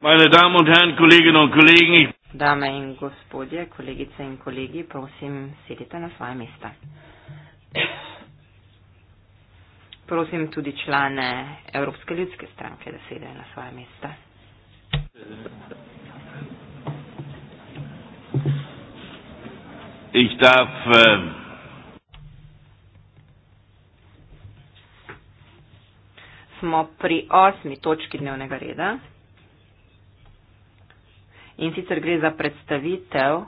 Meine Damen und Herren, Kolleginnen und Kollegen, ich Dame in gospodje, kolegice in kolegi, prosim, sedite na svoje mesta. Prosim tudi člane Evropske ljudske stranke, da sedajo na svoje mesta. Ich darf, eh... Smo pri osmi točki dnevnega reda in sicer gre za predstavitev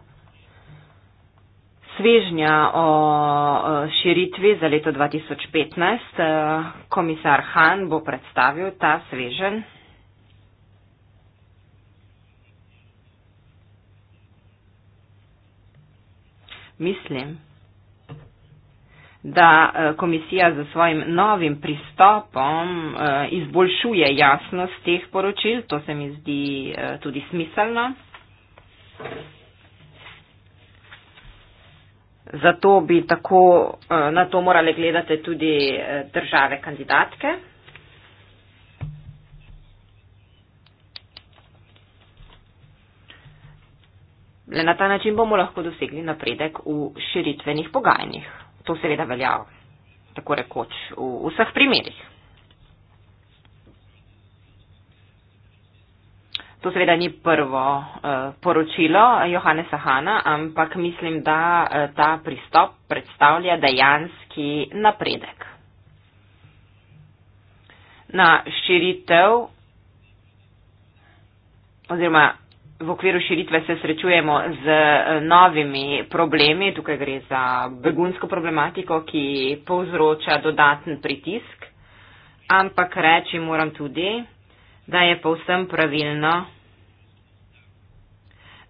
svežnja o širitvi za leto 2015. E, komisar Han bo predstavil ta svežen. Mislim da eh, komisija za svojim novim pristopom eh, izboljšuje jasnost teh poročil. To se mi zdi eh, tudi smiselno. Zato bi tako na to morale gledati tudi države kandidatke. Le na ta način bomo lahko dosegli napredek v širitvenih pogajanjih to seveda velja tako rekoč v vseh primerjih. To seveda ni prvo eh, poročilo Johannesa Hanna, ampak mislim, da eh, ta pristop predstavlja dejanski napredek. Na širitev oziroma v okviru širitve se srečujemo z eh, novimi problemi. Tukaj gre za begunsko problematiko, ki povzroča dodaten pritisk. Ampak reči moram tudi, da je povsem pravilno,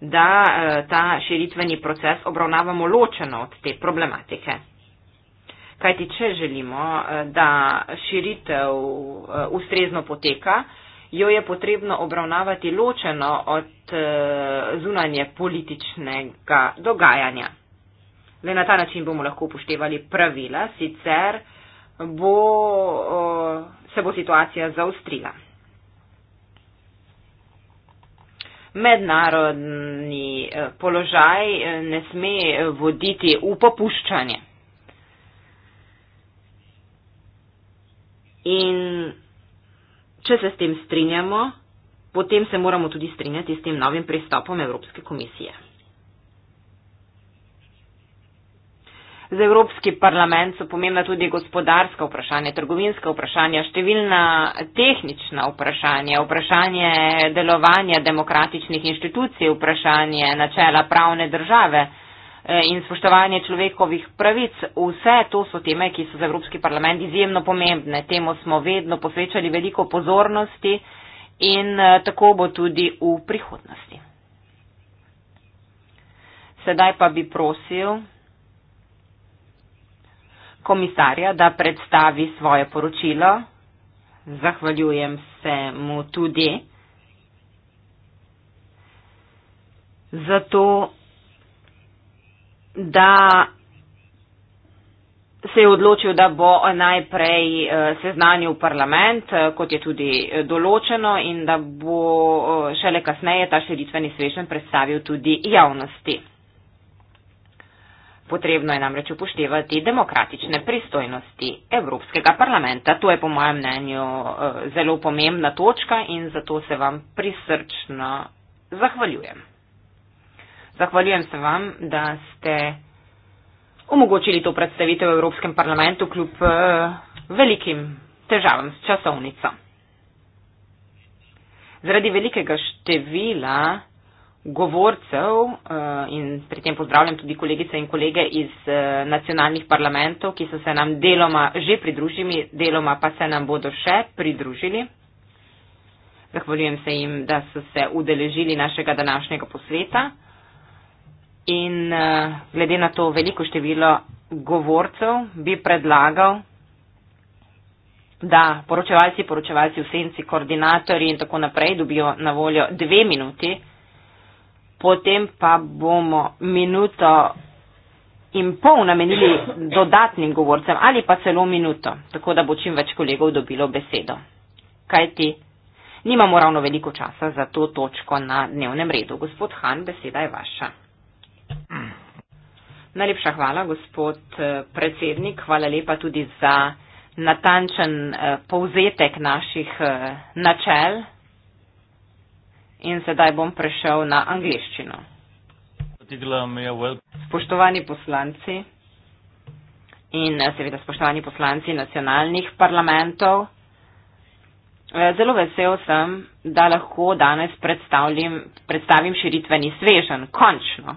da eh, ta širitveni proces obravnavamo ločeno od te problematike. Kajti, če želimo, eh, da širitev ustrezno poteka, jo je potrebno obravnavati ločeno od eh, zunanje političnega dogajanja. Le na ta način bomo lahko upoštevali pravila, sicer bo, eh, se bo situacija zaustrila. Mednarodni eh, položaj ne sme voditi v popuščanje. In Če se s tem strinjamo, potem se moramo tudi strinjati s tem novim pristopom Evropske komisije. Za Evropski parlament so pomembna tudi gospodarska vprašanja, trgovinska vprašanja, številna tehnična vprašanja, vprašanje delovanja demokratičnih inštitucij, vprašanje načela pravne države. Eh, in spoštovanje človekovih pravic, vse to so teme, ki so za Evropski parlament izjemno pomembne. Temu smo vedno posvečali veliko pozornosti in eh, tako bo tudi v prihodnosti. Sedaj pa bi prosil komisarja, da predstavi svoje poročilo. Zahvaljujem se mu tudi. Zato da se je odločil, da bo najprej eh, seznanil parlament, eh, kot je tudi eh, določeno, in da bo šele kasneje ta širitveni svežen predstavil tudi javnosti. Potrebno je namreč upoštevati demokratične pristojnosti Evropskega parlamenta. To je po mojem mnenju zelo pomembna točka in zato se vam prisrčno zahvaljujem. Zahvaljujem se vam, da ste omogočili to predstavitev v Evropskem parlamentu kljub eh, velikim težavam s časovnico. Zaradi velikega števila govorcev eh, in pri tem pozdravljam tudi kolegice in kolege iz eh, nacionalnih parlamentov, ki so se nam deloma že pridružili, deloma pa se nam bodo še pridružili. Zahvaljujem se jim, da so se udeležili našega današnjega posveta. In uh, glede na to veliko število govorcev bi predlagal, da poročevalci, poročevalci v senci, koordinatorji in tako naprej dobijo na voljo dve minuti, potem pa bomo minuto in pol namenili dodatnim govorcem ali pa celo minuto, tako da bo čim več kolegov dobilo besedo. Kaj ti? Nimamo ravno veliko časa za to točko na dnevnem redu. Gospod Han, beseda je vaša. Najlepša hvala, gospod eh, predsednik. Hvala lepa tudi za natančen eh, povzetek naših eh, načel. In sedaj bom prešel na angliščino. Spoštovani poslanci in seveda spoštovani poslanci nacionalnih parlamentov, zelo vesel sem, da lahko danes predstavim širitveni svežen, končno,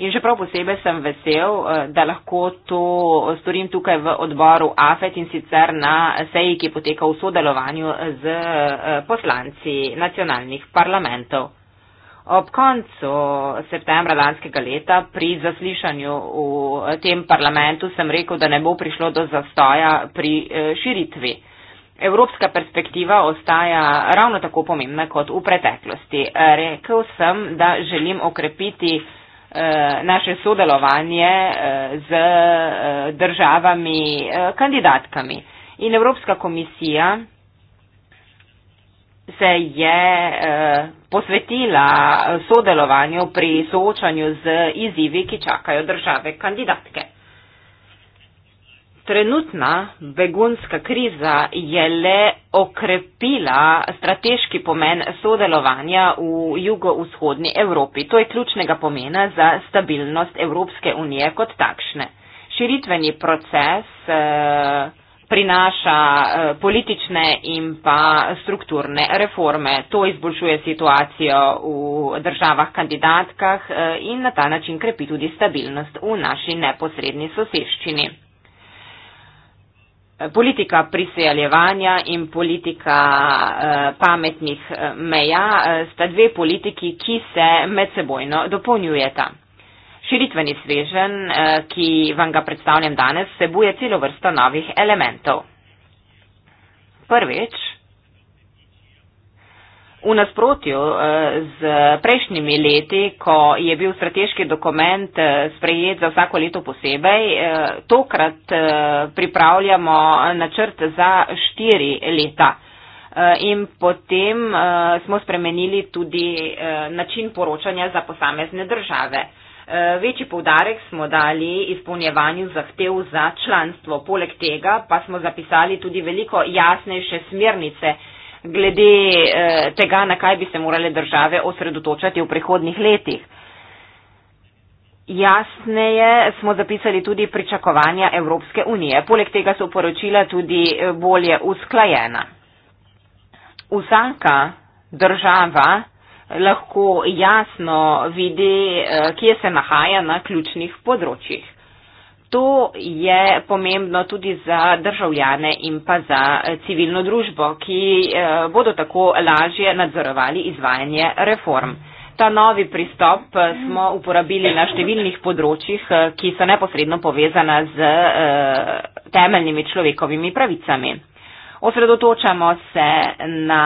In še prav posebej sem vesel, eh, da lahko to storim tukaj v odboru AFET in sicer na seji, ki poteka v sodelovanju z eh, poslanci nacionalnih parlamentov. Ob koncu septembra lanskega leta pri zaslišanju v eh, tem parlamentu sem rekel, da ne bo prišlo do zastoja pri širitvi. Evropska perspektiva ostaja ravno tako pomembna kot v preteklosti. Rekel sem, da želim okrepiti. Eh, naše sodelovanje eh, z eh, državami kandidatkami. In Evropska komisija se je posvetila sodelovanju pri soočanju z izzivi, ki čakajo države kandidatke. Trenutna begunska kriza je le okrepila strateški pomen sodelovanja v jugovzhodni Evropi. To je ključnega pomena za stabilnost Evropske unije kot takšne. Širitveni proces eh, prinaša eh, politične in pa strukturne reforme. To izboljšuje situacijo v državah kandidatkah eh, in na ta način krepi tudi stabilnost v naši neposredni soseščini politika priseljevanja in politika eh, pametnih eh, meja eh, sta dve politiki, ki se medsebojno dopolnjujeta. Širitveni svežen, ki vam ga predstavljam danes, sebuje celo vrsto novih elementov. Prvič, V nasprotju eh, z prejšnjimi leti, ko je bil strateški dokument eh, sprejet za vsako leto posebej, eh, tokrat pripravljamo načrt za štiri leta. In potem smo spremenili tudi način poročanja za posamezne države. Večji povdarek smo dali izpolnjevanju zahtev za članstvo. Poleg tega pa smo zapisali tudi veliko jasnejše smernice glede eh, tega, na kaj bi se morale države osredotočati v prihodnih letih. Jasneje smo zapisali tudi pričakovanja Evropske unije. Poleg tega so poročila tudi eh, bolje usklajena. Vsaka država lahko jasno vidi, eh, kje se nahaja na ključnih področjih. To je pomembno tudi za državljane in pa za eh, civilno družbo, ki eh, bodo tako lažje nadzorovali izvajanje reform. Ta novi pristop eh, smo uporabili na številnih področjih, ki so neposredno povezana z temeljnimi človekovimi pravicami osredotočamo se na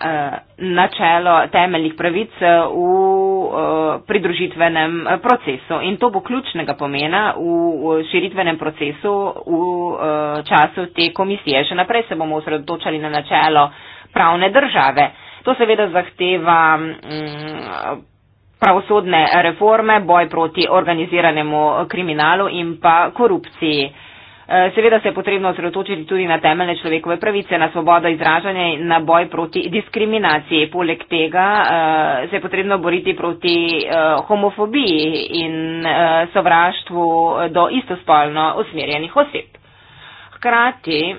eh, načelo temeljnih pravic eh, v eh, pridružitvenem procesu in to bo ključnega pomena v širitvenem procesu v času te komisije. Še naprej se bomo osredotočali na načelo pravne države. To seveda zahteva mm, pravosodne reforme, boj proti organiziranemu kriminalu in pa korupciji. Eh, seveda se je potrebno osredotočiti tudi na temeljne človekove pravice, na svobodo izražanja in na boj proti diskriminaciji. Poleg tega eh, se je potrebno boriti proti eh, homofobiji in sovraštvu do istospolno usmerjenih oseb. Hkrati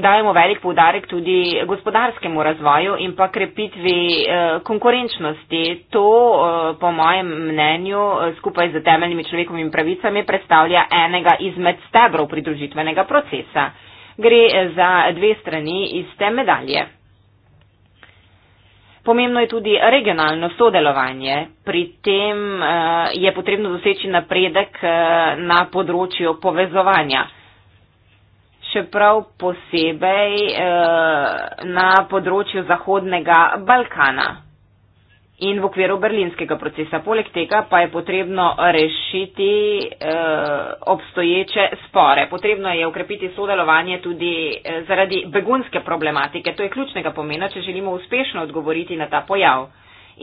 dajemo velik poudarek tudi gospodarskemu razvoju in pa krepitvi eh, konkurenčnosti. To, eh, po mojem mnenju, eh, skupaj z temeljnimi človekovimi pravicami predstavlja enega izmed stebrov pridružitvenega procesa. Gre za dve strani iste medalje. Pomembno je tudi regionalno sodelovanje. Pri tem je potrebno doseči napredek na področju povezovanja čeprav posebej eh, na področju Zahodnega Balkana in v okviru berlinskega procesa. Poleg tega pa je potrebno rešiti eh, obstoječe spore. Potrebno je ukrepiti sodelovanje tudi eh, zaradi begunske problematike. To je ključnega pomena, če želimo uspešno odgovoriti na ta pojav.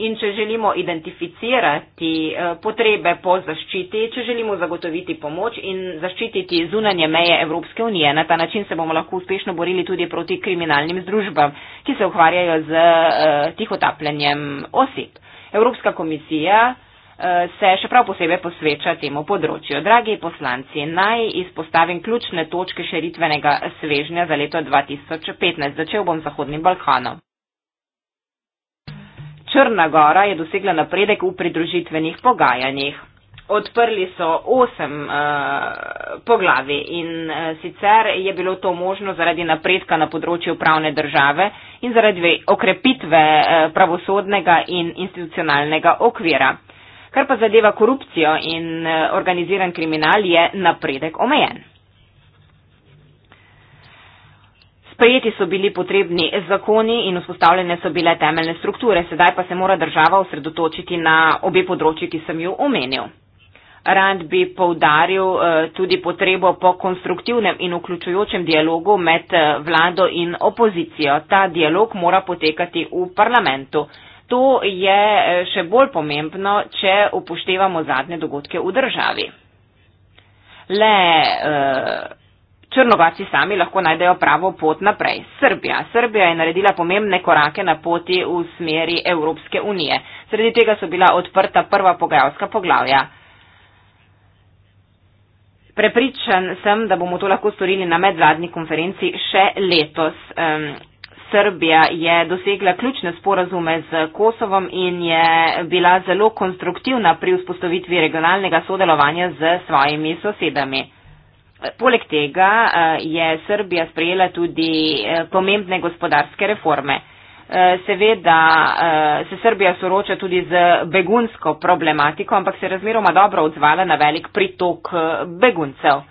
In če želimo identificirati eh, potrebe po zaščiti, če želimo zagotoviti pomoč in zaščititi zunanje meje Evropske unije, na ta način se bomo lahko uspešno borili tudi proti kriminalnim združbam, ki se ukvarjajo z eh, tihotapljanjem osip. Evropska komisija eh, se še prav posebej posveča temu področju. Dragi poslanci, naj izpostavim ključne točke širitvenega svežnja za leto 2015. Začel bom z Zahodnim Balkanom. Črna Gora je dosegla napredek v pridružitvenih pogajanjih. Odprli so osem uh, poglavi in uh, sicer je bilo to možno zaradi napredka na področju pravne države in zaradi okrepitve uh, pravosodnega in institucionalnega okvira. Kar pa zadeva korupcijo in uh, organiziran kriminal, je napredek omejen. Sprejeti so bili potrebni zakoni in vzpostavljene so bile temeljne strukture, sedaj pa se mora država osredotočiti na obe področji, ki sem jo omenil. Rad bi povdaril eh, tudi potrebo po konstruktivnem in vključujočem dialogu med eh, vlado in opozicijo. Ta dialog mora potekati v parlamentu. To je eh, še bolj pomembno, če upoštevamo zadnje dogodke v državi. Le. Uh, Črnogorci sami lahko najdejo pravo pot naprej. Srbija. Srbija je naredila pomembne korake na poti v smeri Evropske unije. Sredi tega so bila odprta prva pogajalska poglavja. Prepričan sem, da bomo to lahko storili na medvladni konferenci še letos. Um, Srbija je dosegla ključne sporazume z Kosovom in je bila zelo konstruktivna pri vzpostavitvi regionalnega sodelovanja z svojimi sosedami. Eh, poleg tega eh, je Srbija sprejela tudi eh, pomembne gospodarske reforme. Seveda se Srbija soroča tudi z begunsko problematiko, ampak se je razmeroma dobro odzvala na velik pritok beguncev.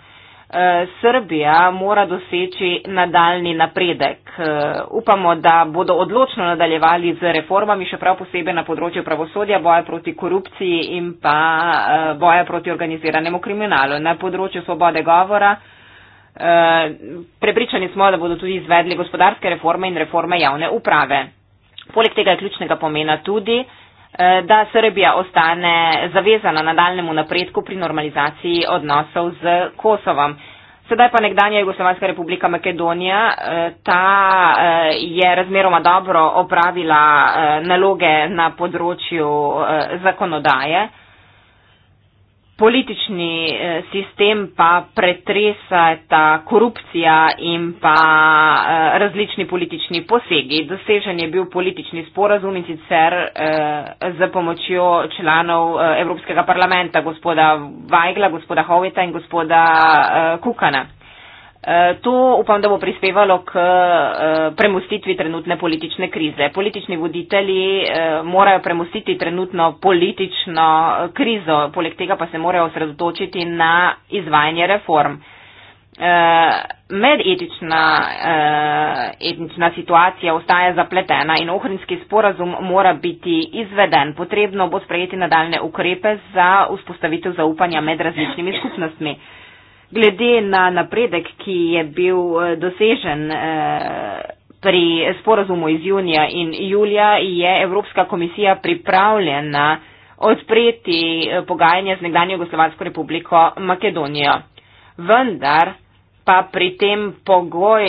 Eh, Srbija mora doseči nadaljni napredek. Eh, upamo, da bodo odločno nadaljevali z reformami, še prav posebej na področju pravosodja, boja proti korupciji in pa eh, boja proti organiziranemu kriminalu. Na področju svobode govora prepričani smo, da bodo tudi izvedli gospodarske reforme in reforme javne uprave. Poleg tega je ključnega pomena tudi, Eh, da Srbija ostane zavezana nadaljnemu napredku pri normalizaciji odnosov z Kosovom. Sedaj pa nekdanja Jugoslovanska republika Makedonija, eh, ta eh, je razmeroma dobro opravila naloge na področju zakonodaje politični eh, sistem pa pretresata korupcija in pa eh, različni politični posegi. Dosežen je bil politični sporazum in sicer eh, z pomočjo članov Evropskega parlamenta, gospoda Vajgla, gospoda Hoveta in gospoda Kukana. Eh, to upam, da bo prispevalo k eh, premustitvi trenutne politične krize. Politični voditelji eh, morajo premustiti trenutno politično krizo, poleg tega pa se morajo osredotočiti na izvajanje reform. Medetična etnična situacija ostaja zapletena in ohrinski sporazum mora biti izveden. Potrebno bo sprejeti nadaljne ukrepe za vzpostavitev zaupanja med različnimi skupnostmi glede na napredek, ki je bil eh, dosežen eh, pri sporazumu iz junija in julija, je Evropska komisija pripravljena odpreti eh, pogajanje z nekdanjo Jugoslovansko republiko Makedonijo. Vendar pa pri tem pogoj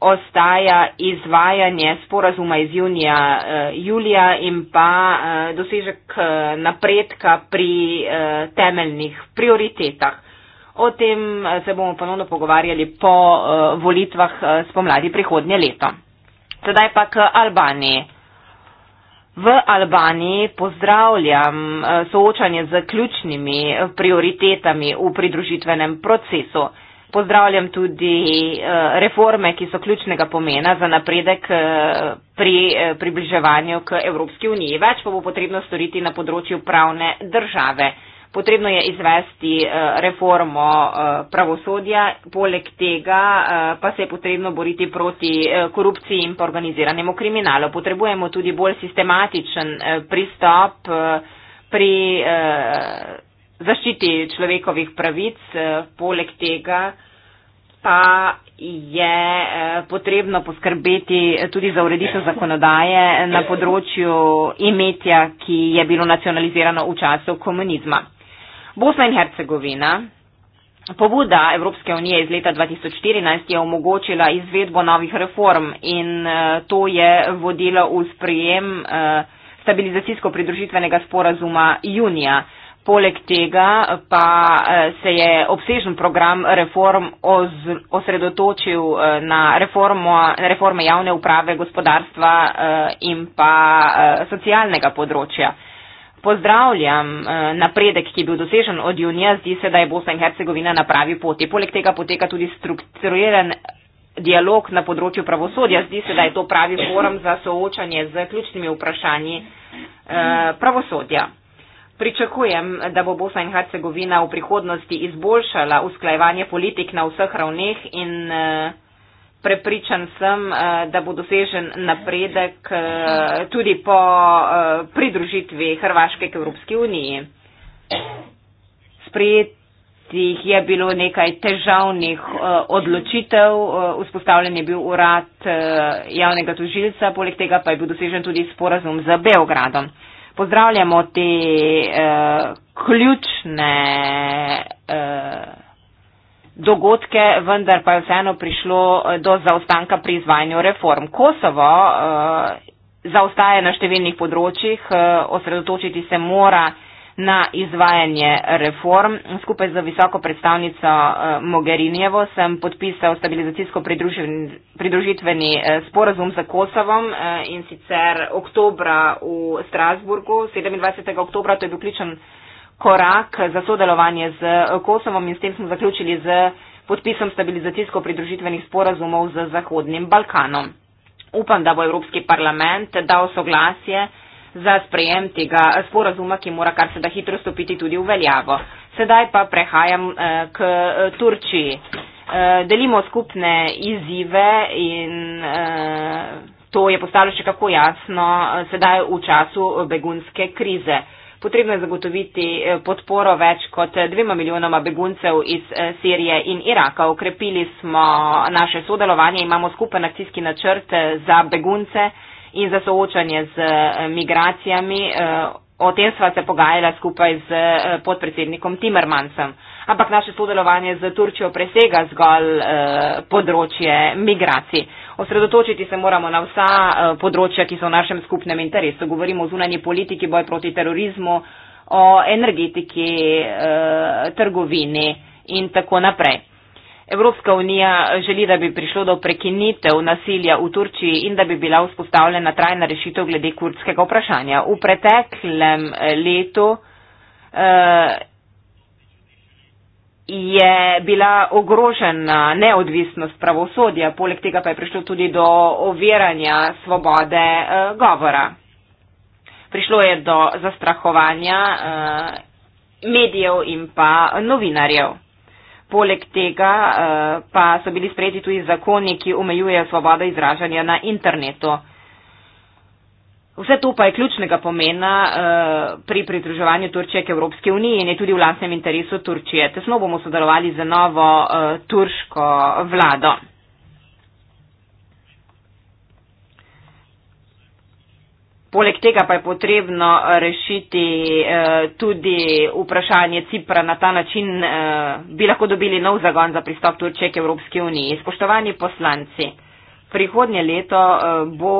ostaja izvajanje sporazuma iz junija, julija in pa dosežek napredka pri temeljnih prioritetah. O tem eh, se bomo ponovno pogovarjali po eh, volitvah eh, spomladi prihodnje leto. Sedaj pa k Albaniji. V Albaniji pozdravljam soočanje z ključnimi prioritetami v pridružitvenem procesu. Pozdravljam tudi reforme, ki so ključnega pomena za napredek pri približevanju k Evropski uniji. Več pa bo potrebno storiti na področju pravne države. Potrebno je izvesti eh, reformo eh, pravosodja, poleg tega eh, pa se je potrebno boriti proti korupciji in organiziranemu kriminalu. Potrebujemo tudi bolj sistematičen pristop pri zaščiti človekovih pravic, poleg tega pa je potrebno poskrbeti tudi za ureditev zakonodaje na področju imetja, ki je bilo nacionalizirano v času komunizma. Bosna in Hercegovina. Pobuda Evropske unije iz leta 2014 je omogočila izvedbo novih reform in eh, to je vodilo v sprejem eh, stabilizacijsko-pridružitvenega sporazuma junija. Poleg tega pa eh, se je obsežen program reform osredotočil na reformo, reforme javne uprave, gospodarstva in pa socialnega področja pozdravljam eh, napredek, ki je bil dosežen od junija. Zdi se, da je Bosna in Hercegovina na pravi poti. Poleg tega poteka tudi strukturiran dialog na področju pravosodja. Zdi se, da je to pravi forum za soočanje z ključnimi vprašanji eh, pravosodja. Pričakujem, da bo Bosna in Hercegovina v prihodnosti izboljšala usklajevanje politik na vseh ravneh in uh, Prepričan sem, eh, da bo dosežen napredek eh, tudi po eh, pridružitvi Hrvaške k Evropski uniji. Sprejetih je bilo nekaj težavnih odločitev, vzpostavljen je bil urad javnega tužilca, poleg tega pa je bil dosežen tudi sporazum z Beogradom. Pozdravljamo te ključne dogodke, vendar pa je vseeno prišlo eh, do zaostanka pri izvajanju reform. Kosovo eh, zaostaje na številnih področjih, eh, osredotočiti se mora na izvajanje reform. Skupaj z visoko predstavnico Mogherinjevo sem podpisal stabilizacijsko pridružitveni sporazum za Kosovom in sicer oktobra v Strasburgu, 27. oktobra, to je bil ključen korak za sodelovanje z eh, Kosovom in s tem smo zaključili z podpisom stabilizacijsko-pridružitvenih sporazumov z Zahodnim Balkanom. Upam, da bo Evropski parlament dal soglasje za sprejem tega eh, sporazuma, ki mora kar se da hitro stopiti tudi v veljavo. Sedaj pa prehajam eh, k Turčiji. Delimo skupne izzive in to je postalo še kako jasno sedaj v času begunske krize potrebno je zagotoviti eh, podporo več kot eh, dvema milijonoma beguncev iz eh, Sirije in Iraka. Okrepili smo naše sodelovanje, imamo skupen akcijski načrt za begunce in za soočanje z migracijami. O tem sva se pogajala skupaj z podpredsednikom Timmermansom ampak naše sodelovanje z Turčijo presega zgolj eh, področje migracij. Osredotočiti se moramo na vsa eh, področja, ki so v našem skupnem interesu. Govorimo o zunanji politiki, boj proti terorizmu, o energetiki, eh, trgovini in tako naprej. Evropska unija želi, da bi prišlo do prekinitev nasilja v Turčiji in da bi bila vzpostavljena trajna rešitev glede kurdskega vprašanja. V preteklem letu je bila ogrožena neodvisnost pravosodja, poleg tega pa je prišlo tudi do oviranja svobode uh, govora. Prišlo je do zastrahovanja uh, medijev in pa novinarjev. Poleg tega uh, pa so bili sprejeti tudi zakoni, ki omejujejo svobodo izražanja na internetu. Vse to pa je ključnega pomena uh, pri pridruževanju Turčije k Evropske uniji in je tudi v lasnem interesu Turčije. Tesno bomo sodelovali z novo uh, turško vlado. Poleg tega pa je potrebno rešiti eh, tudi vprašanje Cipra. Na ta način eh, bi lahko dobili nov zagon za pristop Turčije k Evropski uniji. Spoštovani poslanci prihodnje leto eh, bo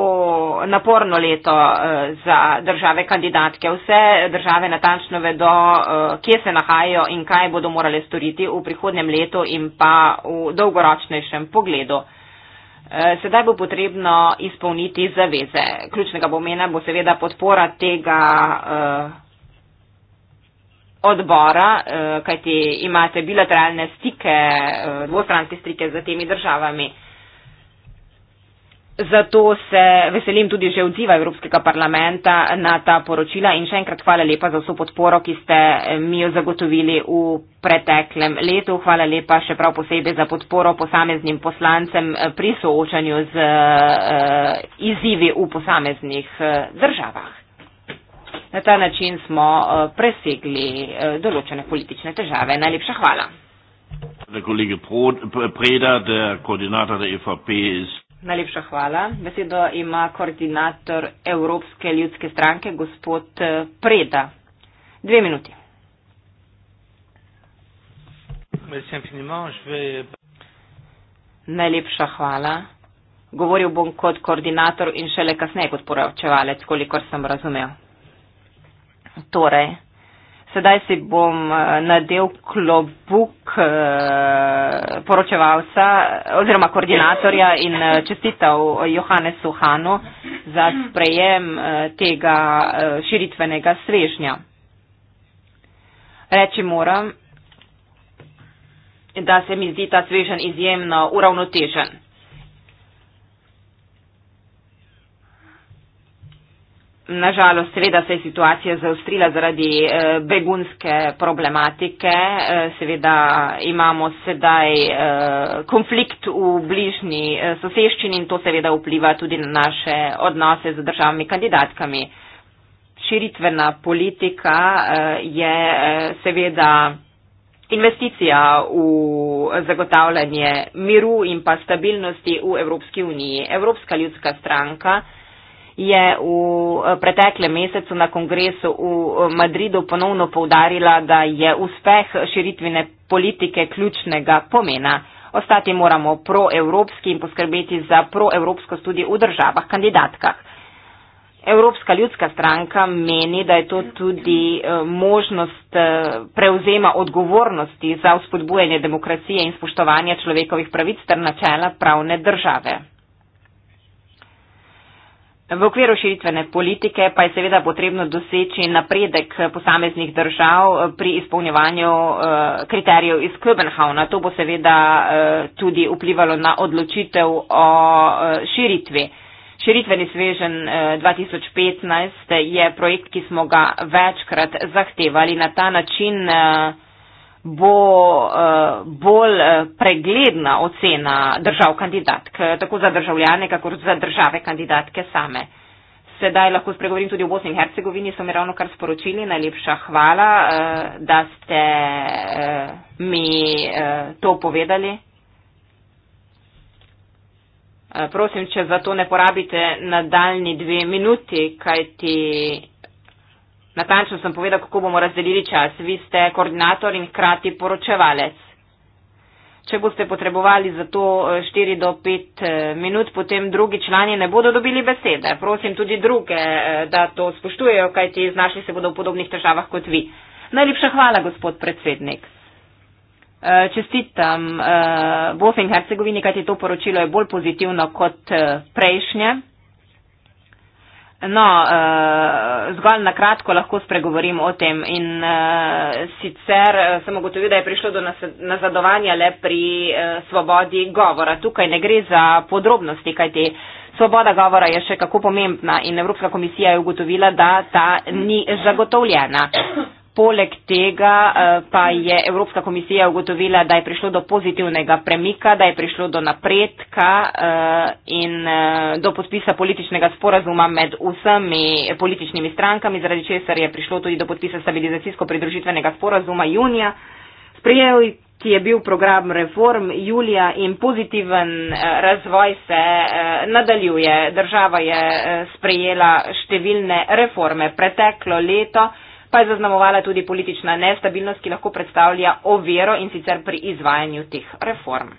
naporno leto eh, za države kandidatke. Vse države natančno vedo, eh, kje se nahajajo in kaj bodo morale storiti v prihodnem letu in pa v dolgoročnejšem pogledu. Sedaj bo potrebno izpolniti zaveze. Ključnega pomena bo seveda podpora tega odbora, kajti imate bilateralne stike, dvostranske stike z temi državami. Zato se veselim tudi že odziva Evropskega parlamenta na ta poročila in še enkrat hvala lepa za vso podporo, ki ste eh, mi jo zagotovili v preteklem letu. Hvala lepa še prav posebej za podporo posameznim poslancem eh, pri soočanju z eh, izzivi v posameznih državah. Na ta način smo presegli določene politične težave. Najlepša hvala. Der Kollege Preda, der Koordinator der EVP, ist Najlepša hvala. Besedo ima koordinator Evropske ljudske stranke, gospod eh, Preda. Dve minuti. Najlepša hvala. Govoril bom kot koordinator in šele kasneje kot poravčevalec, kolikor sem razumel. Torej, Sedaj si bom eh, nadel klobuk eh, poročevalca oziroma koordinatorja in eh, čestitev Johannesu Hanu za sprejem tega širitvenega svežnja. Reči moram, da se mi zdi ta svežen izjemno uravnotežen. Nažalost, seveda se je situacija zaustrila zaradi eh, begunske problematike. Eh, seveda imamo sedaj eh, konflikt v bližnji eh, soseščini in to seveda vpliva tudi na naše odnose z državami kandidatkami. Širitvena politika eh, je eh, seveda investicija v zagotavljanje miru in pa stabilnosti v Evropski uniji. Evropska ljudska stranka je v eh, preteklem mesecu na kongresu v eh, Madridu ponovno povdarila, da je uspeh širitvene politike ključnega pomena. Ostati moramo proevropski in poskrbeti za proevropsko tudi v državah kandidatkah. Evropska ljudska stranka meni, da je to tudi eh, možnost prevzema odgovornosti za vzpodbujanje demokracije in spoštovanje človekovih pravic ter načela pravne države. V okviru širitvene politike pa je seveda potrebno doseči napredek posameznih držav pri izpolnjevanju eh, kriterijev iz Köbenhavna. To bo seveda eh, tudi vplivalo na odločitev o eh, širitvi. Širitveni svežen 2015 je projekt, ki smo ga večkrat zahtevali na ta način bo eh, bolj eh, pregledna ocena držav kandidatk, eh, tako za državljane, kakor za države kandidatke same. Sedaj lahko spregovorim tudi o Bosni in Hercegovini, so mi ravno kar sporočili. Najlepša hvala, da ste mi to povedali. Prosim, če za to ne porabite nadaljni dve minuti, kajti Natančno sem povedal, kako bomo razdelili čas. Vi ste koordinator in hkrati poročevalec. Če boste potrebovali za to 4 eh, do 5 eh, minut, potem drugi člani ne bodo dobili besede. Prosim tudi druge, eh, da to spoštujejo, kajti znašli se bodo v podobnih težavah kot vi. Najlepša hvala, gospod predsednik. Čestitam Bosni in Hercegovini, kajti to poročilo je bolj pozitivno kot prejšnje. No, uh, zgolj na kratko lahko spregovorim o tem. In uh, sicer uh, sem ugotovil, da je prišlo do nazadovanja le pri uh, svobodi govora. Tukaj ne gre za podrobnosti, kajti svoboda govora je še kako pomembna in Evropska komisija je ugotovila, da ta ni zagotovljena. Uh, Poleg tega eh, pa je Evropska komisija ugotovila, da je prišlo do pozitivnega premika, da je prišlo do napredka eh, in eh, do podpisa političnega sporazuma med vsemi političnimi strankami, zaradi česar je prišlo tudi do podpisa stabilizacijsko-pridružitvenega sporazuma junija. Sprejel ti je bil program reform julija in pozitiven razvoj se nadaljuje. Država je sprejela številne reforme preteklo leto pa je zaznamovala tudi politična nestabilnost, ki lahko predstavlja oviro in sicer pri izvajanju teh reform.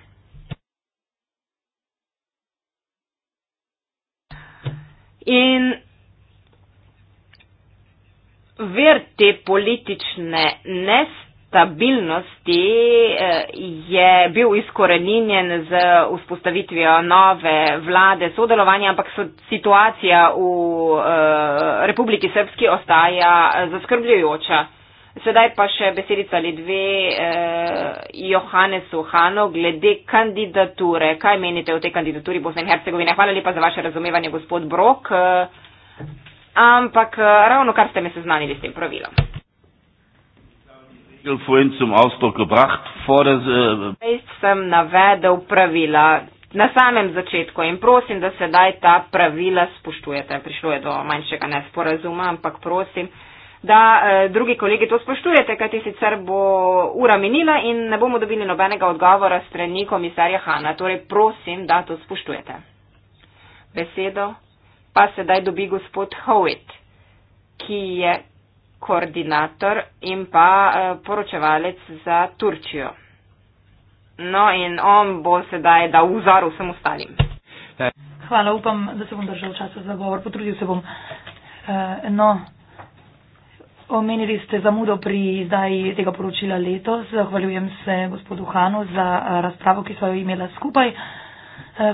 In ver te politične nestabilnosti, stabilnosti eh, je bil izkoreninjen z vzpostavitvijo nove vlade sodelovanja, ampak situacija v eh, Republiki Srpski ostaja eh, zaskrbljujoča. Sedaj pa še besedica ali dve eh, Johannesu Hano glede kandidature. Kaj menite o tej kandidaturi Bosne in Hercegovine? Hvala lepa za vaše razumevanje, gospod Brok. Eh, ampak eh, ravno kar ste me seznanili s tem pravilom artikel vorhin zum Ausdruck gebracht, vor äh, Na samem začetku in prosim, da se daj ta pravila spoštujete. Prišlo je do manjšega nesporazuma, ampak prosim, da eh, drugi kolegi to spoštujete, kajti sicer bo ura minila in ne bomo dobili nobenega odgovora strani komisarja Hanna. Torej prosim, da to spoštujete. Besedo pa sedaj dobi gospod Howitt, ki je koordinator in pa eh, poročevalec za Turčijo. No in on bo sedaj dal vzor vsem ostalim. Hvala, upam, da se bom držal časa za govor, potrudil se bom. Eh, no, omenili ste zamudo pri izdaji tega poročila letos. Zahvaljujem se gospodu Hanu za eh, razpravo, ki so jo imela skupaj.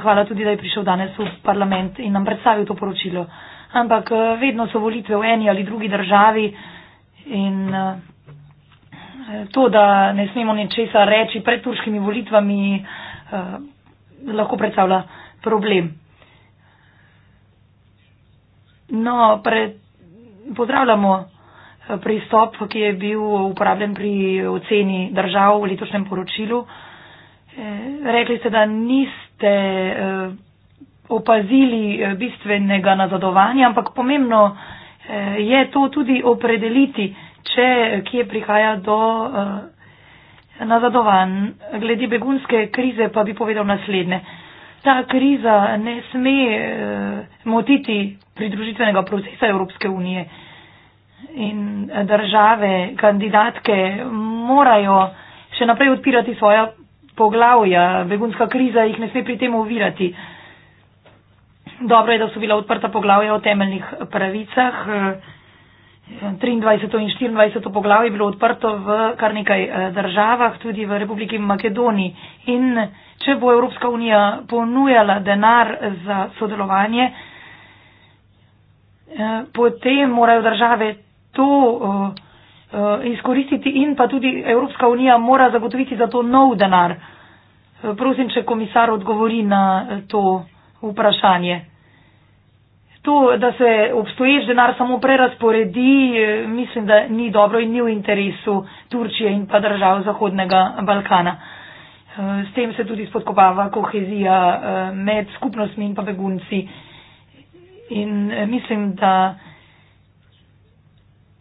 Hvala tudi, da je prišel danes v parlament in nam predstavil to poročilo. Ampak vedno so volitve v eni ali drugi državi. In eh, to, da ne smemo ničesar reči pred turškimi volitvami, eh, lahko predstavlja problem. No, pred, pozdravljamo eh, pristop, ki je bil uporabljen pri oceni držav v letošnjem poročilu. Rekli ste, da niste opazili bistvenega nazadovanja, ampak pomembno je, je to tudi opredeliti, če kje prihaja do eh, nazadovanj. Glede begunske krize pa bi povedal naslednje. Ta kriza ne sme eh, motiti pridružitvenega procesa Evropske unije in države, kandidatke morajo še naprej odpirati svoja poglavja. Begunska kriza jih ne sme pri tem ovirati. Dobro je, da so bila odprta poglavja o temeljnih pravicah. 23. in 24. poglavje je bilo odprto v kar nekaj eh, državah, tudi v Republiki Makedoniji. In če bo Evropska unija ponujala denar za sodelovanje, eh, potem morajo države to eh, izkoristiti in pa tudi Evropska unija mora zagotoviti za to nov denar. Prosim, če komisar odgovori na to vprašanje. To, da se obstoječ denar samo prerasporedi, eh, mislim, da ni dobro in ni v interesu Turčije in pa držav Zahodnega Balkana. Eh, s tem se tudi spodkopava kohezija eh, med skupnostmi in pa begunci. In mislim, da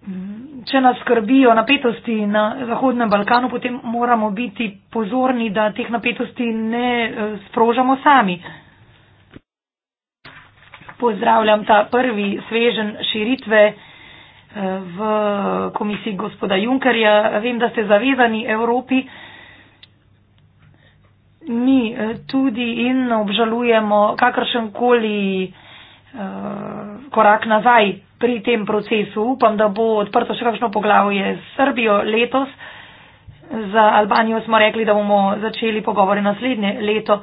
mm, če nas skrbijo napetosti na Zahodnem Balkanu, potem moramo biti pozorni, da teh napetosti ne sprožamo sami pozdravljam ta prvi svežen širitve eh, v komisiji gospoda Junkerja. Vem, da ste zavezani Evropi. Mi eh, tudi in obžalujemo kakršen koli eh, korak nazaj pri tem procesu. Upam, da bo odprto še kakšno poglavje s Srbijo letos. Za Albanijo smo rekli, da bomo začeli pogovore naslednje leto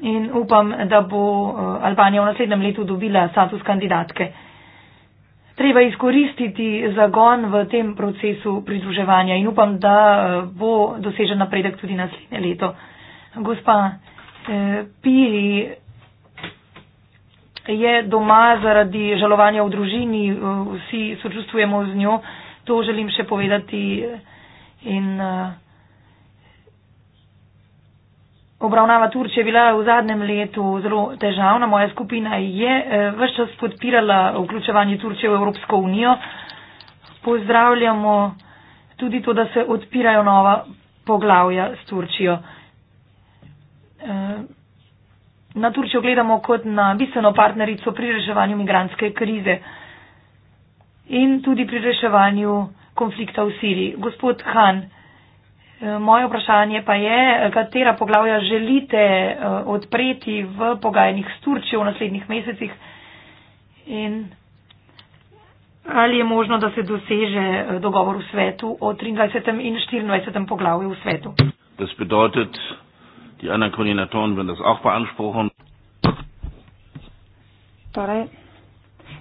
in upam, da bo eh, Albanija v naslednjem letu dobila status kandidatke. Treba izkoristiti zagon v tem procesu pridruževanja in upam, da eh, bo dosežen napredek tudi naslednje leto. Gospa eh, Piri je doma zaradi žalovanja v družini, vsi sočustvujemo z njo, to želim še povedati. In, uh, Obravnava Turčije je bila v zadnjem letu zelo težavna. Moja skupina je eh, vse čas podpirala vključevanje Turčije v Evropsko unijo. Pozdravljamo tudi to, da se odpirajo nova poglavja s Turčijo. Eh, na Turčijo gledamo kot na bistveno partnerico pri reševanju migranske krize in tudi pri reševanju konflikta v Siriji. Gospod Han, Moje vprašanje pa je, katera poglavja želite eh, odpreti v pogajanjih s Turčijo v naslednjih mesecih in ali je možno, da se doseže eh, dogovor v svetu o 23. in 24. poglavju v svetu. Das bedeutet, die anderen Koordinatoren werden das auch beanspruchen. Torej,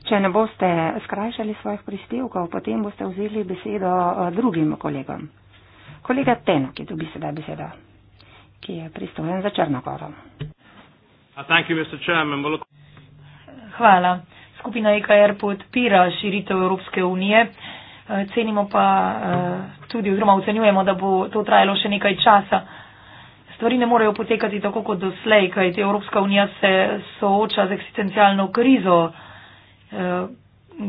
če ne boste skrajšali svojih prispevkov, potem boste vzeli besedo eh, drugim kolegom. Kolega Teno, ki dobi sedaj besedo, ki je pristojen za Črno goro. Hvala. Skupina EKR podpira širitev Evropske unije. Eh, cenimo pa eh, tudi, oziroma ocenjujemo, da bo to trajalo še nekaj časa. Stvari ne morejo potekati tako kot doslej, kajti Evropska unija se sooča z eksistencialno krizo. Eh,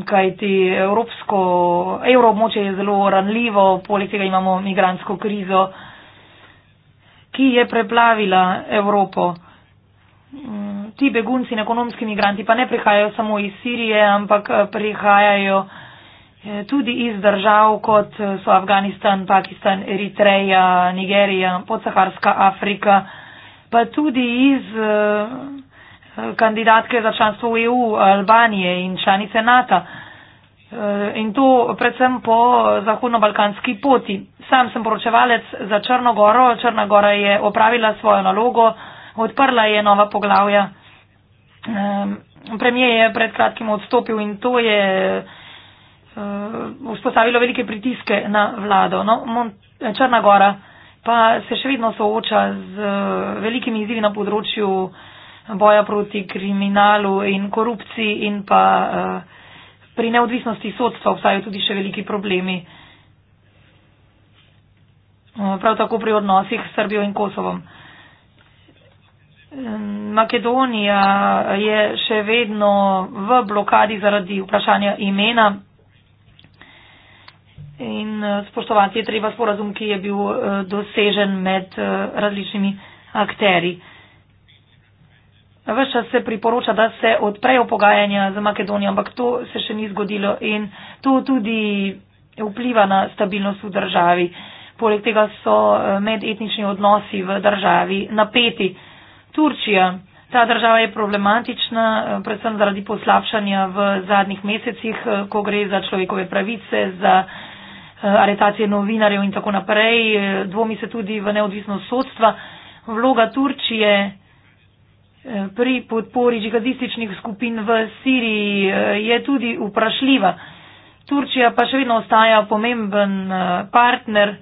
kajti evropsko, evroobmoče je zelo ranljivo, poleg tega imamo migransko krizo, ki je preplavila Evropo. Mm, ti begunci in ekonomski migranti pa ne prihajajo samo iz Sirije, ampak eh, prihajajo eh, tudi iz držav, kot eh, so Afganistan, Pakistan, Eritreja, Nigerija, podsaharska Afrika, pa tudi iz kandidatke za članstvo v EU, Albanije in članice NATO. Eh, in to predvsem po zahodno-balkanski poti. Sam sem poročevalec za Črnogoro. Črnagora je opravila svojo nalogo, odprla je nova poglavja. Eh, Premijer je pred kratkim odstopil in to je eh, vzpostavilo velike pritiske na vlado. No, Črnagora pa se še vedno sooča z velikimi izzivi na področju boja proti kriminalu in korupciji in pa eh, pri neodvisnosti sodstva obstajajo tudi še veliki problemi. Eh, prav tako pri odnosih s Srbijo in Kosovom. Eh, Makedonija je še vedno v blokadi zaradi vprašanja imena in spoštovati je treba sporazum, ki je bil dosežen med različnimi akteri. Vse čas se priporoča, da se odprejo pogajanja z Makedonijo, ampak to se še ni zgodilo in to tudi vpliva na stabilnost v državi. Poleg tega so eh, medetnični odnosi v državi napeti. Turčija, ta država je problematična, eh, predvsem zaradi poslabšanja v zadnjih mesecih, eh, ko gre za človekove pravice, za aretacije novinarjev in tako naprej. Dvomi se tudi v neodvisnost sodstva. Vloga Turčije pri podpori džihadističnih skupin v Siriji eh, je tudi vprašljiva. Turčija pa še vedno ostaja pomemben eh, partner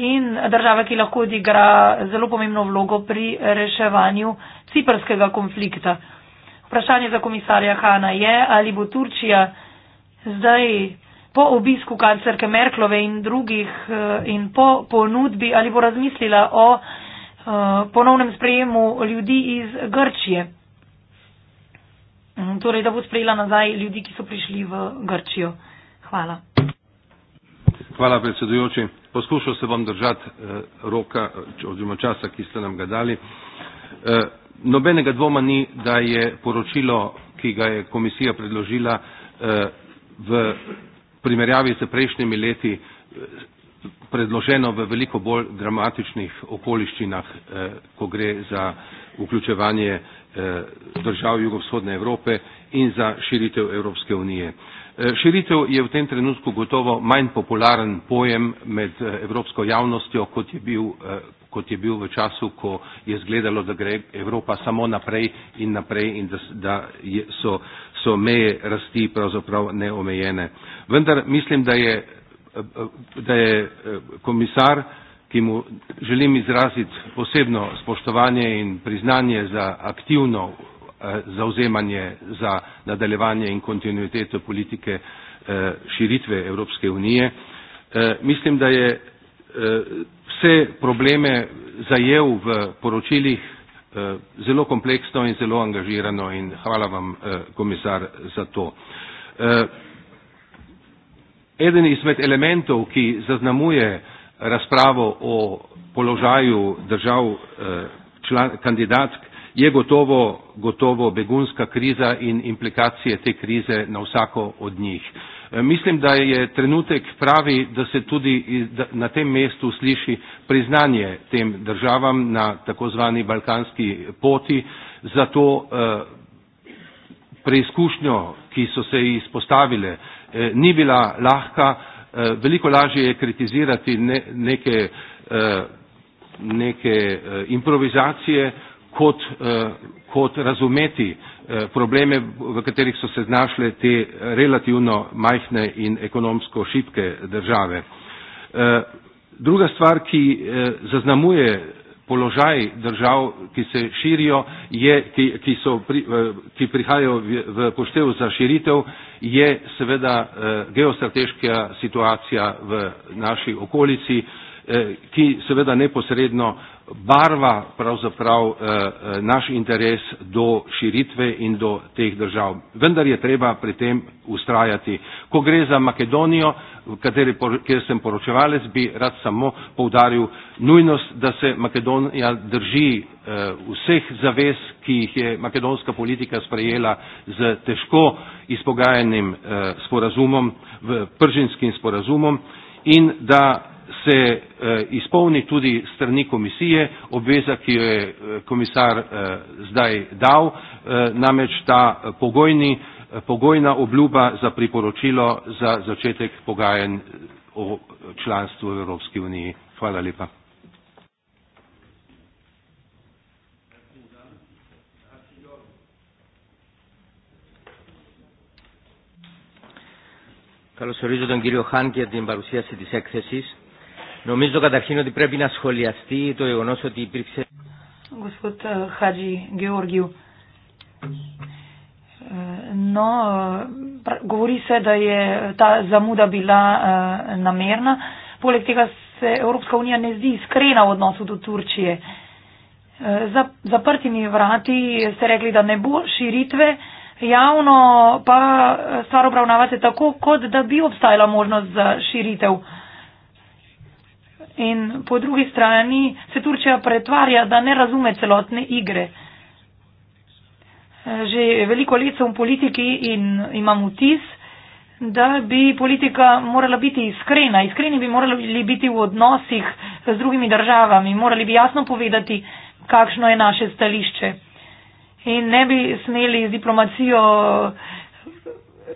in država, ki lahko odigra zelo pomembno vlogo pri reševanju ciprskega konflikta. Vprašanje za komisarja Hana je, ali bo Turčija zdaj po obisku kancerke Merklove in drugih eh, in po ponudbi, ali bo razmislila o Eh, ponovnem sprejemu ljudi iz Grčije. Mm, torej, da bo sprejela nazaj ljudi, ki so prišli v Grčijo. Hvala. Hvala, predsedujoči. Poskušal se bom držati eh, roka eh, oziroma časa, ki ste nam ga dali. Nobenega dvoma ni, da je poročilo, ki ga je komisija predložila v primerjavi s prejšnjimi leti, predloženo v veliko bolj dramatičnih okoliščinah, eh, ko gre za vključevanje eh, držav jugovzhodne Evrope in za širitev Evropske unije. Eh, širitev je v tem trenutku gotovo manj popularen pojem med eh, evropsko javnostjo, kot je, bil, eh, kot je bil v času, ko je zgledalo, da gre Evropa samo naprej in naprej in da, da je, so, so meje rasti pravzaprav neomejene. Vendar mislim, da je da je eh, komisar, ki mu želim izraziti posebno spoštovanje in priznanje za aktivno eh, zauzemanje za nadaljevanje in kontinuiteto politike eh, širitve Evropske unije. Mislim, da je vse probleme zajel v poročilih zelo kompleksno in zelo angažirano in hvala vam, komisar, za to. Eden izmed elementov, ki zaznamuje razpravo o položaju držav eh, član, kandidatk, je gotovo, gotovo begunska kriza in implikacije te krize na vsako od njih. Eh, mislim, da je trenutek pravi, da se tudi na tem mestu sliši priznanje tem državam na takozvani balkanski poti za to eh, preizkušnjo, ki so se izpostavile Eh, ni bila lahka, eh, veliko lažje je kritizirati neke, eh, neke improvizacije, kot, kot razumeti probleme, v katerih so se znašle te relativno majhne in ekonomsko šibke države. Druga stvar, ki zaznamuje položaj držav, ki se širijo, je, ki, ki, so, ki eh, prihajajo v poštev za širitev, je seveda eh, geostrateška situacija v naši okolici, Eh, ki seveda neposredno barva pravzaprav eh, eh, naš interes do širitve in do teh držav. Vendar je treba pri tem ustrajati. Ko gre za Makedonijo, kateri, kjer sem poročevalec, bi rad samo poudaril nujnost, da se Makedonija drži vseh zavez, ki jih je makedonska politika sprejela z težko izpogajanim sporazumom, pržinskim sporazumom in da se eh, izpolni tudi strani komisije obveza, ki jo je eh, komisar eh, zdaj dal, namreč ta pogojni, pogojna obljuba za priporočilo za začetek pogajanj o članstvu v Evropski uniji. Hvala lepa. Carlos Sorillo Don Guirio Hankier, de Embarucía 76 Cesis. Νομίζω καταρχήν ότι πρέπει να σχολιαστεί το γεγονό ότι υπήρξε. Господ Хаджи Георгио, но говори се да е та замуда била намерна. Полек тега се Европска унија не зди искрена во односу до Турчије. За, за пртини врати сте рекли да не бу ширитве јавно, па стар обравнавате тако, код да би обстајала можност за ширитеу. In po drugi strani se Turčija pretvarja, da ne razume celotne igre. Eh, že veliko let sem v politiki in imam vtis, da bi politika morala biti iskrena. Iskreni bi morali biti v odnosih z drugimi državami, morali bi jasno povedati, kakšno je naše stališče. In ne bi smeli z diplomacijo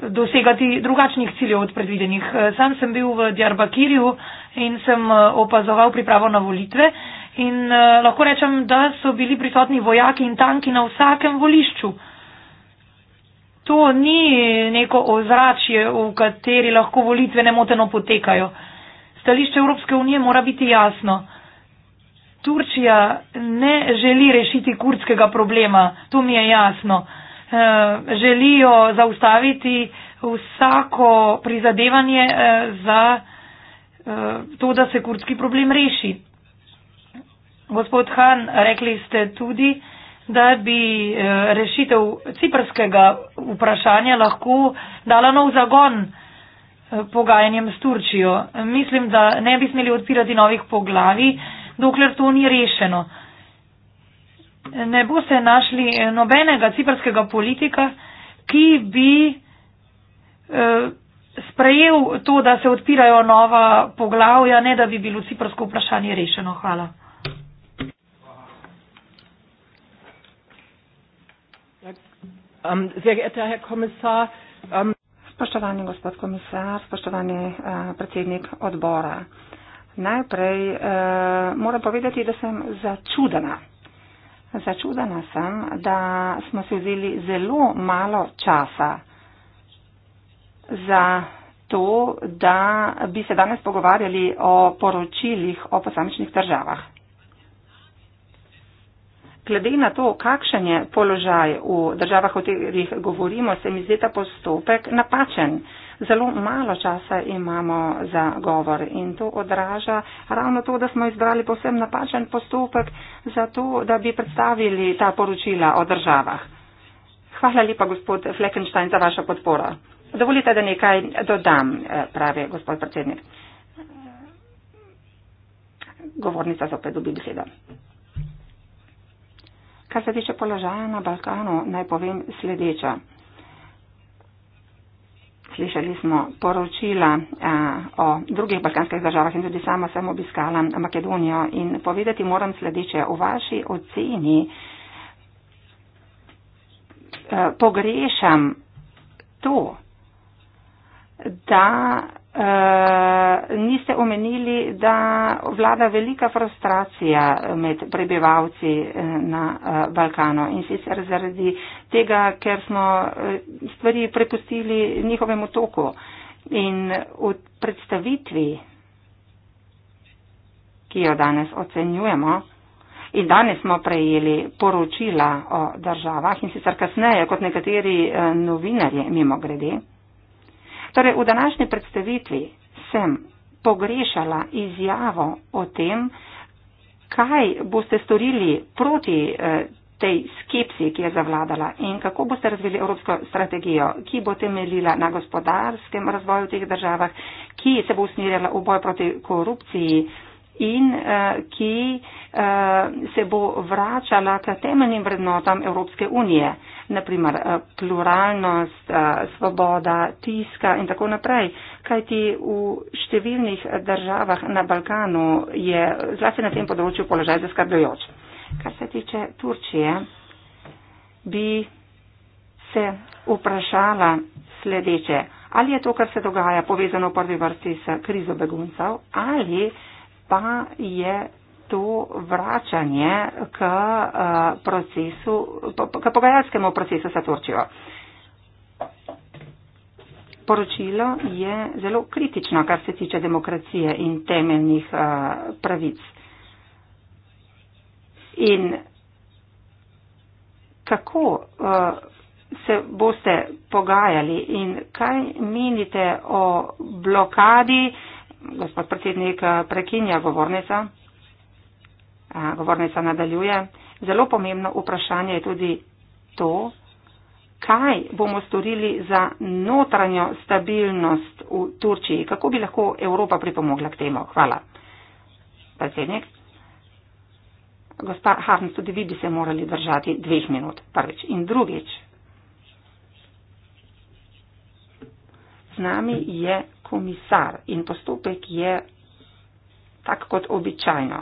dosegati drugačnih ciljev od predvidenih. Sam sem bil v Djarbakirju in sem eh, opazoval pripravo na volitve in eh, lahko rečem, da so bili prisotni vojaki in tanki na vsakem volišču. To ni neko ozračje, v kateri lahko volitve nemoteno potekajo. Stališče Evropske unije mora biti jasno. Turčija ne želi rešiti kurdskega problema, to mi je jasno. Eh, želijo zaustaviti vsako prizadevanje eh, za eh, to, da se kurdski problem reši. Gospod Han, rekli ste tudi, da bi rešitev ciprskega vprašanja lahko dala nov zagon pogajanjem s Turčijo. Mislim, da ne bi smeli odpirati novih poglavi, dokler to ni rešeno ne boste našli nobenega ciprskega politika, ki bi eh, sprejel to, da se odpirajo nova poglavja, ne da bi bilo ciprsko vprašanje rešeno. Hvala. Um, um, spoštovani gospod komisar, spoštovani eh, predsednik odbora. Najprej eh, moram povedati, da sem začudena Začudena sem, da smo si vzeli zelo malo časa za to, da bi se danes pogovarjali o poročilih o posamičnih državah. Glede na to, kakšen je položaj v državah, o katerih govorimo, se mi zdi ta postopek napačen zelo malo časa imamo za govor in to odraža ravno to, da smo izbrali posebno napačen postopek za to, da bi predstavili ta poročila o državah. Hvala lepa, gospod Fleckenstein, za vašo podporo. Dovolite, da nekaj dodam, eh, pravi gospod predsednik. Govornica se opet dobi besedo. Kar se tiče položaja na Balkanu, naj povem sledeča. Slišali smo poročila a, eh, o drugih balkanskih državah in tudi sama sem obiskala Makedonijo in povedati moram sledeče. V vaši oceni a, eh, pogrešam to, da Eh, niste omenili, da vlada velika frustracija med prebivalci eh, na eh, Balkanu in sicer zaradi tega, ker smo stvari prepustili njihovemu toku in v predstavitvi, ki jo danes ocenjujemo, In danes smo prejeli poročila o državah in sicer kasneje kot nekateri novinarji mimo grede. Torej, v današnji predstavitvi sem pogrešala izjavo o tem, kaj boste storili proti eh, tej skepsi, ki je zavladala in kako boste razvili evropsko strategijo, ki bo temeljila na gospodarskem razvoju v teh državah, ki se bo usmerjala v boj proti korupciji, in uh, ki uh, se bo vračala k temeljnim vrednotam Evropske unije, naprimer uh, eh, pluralnost, uh, svoboda, tiska in tako naprej. Kajti v številnih državah na Balkanu je zlasti na tem področju položaj zaskrbljujoč. Kar se tiče Turčije, bi se vprašala sledeče. Ali je to, kar se dogaja, povezano v prvi vrsti s krizo beguncev ali pa je to vračanje k, eh, procesu, k pogajalskemu procesu sa Turčijo. Poročilo je zelo kritično, kar se tiče demokracije in temeljnih eh, pravic. In kako eh, se boste pogajali in kaj menite o blokadi, Gospod predsednik eh, prekinja govornica. Eh, govornica nadaljuje. Zelo pomembno vprašanje je tudi to, kaj bomo storili za notranjo stabilnost v Turčiji. Kako bi lahko Evropa pripomogla k temu? Hvala, predsednik. Gospa Harms, tudi vi bi se morali držati dveh minut prvič. In drugič, nami je komisar in postopek je tak kot običajno.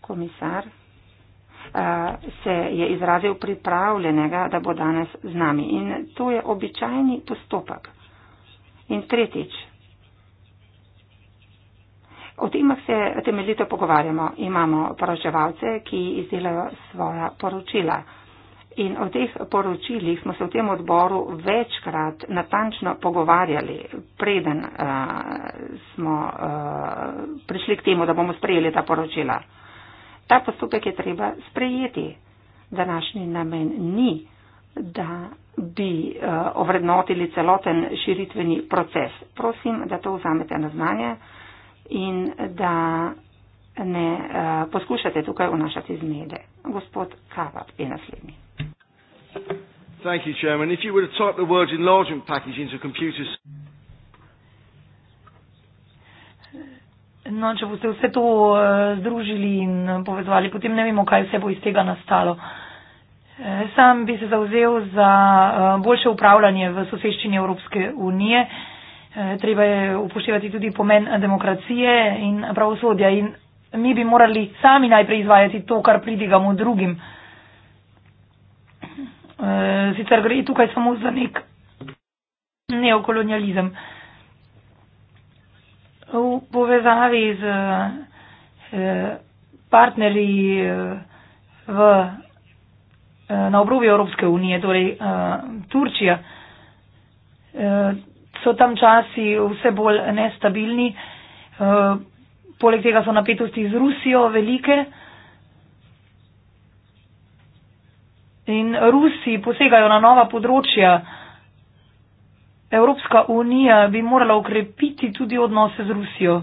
Komisar eh, se je izrazil pripravljenega, da bo danes z nami. In to je običajni postopek. In tretjič, o temah se temeljito pogovarjamo. Imamo poročevalce, ki izdelajo svoja poročila. In o teh poročilih smo se v tem odboru večkrat natančno pogovarjali, preden uh, smo uh, prišli k temu, da bomo sprejeli ta poročila. Ta postopek je treba sprejeti. Današnji namen ni, da bi uh, ovrednotili celoten širitveni proces. Prosim, da to vzamete na znanje in da ne uh, poskušate tukaj vnašati zmede. Gospod Kavat je naslednji. Thank you, Chairman. If you were to type the word enlargement package into a computer... No, če boste vse to uh, združili in uh, povezovali, potem ne vemo, kaj vse bo iz tega nastalo. Uh, sam bi se zauzel za uh, boljše upravljanje v soseščini Evropske unije. Uh, treba je upoštevati tudi pomen demokracije in pravosodja. In mi bi morali sami najprej izvajati to, kar pridigamo drugim. Uh, Eh, sicer gre tukaj samo za nek neokolonializem. V povezavi z eh, partnerji eh, v, na obrobju Evropske unije, torej Turčija, so tam časi vse bolj nestabilni. Poleg tega so napetosti z Rusijo velike. In Rusi posegajo na nova področja. Evropska unija bi morala ukrepiti tudi odnose z Rusijo.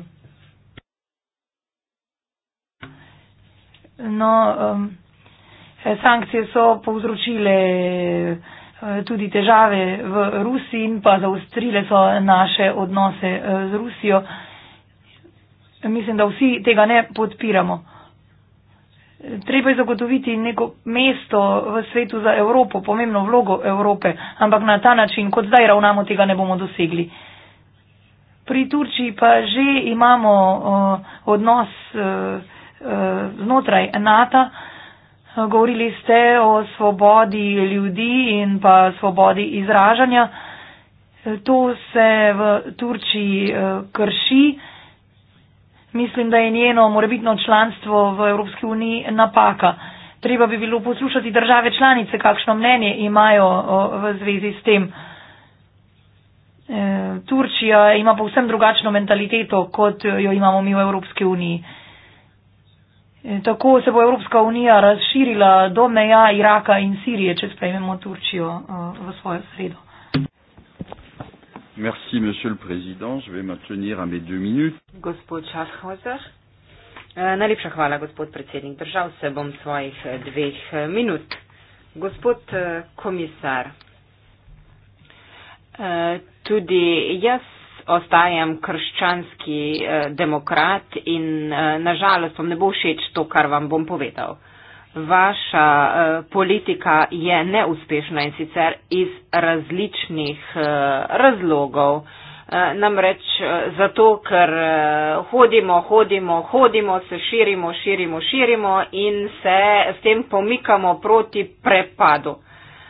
No, um, sankcije so povzročile eh, tudi težave v Rusiji in pa zaostrile so naše odnose eh, z Rusijo. Mislim, da vsi tega ne podpiramo. Treba je zagotoviti neko mesto v svetu za Evropo, pomembno vlogo Evrope, ampak na ta način, kot zdaj ravnamo, tega ne bomo dosegli. Pri Turčiji pa že imamo uh, odnos uh, uh, znotraj NATO. Govorili ste o svobodi ljudi in pa svobodi izražanja. To se v Turčiji uh, krši mislim, da je njeno morebitno članstvo v Evropski uniji napaka. Treba bi bilo poslušati države članice, kakšno mnenje imajo v zvezi s tem. E, Turčija ima povsem drugačno mentaliteto, kot jo imamo mi v Evropski uniji. E, tako se bo Evropska unija razširila do meja Iraka in Sirije, če sprejmemo Turčijo e, v svojo sredo. Merci, Monsieur le Président. Je vais maintenir à mes deux minutes. Gospod Schaffhauser. Euh, najlepša hvala, gospod predsednik. Držal se bom svojih eh, dveh eh, minut. Gospod uh, komisar, uh, tudi jaz ostajam krščanski uh, demokrat in uh, nažalost vam ne bo všeč to, kar vam bom povedal vaša uh, politika je neuspešna in sicer iz različnih uh, razlogov. Uh, namreč uh, zato, ker uh, hodimo, hodimo, hodimo, se širimo, širimo, širimo in se s tem pomikamo proti prepadu.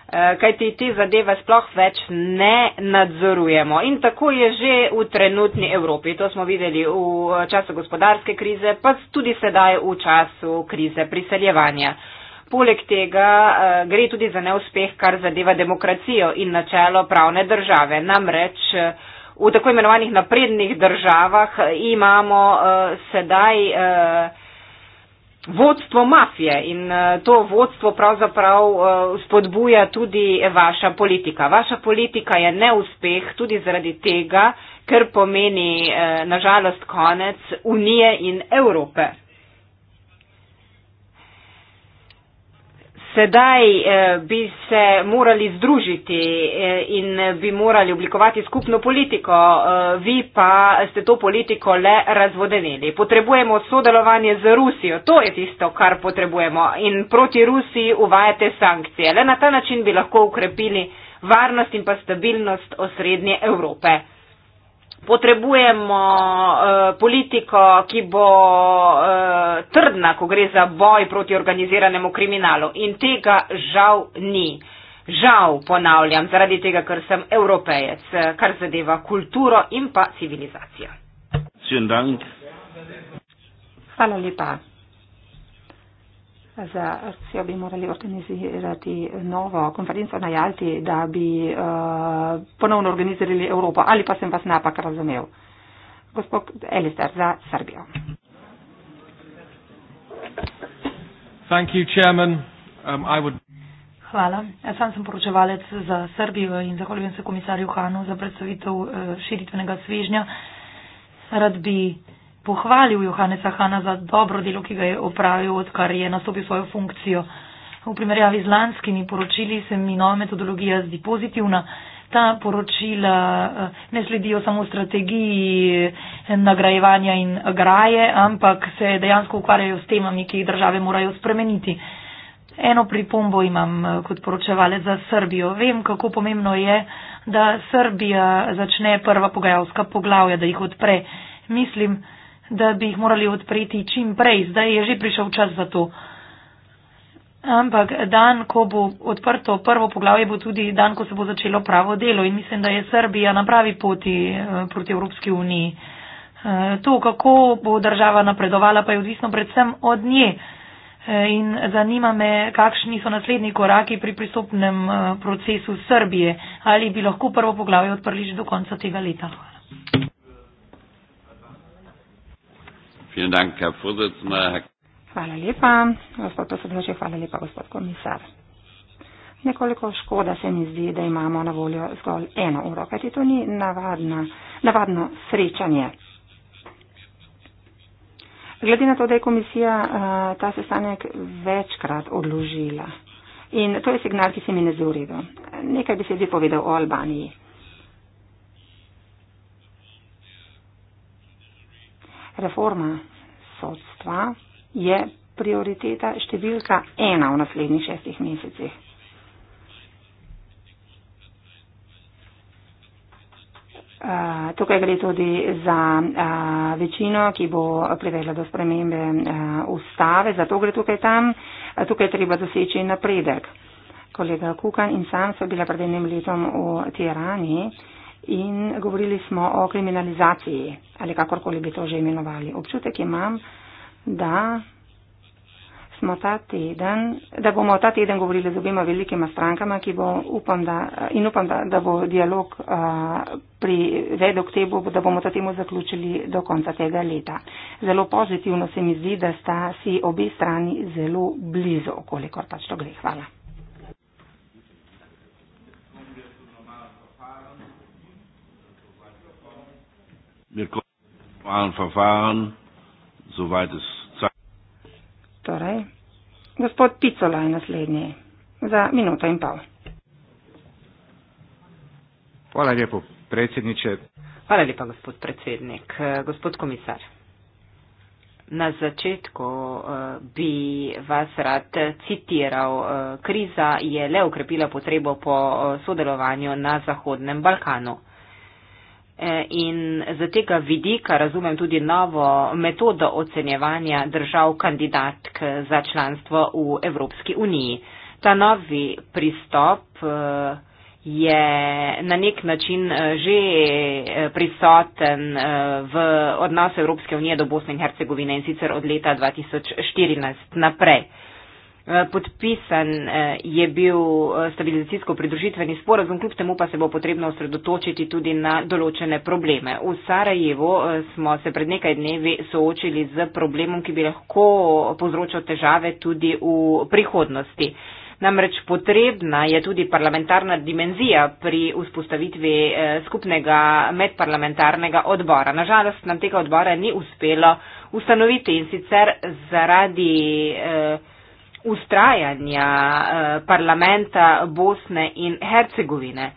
Eh, kajti te zadeve sploh več ne nadzorujemo. In tako je že v trenutni Evropi. To smo videli v eh, času gospodarske krize, pa tudi sedaj v času krize priseljevanja. Poleg tega eh, gre tudi za neuspeh, kar zadeva demokracijo in načelo pravne države. Namreč v tako imenovanih naprednih državah imamo sedaj vodstvo mafije in eh, to vodstvo pravzaprav eh, spodbuja tudi vaša politika. Vaša politika je neuspeh tudi zaradi tega, ker pomeni eh, nažalost konec Unije in Evrope. sedaj eh, bi se morali združiti eh, in bi morali oblikovati skupno politiko, eh, vi pa ste to politiko le razvodenili. Potrebujemo sodelovanje z Rusijo, to je tisto, kar potrebujemo in proti Rusiji uvajate sankcije. Le na ta način bi lahko ukrepili varnost in pa stabilnost osrednje Evrope. Potrebujemo eh, politiko, ki bo eh, trdna, ko gre za boj proti organiziranemu kriminalu. In tega žal ni. Žal ponavljam, zaradi tega, ker sem evropejec, eh, kar zadeva kulturo in pa civilizacijo. Hvala lepa za akcijo bi morali organizirati novo konferenco na Jalti, da bi uh, ponovno organizirali Evropo. Ali pa sem vas napak razumel? Gospod Elister za Srbijo. Thank you, chairman. Um, I would... Hvala. Jaz sam sem poročevalec za Srbijo in zahvaljujem se komisarju Hanu za predstavitev eh, širitvenega svežnja. Rad bi pohvalil Johanesa Hana za dobro delo, ki ga je opravil, odkar je nastopil svojo funkcijo. V primerjavi z lanskimi poročili se mi nova metodologija zdi pozitivna. Ta poročila eh, ne sledijo samo strategiji eh, nagrajevanja in graje, ampak se dejansko ukvarjajo s temami, ki jih države morajo spremeniti. Eno pripombo imam eh, kot poročevalec za Srbijo. Vem, kako pomembno je, da Srbija začne prva pogajalska poglavja, da jih odpre. Mislim, da bi jih morali odpreti čim prej. Zdaj je že prišel čas za to. Ampak dan, ko bo odprto prvo poglavje, bo tudi dan, ko se bo začelo pravo delo in mislim, da je Srbija na pravi poti eh, proti Evropski uniji. Eh, to, kako bo država napredovala, pa je odvisno predvsem od nje. Eh, in zanima me, kakšni so naslednji koraki pri pristopnem procesu Srbije. Ali bi lahko prvo poglavje odprli že do konca tega leta? Hvala. Vielen Dank, Herr Vorsitzender. Hvala lepa, gospod posodnoči, hvala lepa, gospod komisar. Nekoliko škoda se mi zdi, da imamo na voljo zgolj eno uro, kajti to ni navadna, navadno srečanje. Glede na to, da je komisija uh, ta sestanek večkrat odložila. In to je signal, ki se mi ne zdi v redu. Nekaj bi se zdi povedal o Albaniji. Reforma sodstva je prioriteta številka ena v naslednjih šestih mesecih. Tukaj gre tudi za večino, ki bo privedla do spremembe ustave, zato gre tukaj tam, tukaj je treba doseči napredek. Kolega Kukan in sam so bila pred enim letom v Tirani in govorili smo o kriminalizaciji ali kakorkoli bi to že imenovali. Občutek imam, da, teden, da bomo ta teden govorili z obima velikima strankama bo, upam, da, in upam, da, da bo dialog a, privedel k temu, da bomo ta temu zaključili do konca tega leta. Zelo pozitivno se mi zdi, da sta si obi strani zelo blizu, kolikor pač to gre. Hvala. Wir kommen zu allen Verfahren, soweit es Zeit Torej, gospod Picola je naslednji za minuto in pol. Hvala lepo, predsedniče. Hvala lepa, gospod predsednik. Eh, gospod komisar, na začetku eh, bi vas rad citiral. Eh, kriza je le okrepila potrebo po sodelovanju na Zahodnem Balkanu. E, in z tega vidika razumem tudi novo metodo ocenjevanja držav kandidatk za članstvo v Evropski uniji. Ta novi pristop e, je na nek način e, že prisoten v odnosu Evropske unije do Bosne in Hercegovine in sicer od leta 2014 naprej. Eh, podpisan eh, je bil eh, stabilizacijsko-pridružitveni sporozum, kljub temu pa se bo potrebno osredotočiti tudi na določene probleme. V Sarajevo smo se pred nekaj dnevi soočili z problemom, ki bi lahko povzročal težave tudi v prihodnosti. Namreč potrebna je tudi parlamentarna dimenzija pri vzpostavitvi skupnega medparlamentarnega odbora. Nažalost nam tega odbora ni uspelo ustanoviti in sicer zaradi eh, ustrajanja eh, parlamenta Bosne in Hercegovine.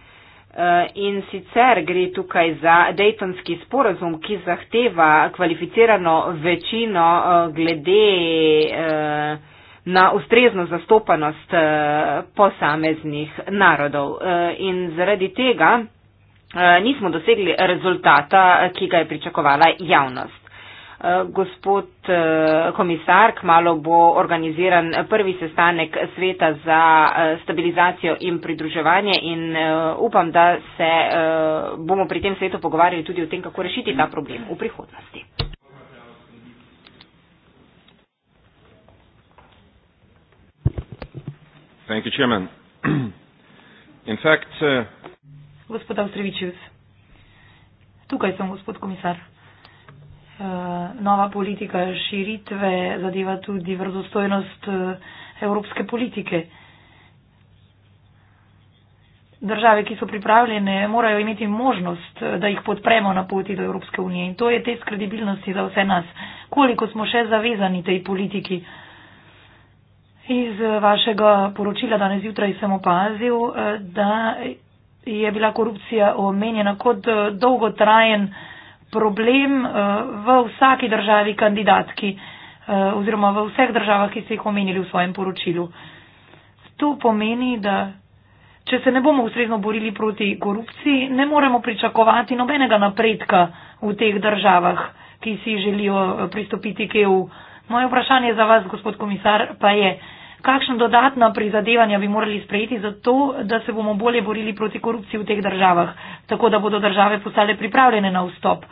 Eh, in sicer gre tukaj za Daytonski sporozum, ki zahteva kvalificirano večino eh, glede na ustrezno zastopanost posameznih narodov. In zaradi tega nismo dosegli rezultata, ki ga je pričakovala javnost. Eh, gospod eh, komisar, kmalo bo organiziran prvi sestanek sveta za eh, stabilizacijo in pridruževanje in upam, da se bomo pri tem svetu pogovarjali tudi o tem, kako rešiti ta problem v prihodnosti. Thank you, Chairman. In fact, uh... gospod Avstrevičev, tukaj sem, gospod komisar. Eh, nova politika širitve zadeva tudi vrzostojnost eh, evropske politike. Države, ki so pripravljene, morajo imeti možnost, eh, da jih podpremo na poti do Evropske unije. In to je test kredibilnosti za vse nas. Koliko smo še zavezani tej politiki? Iz vašega poročila danes jutraj sem opazil, da je bila korupcija omenjena kot dolgotrajen problem eh, v vsaki državi kandidatki eh, oziroma v vseh državah, ki ste jih omenili v svojem poročilu. To pomeni, da če se ne bomo ustrezno borili proti korupciji, ne moremo pričakovati nobenega napredka v teh državah, ki si želijo eh, pristopiti k EU. Moje vprašanje za vas, gospod komisar, pa je, kakšno dodatno prizadevanje bi morali sprejeti za to, da se bomo bolje borili proti korupciji v teh državah, tako da bodo države postale pripravljene na vstop.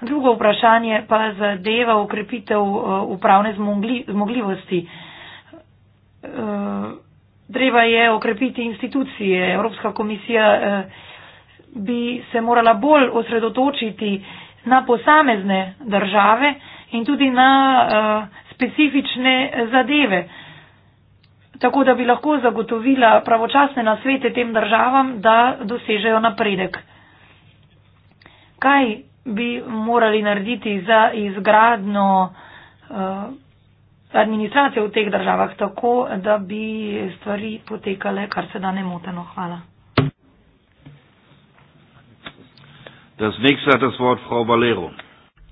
Drugo vprašanje pa zadeva ukrepitev eh, upravne zmogljivosti. Eh, treba je okrepiti institucije. Evropska komisija eh, bi se morala bolj osredotočiti na posamezne države in tudi na specifične zadeve tako da bi lahko zagotovila pravočasne nasvete tem državam, da dosežejo napredek. Kaj bi morali narediti za izgradno eh, administracijo v teh državah, tako da bi stvari potekale kar se da nemoteno? Hvala. Das nächste hat das Wort Frau Valero.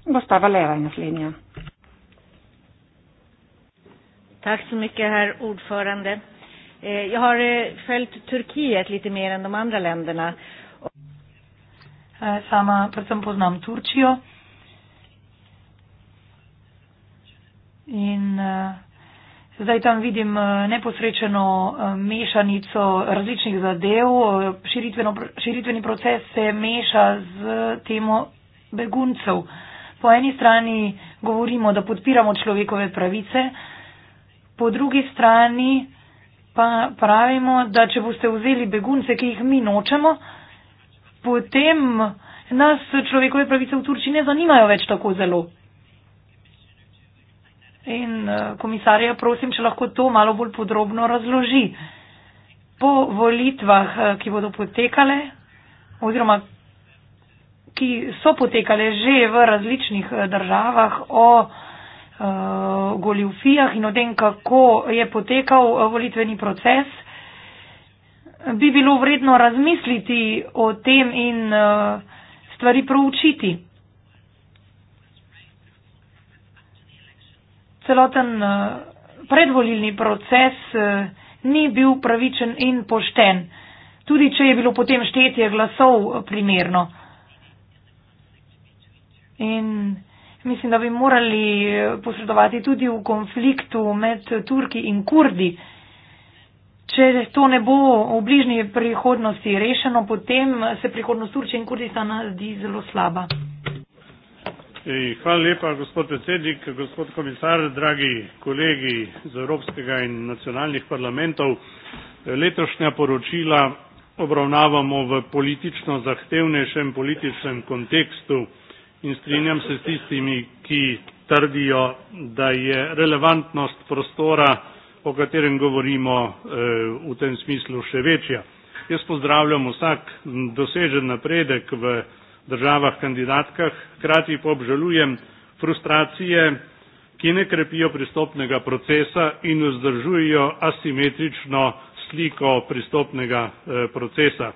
Gospa Valera je naslednja. Tack så mycket, herr ordförande. Eh, jag har eh, följt Turkiet lite mer än de andra länderna. Eh, sama predvsem poznam Turčijo in uh, zdaj tam vidim uh, neposrečeno uh, mešanico različnih zadev. Uh, širitveni proces se meša z uh, temo beguncev. Po eni strani govorimo, da podpiramo človekove pravice, uh, po drugi strani pa pravimo, da če boste vzeli begunce, ki jih mi nočemo, potem nas človekove pravice v Turčiji ne zanimajo več tako zelo. In eh, komisarja prosim, če lahko to malo bolj podrobno razloži. Po volitvah, eh, ki bodo potekale, oziroma ki so potekale že v različnih eh, državah o Eh, goljufijah in o tem, kako je potekal eh, volitveni proces, bi bilo vredno razmisliti o tem in eh, stvari proučiti. Celoten predvolilni proces ni bil pravičen in pošten, tudi če je bilo potem štetje glasov primerno. In Mislim, da bi morali posredovati tudi v konfliktu med Turki in Kurdi. Če to ne bo v bližnji prihodnosti rešeno, potem se prihodnost Turčije in Kurdistana zdi zelo slaba. Ej, hvala lepa, gospod predsednik, gospod komisar, dragi kolegi iz Evropskega in nacionalnih parlamentov. Letošnja poročila obravnavamo v politično zahtevnejšem političnem kontekstu in strinjam se s tistimi, ki trdijo, da je relevantnost prostora, o katerem govorimo, eh, v tem smislu še večja. Jaz pozdravljam vsak dosežen napredek v državah kandidatkah, hkrati pa obžalujem frustracije, ki ne krepijo pristopnega procesa in vzdržujejo asimetrično sliko pristopnega eh, procesa.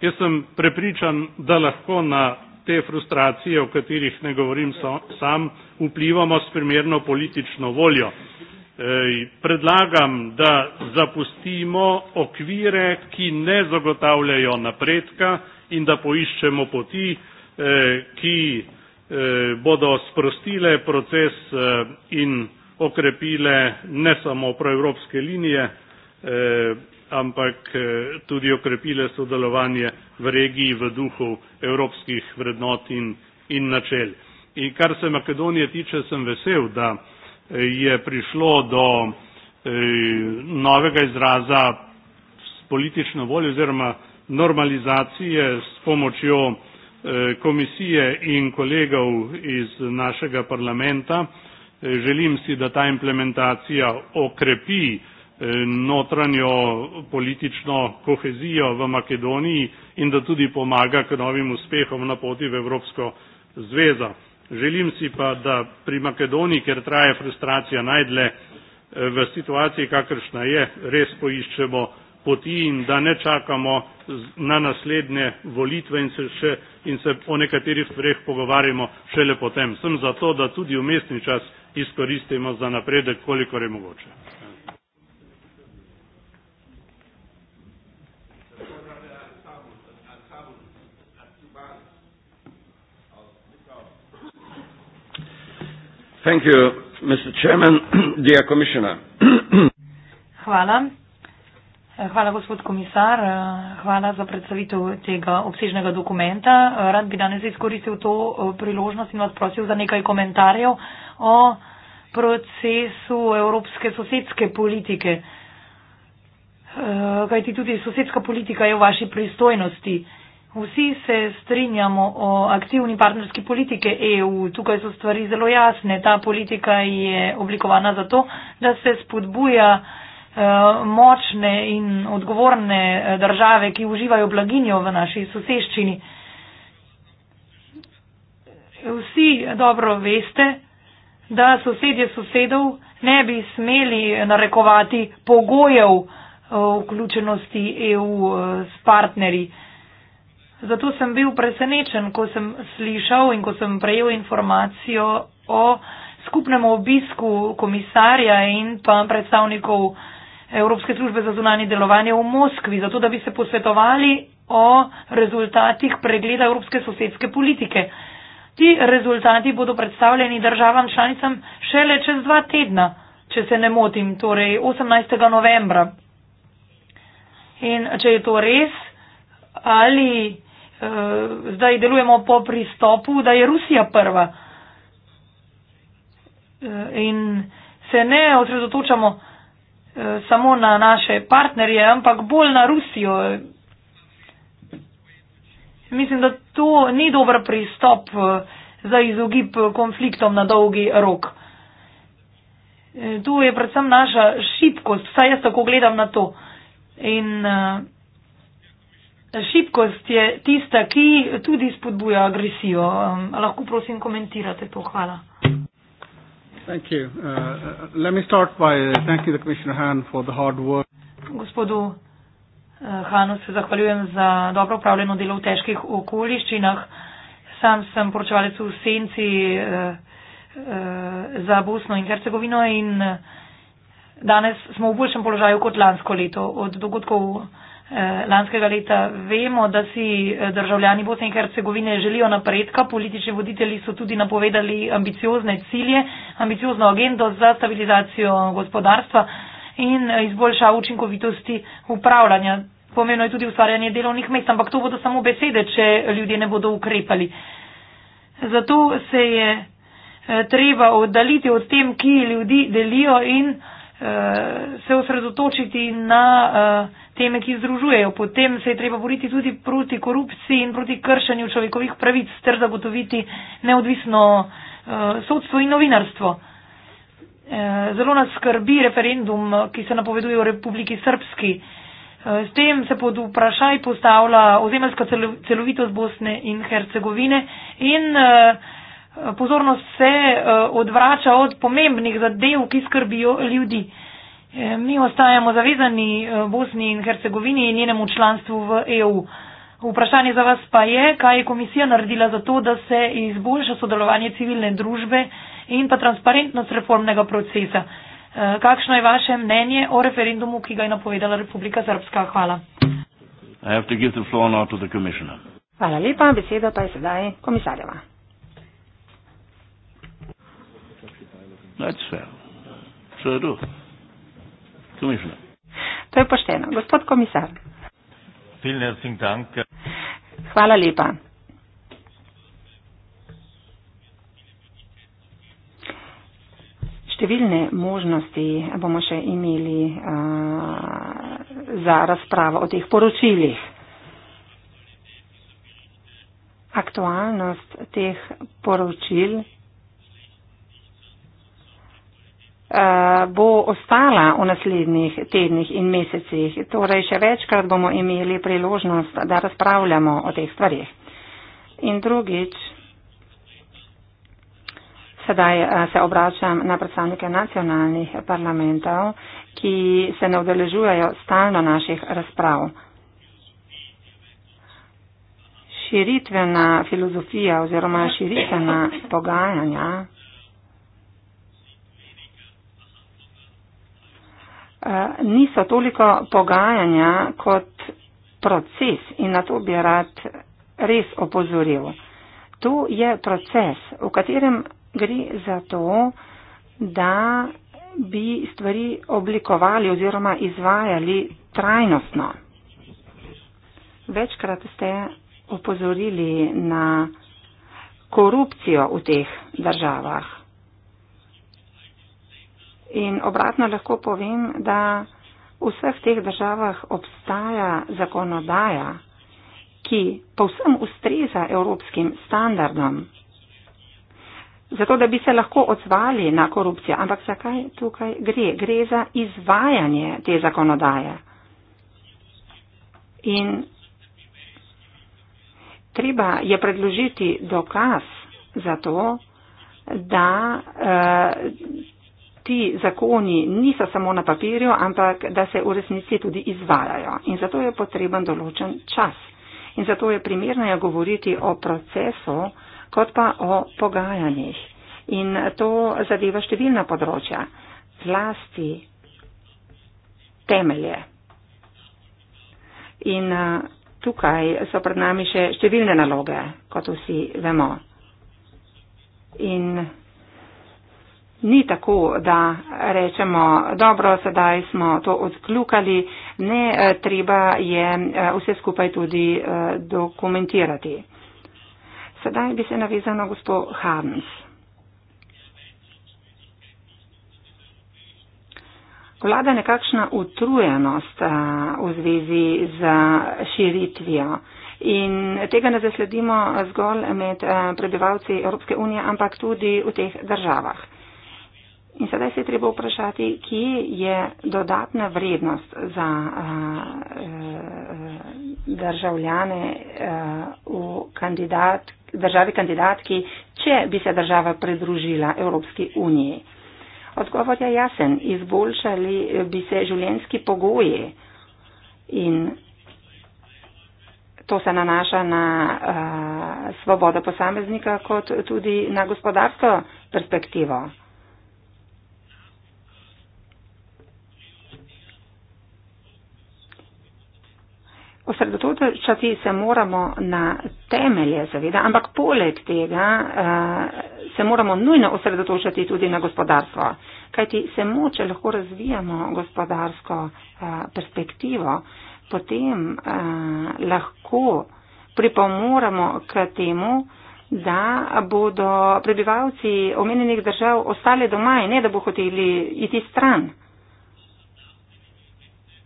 Jaz sem prepričan, da lahko na te frustracije, o katerih ne govorim so, sam, vplivamo s primerno politično voljo. Predlagam, da zapustimo okvire, ki ne zagotavljajo napredka in da poiščemo poti, ki bodo sprostile proces in okrepile ne samo proevropske linije, ampak eh, tudi okrepile sodelovanje v regiji v duhu evropskih vrednot in, in načel. In kar se Makedonije tiče, sem vesel, da eh, je prišlo do eh, novega izraza politično voljo oziroma normalizacije s pomočjo komisije in kolegov iz našega parlamenta. Želim si, da ta implementacija okrepi notranjo politično kohezijo v Makedoniji in da tudi pomaga k novim uspehom na poti v Evropsko zvezo. Želim si pa, da pri Makedoniji, ker traje frustracija najdle, eh, v situaciji, kakršna je, res poiščemo poti in da ne čakamo na naslednje volitve in se, še, in se o nekaterih stvareh pogovarjamo šele potem. Sem za to, da tudi umestni čas izkoristimo za napredek, kolikor je mogoče. Thank you, Mr. Chairman, dear Commissioner. hvala. Hvala, gospod komisar. Hvala za predstavitev tega obsežnega dokumenta. Rad bi danes izkoristil to eh, priložnost in vas prosil za nekaj komentarjev o procesu evropske sosedske politike. Eh, kajti tudi sosedska politika je v vaši pristojnosti. Vsi se strinjamo o aktivni partnerski politike EU. Tukaj so stvari zelo jasne. Ta politika je oblikovana zato, da se spodbuja eh, močne in odgovorne eh, države, ki uživajo blaginjo v naši soseščini. Vsi dobro veste, da sosedje sosedov ne bi smeli narekovati pogojev eh, vključenosti EU s partnerji. Zato sem bil presenečen, ko sem slišal in ko sem prejel informacijo o skupnem obisku komisarja in pa predstavnikov Evropske službe za zunanje delovanje v Moskvi, zato da bi se posvetovali o rezultatih pregleda Evropske sosedske politike. Ti rezultati bodo predstavljeni državam članicam šele čez dva tedna, če se ne motim, torej 18. novembra. In če je to res, ali uh, zdaj delujemo po pristopu, da je Rusija prva. Uh, in se ne osredotočamo uh, samo na naše partnerje, ampak bolj na Rusijo. Mislim, da to ni dober pristop za izogib konfliktom na dolgi rok. To je predvsem naša šibkost, vsaj jaz tako gledam na to. In, uh, Šibkost je tista, ki tudi spodbuja agresijo. Um, lahko prosim komentirate to. Hvala. Thank you. Uh, uh let me start by uh, thanking the Commissioner Han for the hard work. Gospodu uh, Hanu se zahvaljujem za dobro upravljeno delo v težkih okoliščinah. Sam sem poročevalec v Senci uh, uh, za Bosno in Hercegovino in danes smo v boljšem položaju kot lansko leto od dogodkov. Eh, lanskega leta. Vemo, da si eh, državljani Bosne in Hercegovine želijo napredka. Politični voditelji so tudi napovedali ambiciozne cilje, ambiciozno agendo za stabilizacijo gospodarstva in eh, izboljša učinkovitosti upravljanja. Pomembno je tudi ustvarjanje delovnih mest, ampak to bodo samo besede, če ljudje ne bodo ukrepali. Zato se je treba oddaliti od tem, ki ljudi delijo in Eh, se osredotočiti na eh, teme, ki združujejo. Potem se je treba boriti tudi proti korupciji in proti kršenju človekovih pravic ter zagotoviti neodvisno eh, sodstvo in novinarstvo. Zelo nas skrbi referendum, ki se napoveduje v Republiki Srpski. S tem se pod vprašaj postavlja ozemeljska celovitost Bosne in Hercegovine in uh, pozornost se e, odvrača od pomembnih zadev, ki skrbijo ljudi. E, mi ostajamo zavezani e, Bosni in Hercegovini in njenemu članstvu v EU. Vprašanje za vas pa je, kaj je komisija naredila za to, da se izboljša sodelovanje civilne družbe in pa transparentnost reformnega procesa. Kakšno je vaše mnenje o referendumu, ki ga je napovedala Republika Srpska? Hvala. Hvala lepa, beseda pa je sedaj komisarjeva. That's fair. Should I do? Commissioner. To je pošteno. Gospod komisar. Hvala lepa. Številne možnosti bomo še imeli uh, za razpravo o teh poročilih. Aktualnost teh poročil Eh, bo ostala v naslednjih tednih in mesecih. Torej, še večkrat bomo imeli priložnost, da razpravljamo o teh stvarih. In drugič, sedaj eh, se obračam na predstavnike nacionalnih parlamentov, ki se ne udeležujejo stalno naših razprav. Širitvena filozofija oziroma širitvena pogajanja Eh, niso toliko pogajanja kot proces in na to bi rad res opozoril. To je proces, v katerem gre za to, da bi stvari oblikovali oziroma izvajali trajnostno. Večkrat ste opozorili na korupcijo v teh državah. In obratno lahko povem, da v vseh teh državah obstaja zakonodaja, ki povsem ustreza evropskim standardom, zato da bi se lahko odzvali na korupcijo. Ampak zakaj tukaj gre? Gre za izvajanje te zakonodaje. In treba je predložiti dokaz za to, da. Eh, ti zakoni niso samo na papirju, ampak da se v resnici tudi izvajajo. In zato je potreben določen čas. In zato je primernaje govoriti o procesu, kot pa o pogajanjih. In to zadeva številna področja, zlasti temelje. In eh, tukaj so pred nami še številne naloge, kot vsi vemo. In Ni tako, da rečemo, dobro, sedaj smo to odkljukali, ne, eh, treba je eh, vse skupaj tudi eh, dokumentirati. Sedaj bi se navezal na gospod Harms. Vlada nekakšna utrujenost v zvezi z širitvijo. In tega ne zasledimo zgolj med prebivalci Evropske unije, ampak tudi v teh državah. In sedaj se je treba vprašati, kje je dodatna vrednost za uh, državljane uh, v kandidat, državi kandidatki, če bi se država pridružila Evropski uniji. Odgovor je jasen, izboljšali bi se življenjski pogoji in to se nanaša na uh, svobodo posameznika kot tudi na gospodarsko perspektivo. Osredotočati se moramo na temelje seveda, ampak poleg tega uh, se moramo nujno osredotočati tudi na gospodarstvo. Kajti se moče lahko razvijamo gospodarsko uh, perspektivo, potem uh, lahko pripomoramo k temu, da bodo prebivalci omenjenih držav ostali doma in ne da bo hoteli iti stran.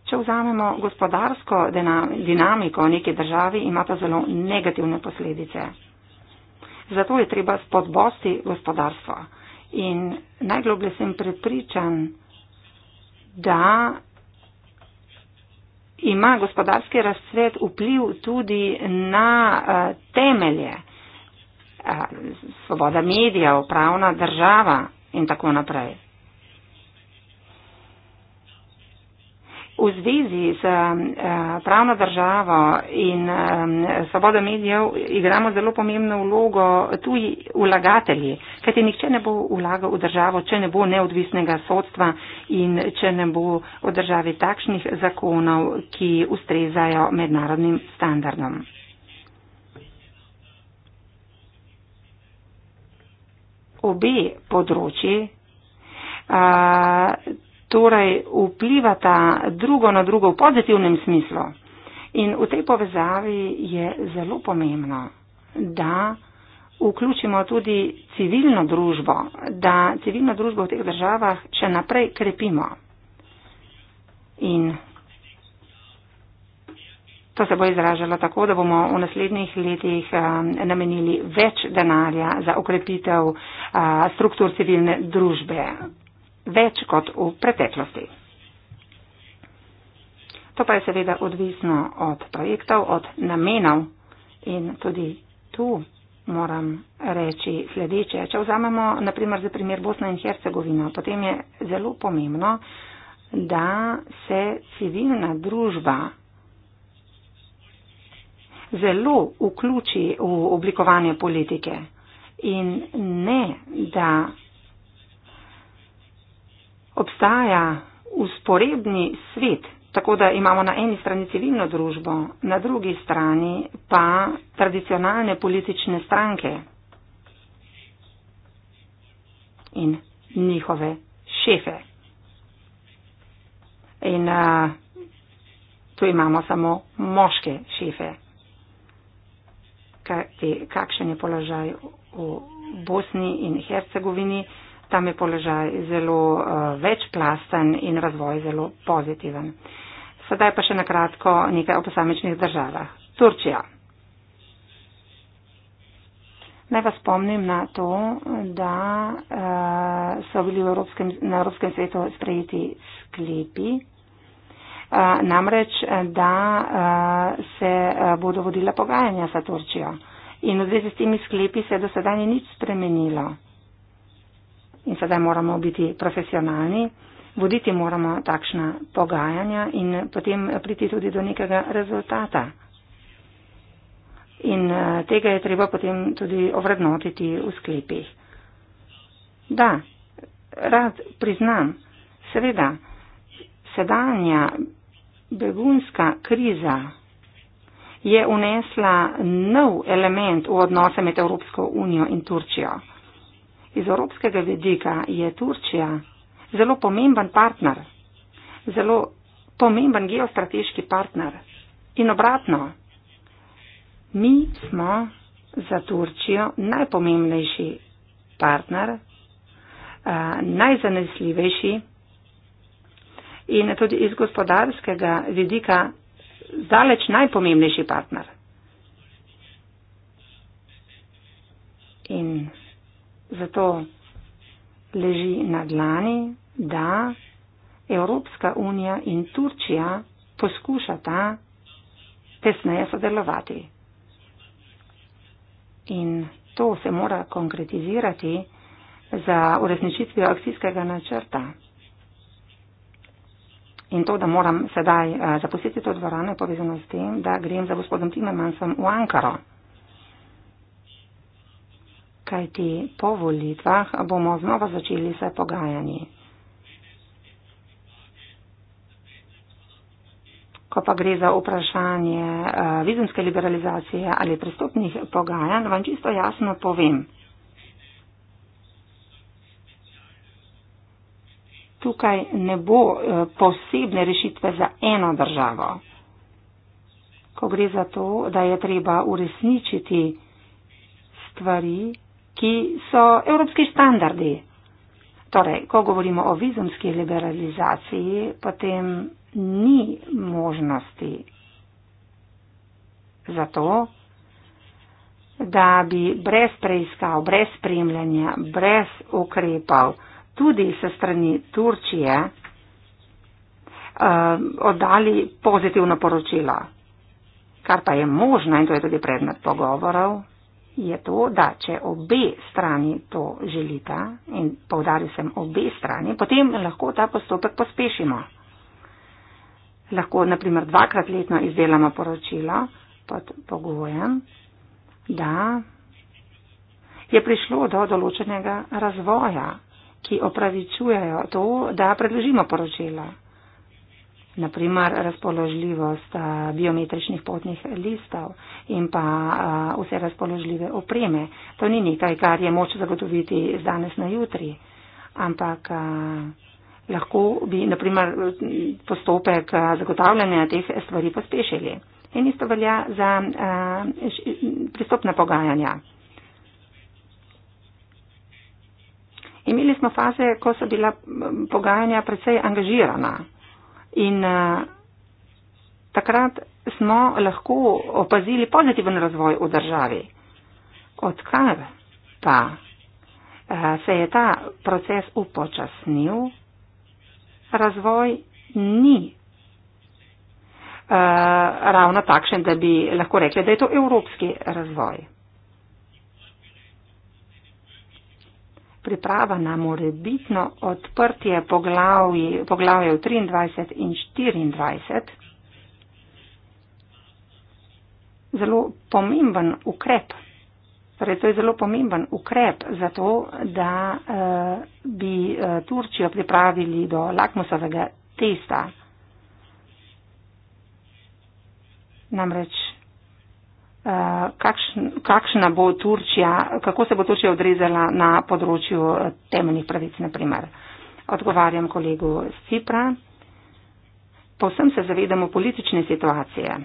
Če vzamemo gospodarsko dinamiko v neki državi, ima to zelo negativne posledice. Zato je treba spodbosti gospodarstvo. In najgloblje sem prepričan, da ima gospodarski razcvet vpliv tudi na eh, temelje. Eh, svoboda medijev, pravna država in tako naprej. V zvezi s eh, pravno državo in eh, svobodo medijev igramo zelo pomembno vlogo tuji vlagatelji, kajti nihče ne bo vlagal v državo, če ne bo neodvisnega sodstva in če ne bo v državi takšnih zakonov, ki ustrezajo mednarodnim standardom. Obe področji. Eh, torej vplivata drugo na drugo v pozitivnem smislu. In v tej povezavi je zelo pomembno, da vključimo tudi civilno družbo, da civilno družbo v teh državah še naprej krepimo. In To se bo izražalo tako, da bomo v naslednjih letih eh, namenili več denarja za okrepitev eh, struktur civilne družbe, več kot v preteklosti. To pa je seveda odvisno od projektov, od namenov in tudi tu moram reči sledeče. Če vzamemo naprimer za primer Bosna in Hercegovina, potem je zelo pomembno, da se civilna družba zelo vključi v oblikovanje politike in ne da obstaja usporedni svet, tako da imamo na eni strani civilno družbo, na drugi strani pa tradicionalne politične stranke in njihove šefe. In a, eh, tu imamo samo moške šefe. Kaj, te, kakšen je položaj v Bosni in Hercegovini? tam je položaj zelo uh, večplasten in razvoj zelo pozitiven. Sedaj pa še na kratko nekaj o posamečnih državah. Turčija. Naj vas spomnim na to, da uh, so bili Evropskem, na Evropskem svetu sprejeti sklepi, uh, namreč da uh, se uh, bodo vodila pogajanja sa Turčijo. In v zvezi s temi sklepi se je do sedaj ni nič spremenilo in sedaj moramo biti profesionalni, voditi moramo takšna pogajanja in potem priti tudi do nekega rezultata. In eh, tega je treba potem tudi ovrednotiti v sklepih. Da, rad priznam, seveda, sedanja begunska kriza je unesla nov element v odnose med Evropsko unijo in Turčijo. Iz evropskega vidika je Turčija zelo pomemben partner, zelo pomemben geostrateški partner. In obratno, mi smo za Turčijo najpomembnejši partner, eh, najzanesljivejši in tudi iz gospodarskega vidika daleč najpomembnejši partner. In zato leži na dlani, da Evropska unija in Turčija poskušata tesneje sodelovati. In to se mora konkretizirati za uresničitvijo akcijskega načrta. In to, da moram sedaj eh, zapustiti to dvorano, je povezano s tem, da grem za gospodom Timemansom v Ankaro kajti po volitvah bomo znova začeli se pogajanji. Ko pa gre za vprašanje eh, vizumske liberalizacije ali pristopnih pogajanj, vam čisto jasno povem. Tukaj ne bo eh, posebne rešitve za eno državo. Ko gre za to, da je treba uresničiti stvari, ki so evropski standardi. Torej, ko govorimo o vizumski liberalizaciji, potem ni možnosti za to, da bi brez preiskav, brez spremljanja, brez ukrepov, tudi se strani Turčije, eh, oddali pozitivno poročilo. Kar pa je možno in to je tudi predmet pogovorov, je to, da če obe strani to želita, in povdaril sem obe strani, potem lahko ta postopek pospešimo. Lahko, naprimer, dvakrat letno izdelamo poročilo pod pogojem, da je prišlo do določenega razvoja, ki opravičujejo to, da predložimo poročilo naprimer razpoložljivost biometričnih potnih listov in pa vse razpoložljive opreme. To ni nekaj, kar je moč zagotoviti z danes na jutri, ampak lahko bi naprimer postopek zagotavljanja teh stvari pospešili. In isto velja za pristopna pogajanja. Imeli smo faze, ko so bila pogajanja precej angažirana. In eh, takrat smo lahko opazili pozitiven razvoj v državi. Odkar pa eh, se je ta proces upočasnil, razvoj ni. Uh, ravno takšen, da bi lahko rekli, da je to evropski razvoj. priprava na morebitno odprtje poglavje 23 in 24. Zelo pomemben ukrep. Torej, to je zelo pomemben ukrep za to, da uh, bi uh, Turčijo pripravili do lakmusovega testa. Namreč kakšna, kakšna bo Turčija, kako se bo Turčija odrezala na področju eh, temeljnih pravic, naprimer. Odgovarjam kolegu Cipra. Povsem se zavedamo politične situacije,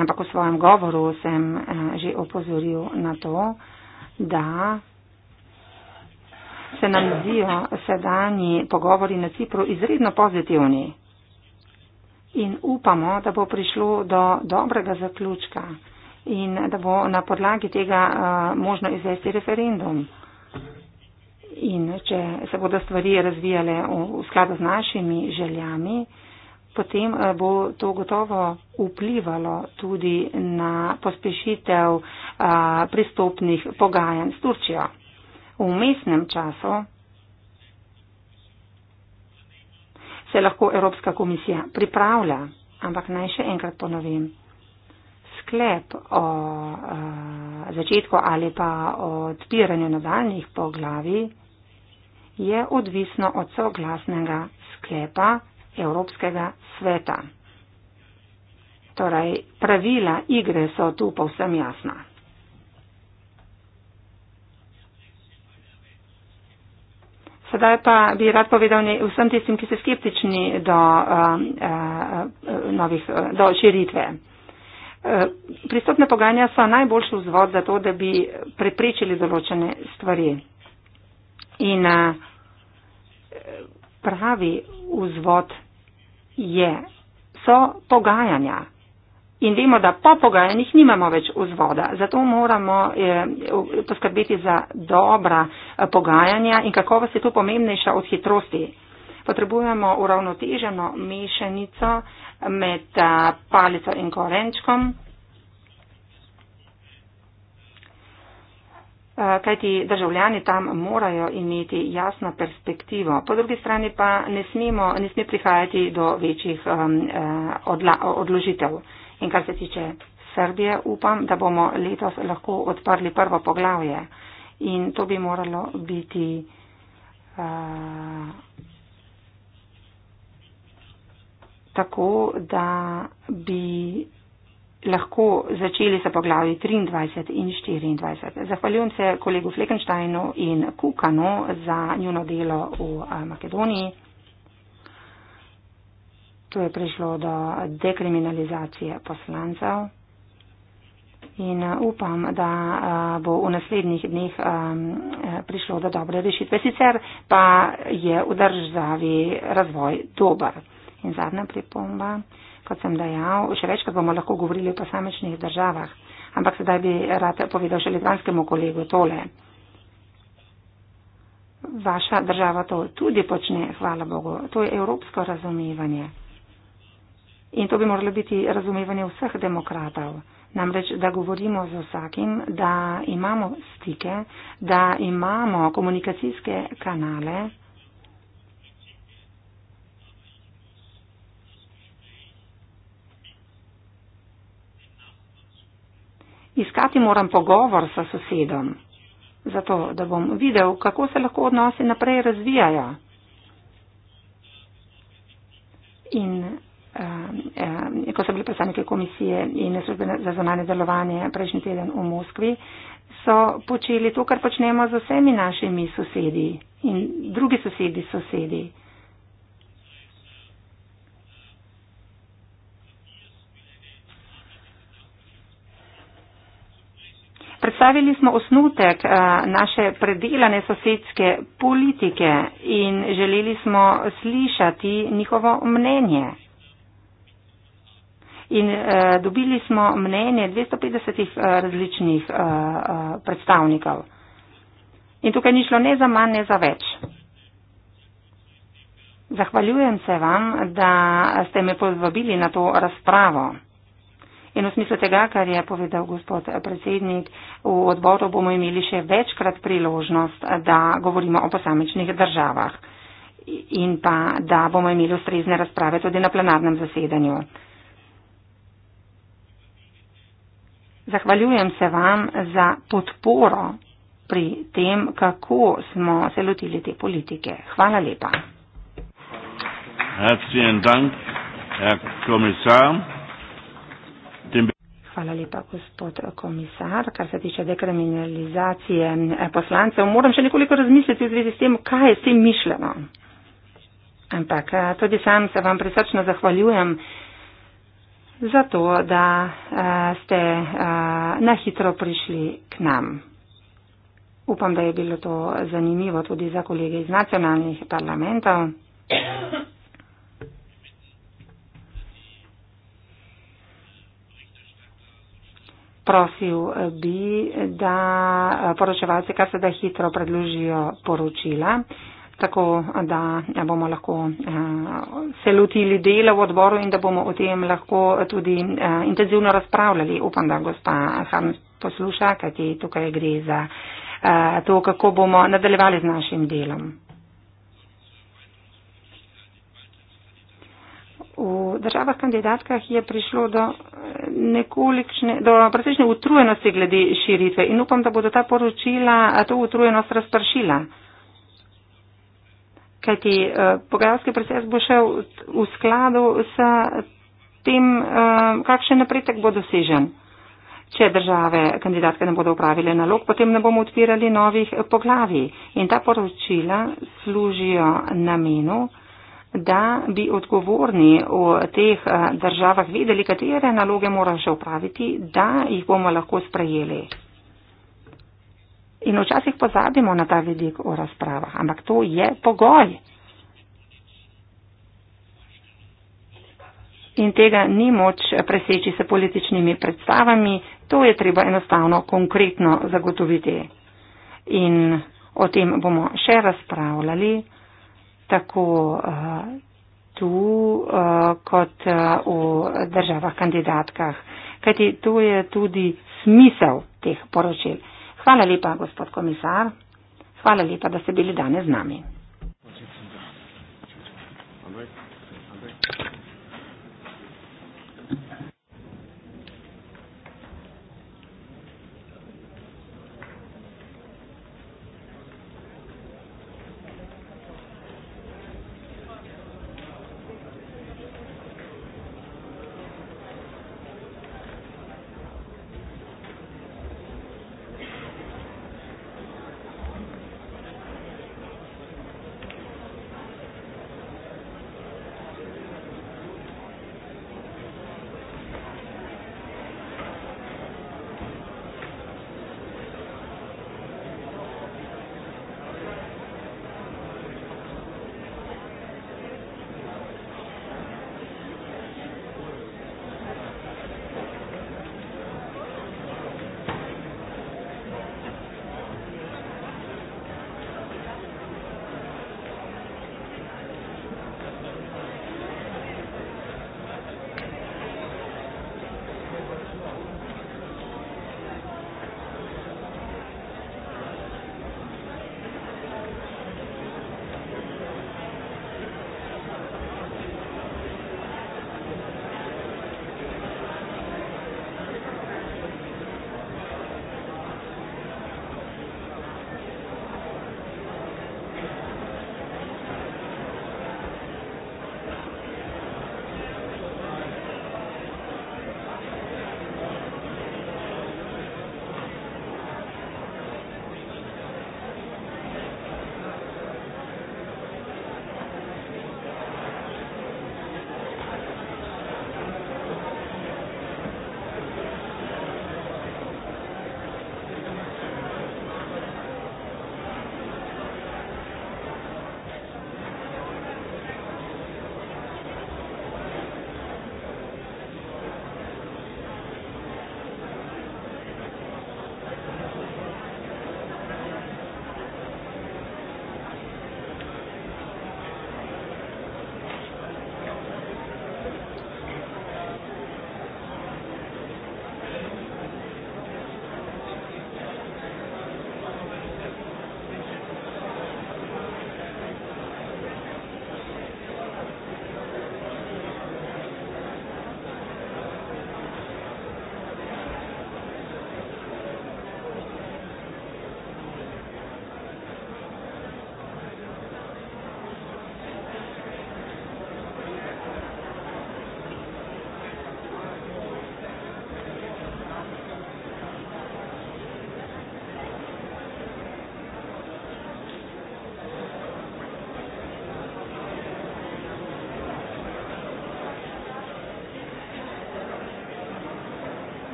ampak v svojem govoru sem eh, že opozoril na to, da se nam zdijo sedanji pogovori na Cipru izredno pozitivni in upamo, da bo prišlo do dobrega zaključka in da bo na podlagi tega uh, možno izvesti referendum. In če se bodo stvari razvijale v skladu z našimi željami, potem uh, bo to gotovo vplivalo tudi na pospešitev uh, pristopnih pogajanj s Turčijo. V mestnem času se lahko Evropska komisija pripravlja. Ampak naj še enkrat ponovim. Sklep o a, eh, začetku ali pa o odpiranju nadaljnih poglavi je odvisno od soglasnega sklepa Evropskega sveta. Torej, pravila igre so tu povsem jasna. Sedaj pa bi rad povedal vsem tistim, ki so skeptični do, uh, uh, novih, uh, do širitve. Uh, pristopne pogajanja so najboljši vzvod za to, da bi preprečili določene stvari. In uh, pravi vzvod je, so pogajanja in vemo, da po pogajanjih nimamo več vzvoda. Zato moramo eh, poskrbeti za dobra eh, pogajanja in kakovost je to pomembnejša od hitrosti. Potrebujemo uravnoteženo mešanico med eh, palico in korenčkom. Kajti državljani tam morajo imeti jasno perspektivo. Po drugi strani pa ne, smemo, ne sme prihajati do večjih odla, odložitev. In kar se tiče Srbije, upam, da bomo letos lahko odprli prvo poglavje. In to bi moralo biti. Uh, tako, da bi lahko začeli sa poglavji 23 in 24. Zahvaljujem se kolegu Fleckensteinu in Kukanu za njuno delo v eh, Makedoniji. Tu je prišlo do dekriminalizacije poslancev in eh, upam, da eh, bo v naslednjih dneh eh, prišlo do dobre rešitve. Sicer pa je v državi razvoj dober. In zadnja pripomba, kot sem dejal, še večkrat bomo lahko govorili o posamečnih državah, ampak sedaj bi rad povedal še litvanskemu kolegu tole. Vaša država to tudi počne, hvala Bogu. To je evropsko razumevanje. In to bi moralo biti razumevanje vseh demokratov. Namreč, da govorimo z vsakim, da imamo stike, da imamo komunikacijske kanale. Iskati moram pogovor s sosedom, zato da bom videl, kako se lahko odnosi naprej razvijajo. In Ehm, ehm, ko so bili predstavniki komisije in službe za zunanje delovanje prejšnji teden v Moskvi, so počeli to, kar počnemo z vsemi našimi sosedi in drugi sosedi sosedi. Predstavili smo osnutek eh, naše predelane sosedske politike in želeli smo slišati njihovo mnenje in uh, dobili smo mnenje 250 uh, eh, različnih uh, uh, predstavnikov. In tukaj ni šlo ne za manj, ne za več. Zahvaljujem se vam, da ste me pozvabili na to razpravo. In v smislu tega, kar je povedal gospod predsednik, v odboru bomo imeli še večkrat priložnost, da govorimo o posamečnih državah in pa da bomo imeli ustrezne razprave tudi na plenarnem zasedanju. Zahvaljujem se vam za podporo pri tem, kako smo se lotili te politike. Hvala lepa. Hvala lepa, gospod komisar. Kar se tiče dekriminalizacije eh, poslancev, moram še nekoliko razmisliti v zvezi s tem, kaj je s tem mišljeno. Ampak eh, tudi sam se vam prisrčno zahvaljujem zato da uh, ste uh, na hitro prišli k nam. Upam, da je bilo to zanimivo tudi za kolege iz nacionalnih parlamentov. Prosil bi, da eh, poročevalci kar se da hitro predložijo poročila. Uh, tako da ja, bomo lahko eh, se lotili dela v odboru in da bomo o tem lahko tudi eh, intenzivno razpravljali. Upam, da gospa Harn posluša, kajti tukaj gre za eh, to, kako bomo nadaljevali z našim delom. V državah kandidatkah je prišlo do nekolikšne, do precejšnje utrujenosti glede širitve in upam, da bodo ta poročila to utrujenost razpršila kajti eh, pogajalski proces bo šel v skladu s tem, eh, kakšen napredek bo dosežen. Če države kandidatke ne bodo upravile nalog, potem ne bomo odpirali novih poglavi. In ta poročila služijo namenu, da bi odgovorni v teh eh, državah vedeli, katere naloge morajo še upraviti, da jih bomo lahko sprejeli. In včasih pozabimo na ta vidik v razpravah, ampak to je pogoj. In tega ni moč preseči s političnimi predstavami, to je treba enostavno konkretno zagotoviti. In o tem bomo še razpravljali, tako eh, tu eh, kot eh, v državah kandidatkah. Kajti tu je tudi smisel teh poročil. Hvala lepa, gospod komisar. Hvala lepa, da ste bili danes z nami.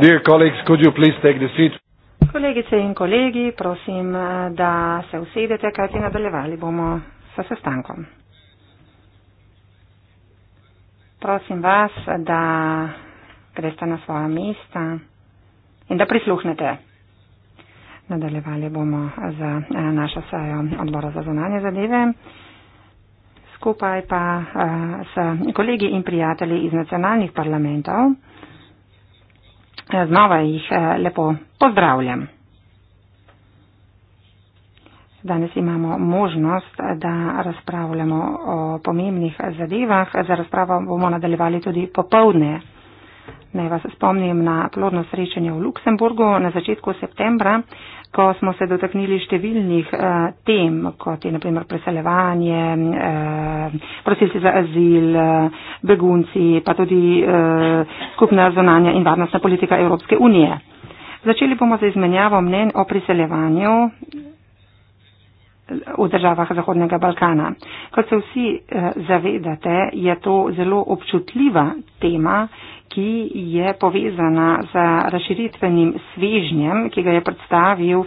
Colleagues, Kolegice in kolegi, prosim, eh, da se usedete, kajti nadaljevali bomo sa sestankom. Prosim vas, da greste na svoja mesta in da prisluhnete. Nadaljevali bomo za eh, našo sejo odbora za zunanje zadeve. Skupaj pa eh, s kolegi in prijatelji iz nacionalnih parlamentov. Znova jih eh, lepo pozdravljam. Danes imamo možnost, eh, da razpravljamo o pomembnih zadevah. Za razpravo bomo nadaljevali tudi popovdne. Naj vas spomnim na plodno srečanje v Luksemburgu na začetku septembra ko smo se dotaknili številnih uh, tem, kot je naprimer preseljevanje, uh, prosilci za azil, uh, begunci, pa tudi uh, skupna zonanja in varnostna politika Evropske unije. Začeli bomo z izmenjavo mnen o priseljevanju v državah Zahodnega Balkana. Kot se vsi zavedate, je to zelo občutljiva tema, ki je povezana z razširitvenim svežnjem, ki ga je predstavil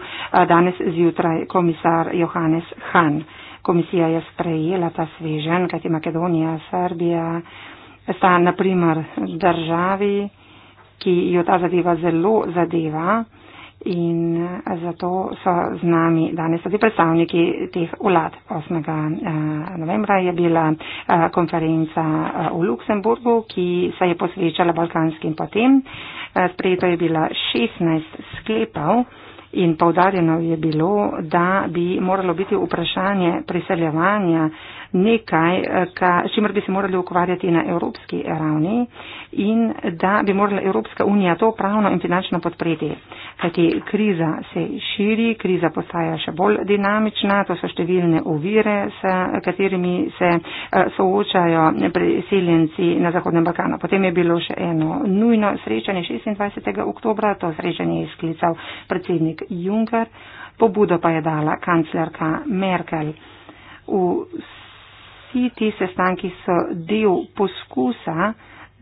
danes zjutraj komisar Johannes Han. Komisija je sprejela ta svežen, kajti Makedonija, Srbija sta na primer državi, ki jo ta zadeva zelo zadeva in eh, zato so z nami danes tudi predstavniki teh vlad. 8. Eh, novembra je bila eh, konferenca v Luksemburgu, ki se je posvečala balkanskim potem. Sprejeto je bila 16 sklepov. In povdarjeno je bilo, da bi moralo biti vprašanje priseljevanja nekaj, s čimer bi se morali ukvarjati na evropski ravni. Uh, in da bi morala Evropska unija to pravno in finančno podpreti. Kajti kriza se širi, kriza postaja še bolj dinamična, to so številne ovire, s katerimi se eh, soočajo priseljenci na Zahodnem Balkanu. Potem je bilo še eno nujno srečanje 26. oktobra, to srečanje je sklical predsednik Juncker, pobudo pa je dala kanclerka Merkel. Vsi ti sestanki so del poskusa,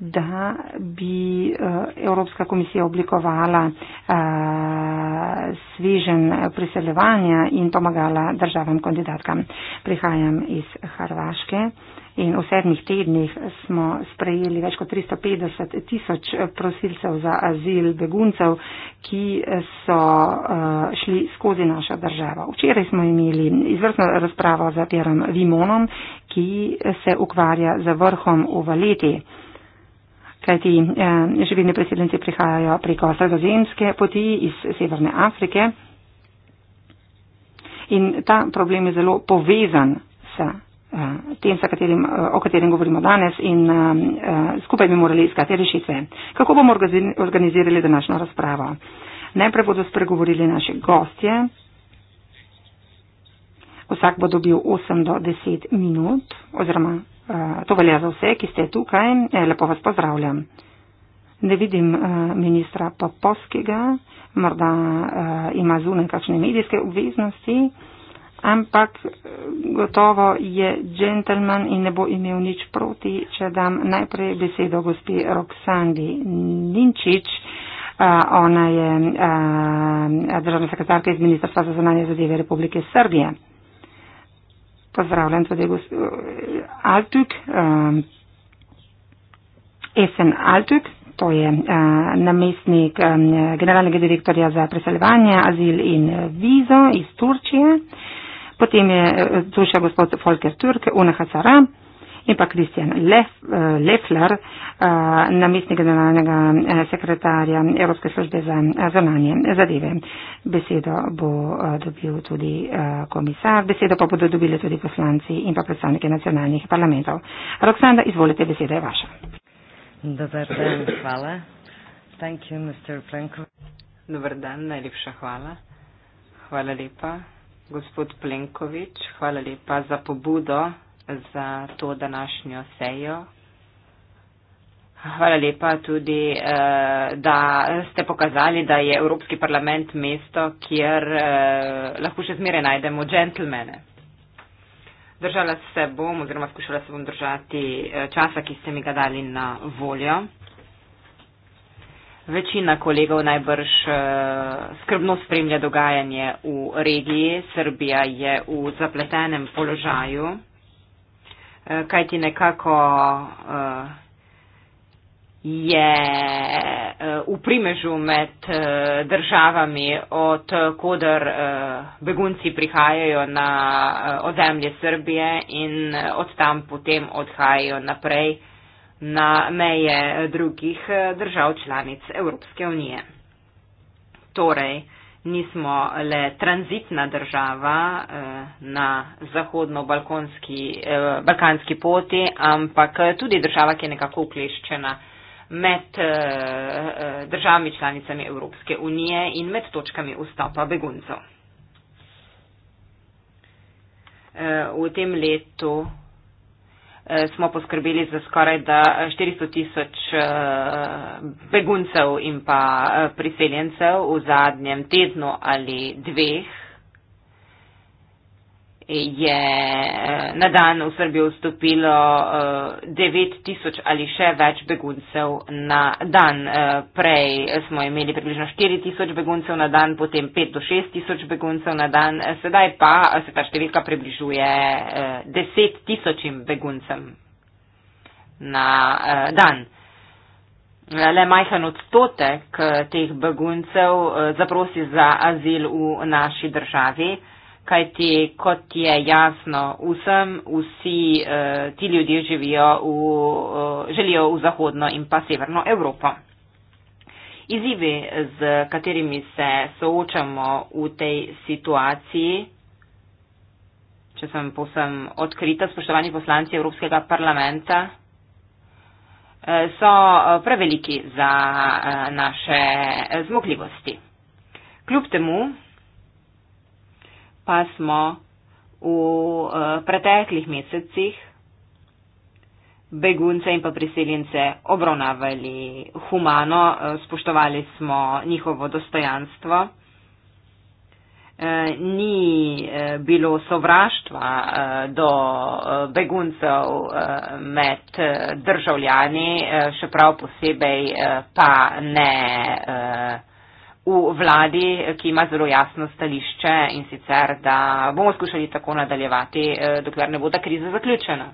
da bi eh, Evropska komisija oblikovala eh, svežen priseljevanja in pomagala državam kandidatkam. Prihajam iz Hrvaške in v sedmih tednih smo sprejeli več kot 350 tisoč prosilcev za azil beguncev, ki so eh, šli skozi našo državo. Včeraj smo imeli izvrstno razpravo za Pierom Vimonom, ki se ukvarja z vrhom v Valeti kajti eh, živine priseljenci prihajajo preko sredozemske poti iz Severne Afrike in ta problem je zelo povezan s eh, tem, katerim, eh, o katerem govorimo danes in skupaj bi morali iskati rešitve. Kako bomo organizirali današnjo razpravo? Najprej bodo spregovorili naše gostje. Vsak bo dobil 8 do 10 minut oziroma To velja za vse, ki ste tukaj. E, lepo vas pozdravljam. Ne vidim e, ministra Popovskega, morda e, ima zunaj kakšne medijske obveznosti, ampak gotovo je džentelman in ne bo imel nič proti, če dam najprej besedo gospi Roksandi Ninčič. Ona je državna sekretarka iz Ministrstva za zunanje zadeve Republike Srbije pozdravljam tudi Altuk, um, Esen um, Altuk, to je uh, namestnik um, generalnega direktorja za preseljevanje, azil in uh, vizo iz Turčije. Potem je uh, tu še gospod Folker Turk, UNHCR in pa Kristjan Lefler, eh, eh, namestnik generalnega eh, sekretarja Evropske službe za zonanje zadeve. Besedo bo dobil tudi komisar, besedo pa bodo dobili tudi poslanci in pa predstavniki nacionalnih parlamentov. Roksanda, izvolite, beseda je vaša. Dobar dan, hvala. Thank you, Mr. Plenković. Dobar dan, najlepša hvala. Hvala lepa, gospod Plenković. Hvala lepa za pobudo za to današnjo sejo. Hvala lepa tudi, eh, da ste pokazali, da je Evropski parlament mesto, kjer eh, lahko še zmeraj najdemo džentlmene. Držala se bom oziroma skušala se bom držati eh, časa, ki ste mi ga dali na voljo. Večina kolegov najbrž skrbno spremlja dogajanje v regiji. Srbija je v zapletenem položaju. Eh, kaj ti nekako uh, je uh, v primežu med uh, državami, od koder uh, begunci prihajajo na uh, ozemlje Srbije in od tam potem odhajajo naprej na meje drugih držav članic Evropske unije. Torej, uh, nismo le tranzitna država eh, na zahodno-balkanski eh, poti, ampak tudi država, ki je nekako ukleščena med eh, državami članicami Evropske unije in med točkami vstopa beguncev. V tem letu smo poskrbeli za skoraj 400 tisoč eh, beguncev in pa eh, priseljencev v zadnjem tednu ali dveh je eh, na dan v Srbijo vstopilo 9 eh, tisoč ali še več beguncev na dan. Eh, prej smo imeli približno 4 tisoč beguncev na dan, potem 5 do 6 tisoč beguncev na dan, sedaj pa se ta številka približuje 10 tisočim beguncem na dan. Le majhen odstotek teh beguncev zaprosi za azil v naši državi kajti kot je jasno vsem, vsi eh, ti ljudje živijo v, eh, želijo v Zahodno in pa Severno Evropo. Izzivi, z katerimi se soočamo v tej situaciji, če sem posem odkrita, spoštovani poslanci Evropskega parlamenta, eh, so eh, preveliki za eh, naše zmogljivosti. Kljub temu, pa smo v eh, preteklih mesecih begunce in pa priseljence obravnavali humano, eh, spoštovali smo njihovo dostojanstvo. Eh, ni bilo sovraštva do beguncev med državljani, še prav posebej pa ne v vladi, ki ima zelo jasno stališče in sicer, da bomo skušali tako nadaljevati, eh, dokler ne bo ta kriza zaključena.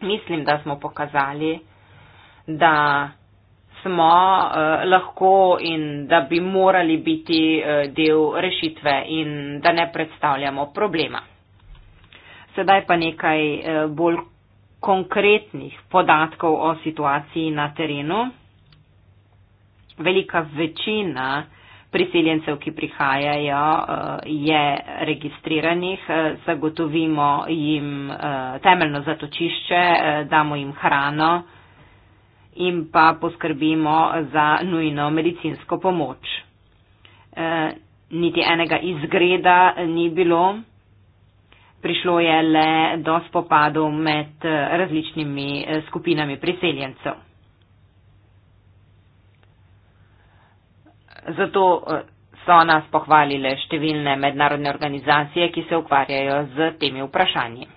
Mislim, da smo pokazali, da smo eh, lahko in da bi morali biti eh, del rešitve in da ne predstavljamo problema. Sedaj pa nekaj eh, bolj konkretnih podatkov o situaciji na terenu. Velika večina priseljencev, ki prihajajo, eh, je registriranih. Eh, zagotovimo jim eh, temeljno zatočišče, damo jim hrano in pa poskrbimo za nujno medicinsko pomoč. Niti enega izgreda ni bilo. Prišlo je le do spopadov med različnimi skupinami priseljencev. Zato eh, so nas pohvalile številne mednarodne organizacije, ki se ukvarjajo z temi vprašanji.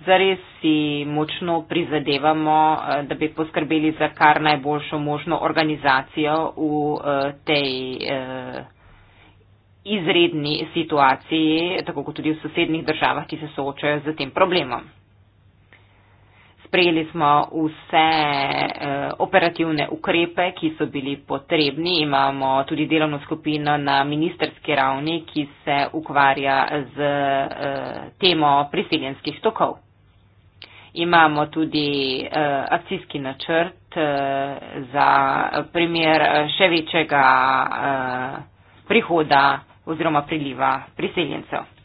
Zares si močno prizadevamo, eh, da bi poskrbeli za kar najboljšo možno organizacijo v eh, tej izredni situaciji, tako kot tudi v sosednjih državah, ki se soočajo z tem problemom sprejeli smo vse eh, operativne ukrepe, ki so bili potrebni. Imamo tudi delovno skupino na ministerski ravni, ki se ukvarja z eh, temo priseljenskih tokov. Imamo tudi eh, akcijski načrt za primer še večjega prihoda oziroma priliva priseljencev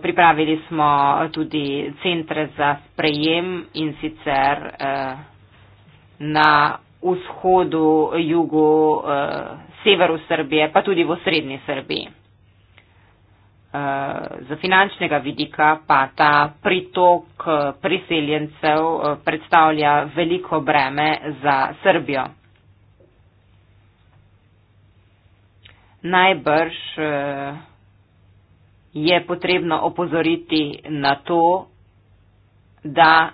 pripravili smo tudi centre za sprejem in sicer eh, na vzhodu, jugu, eh, severu Srbije, pa tudi v srednji Srbiji. Eh, za finančnega vidika pa ta pritok priseljencev predstavlja veliko breme za Srbijo. Najbrž je potrebno opozoriti na to, da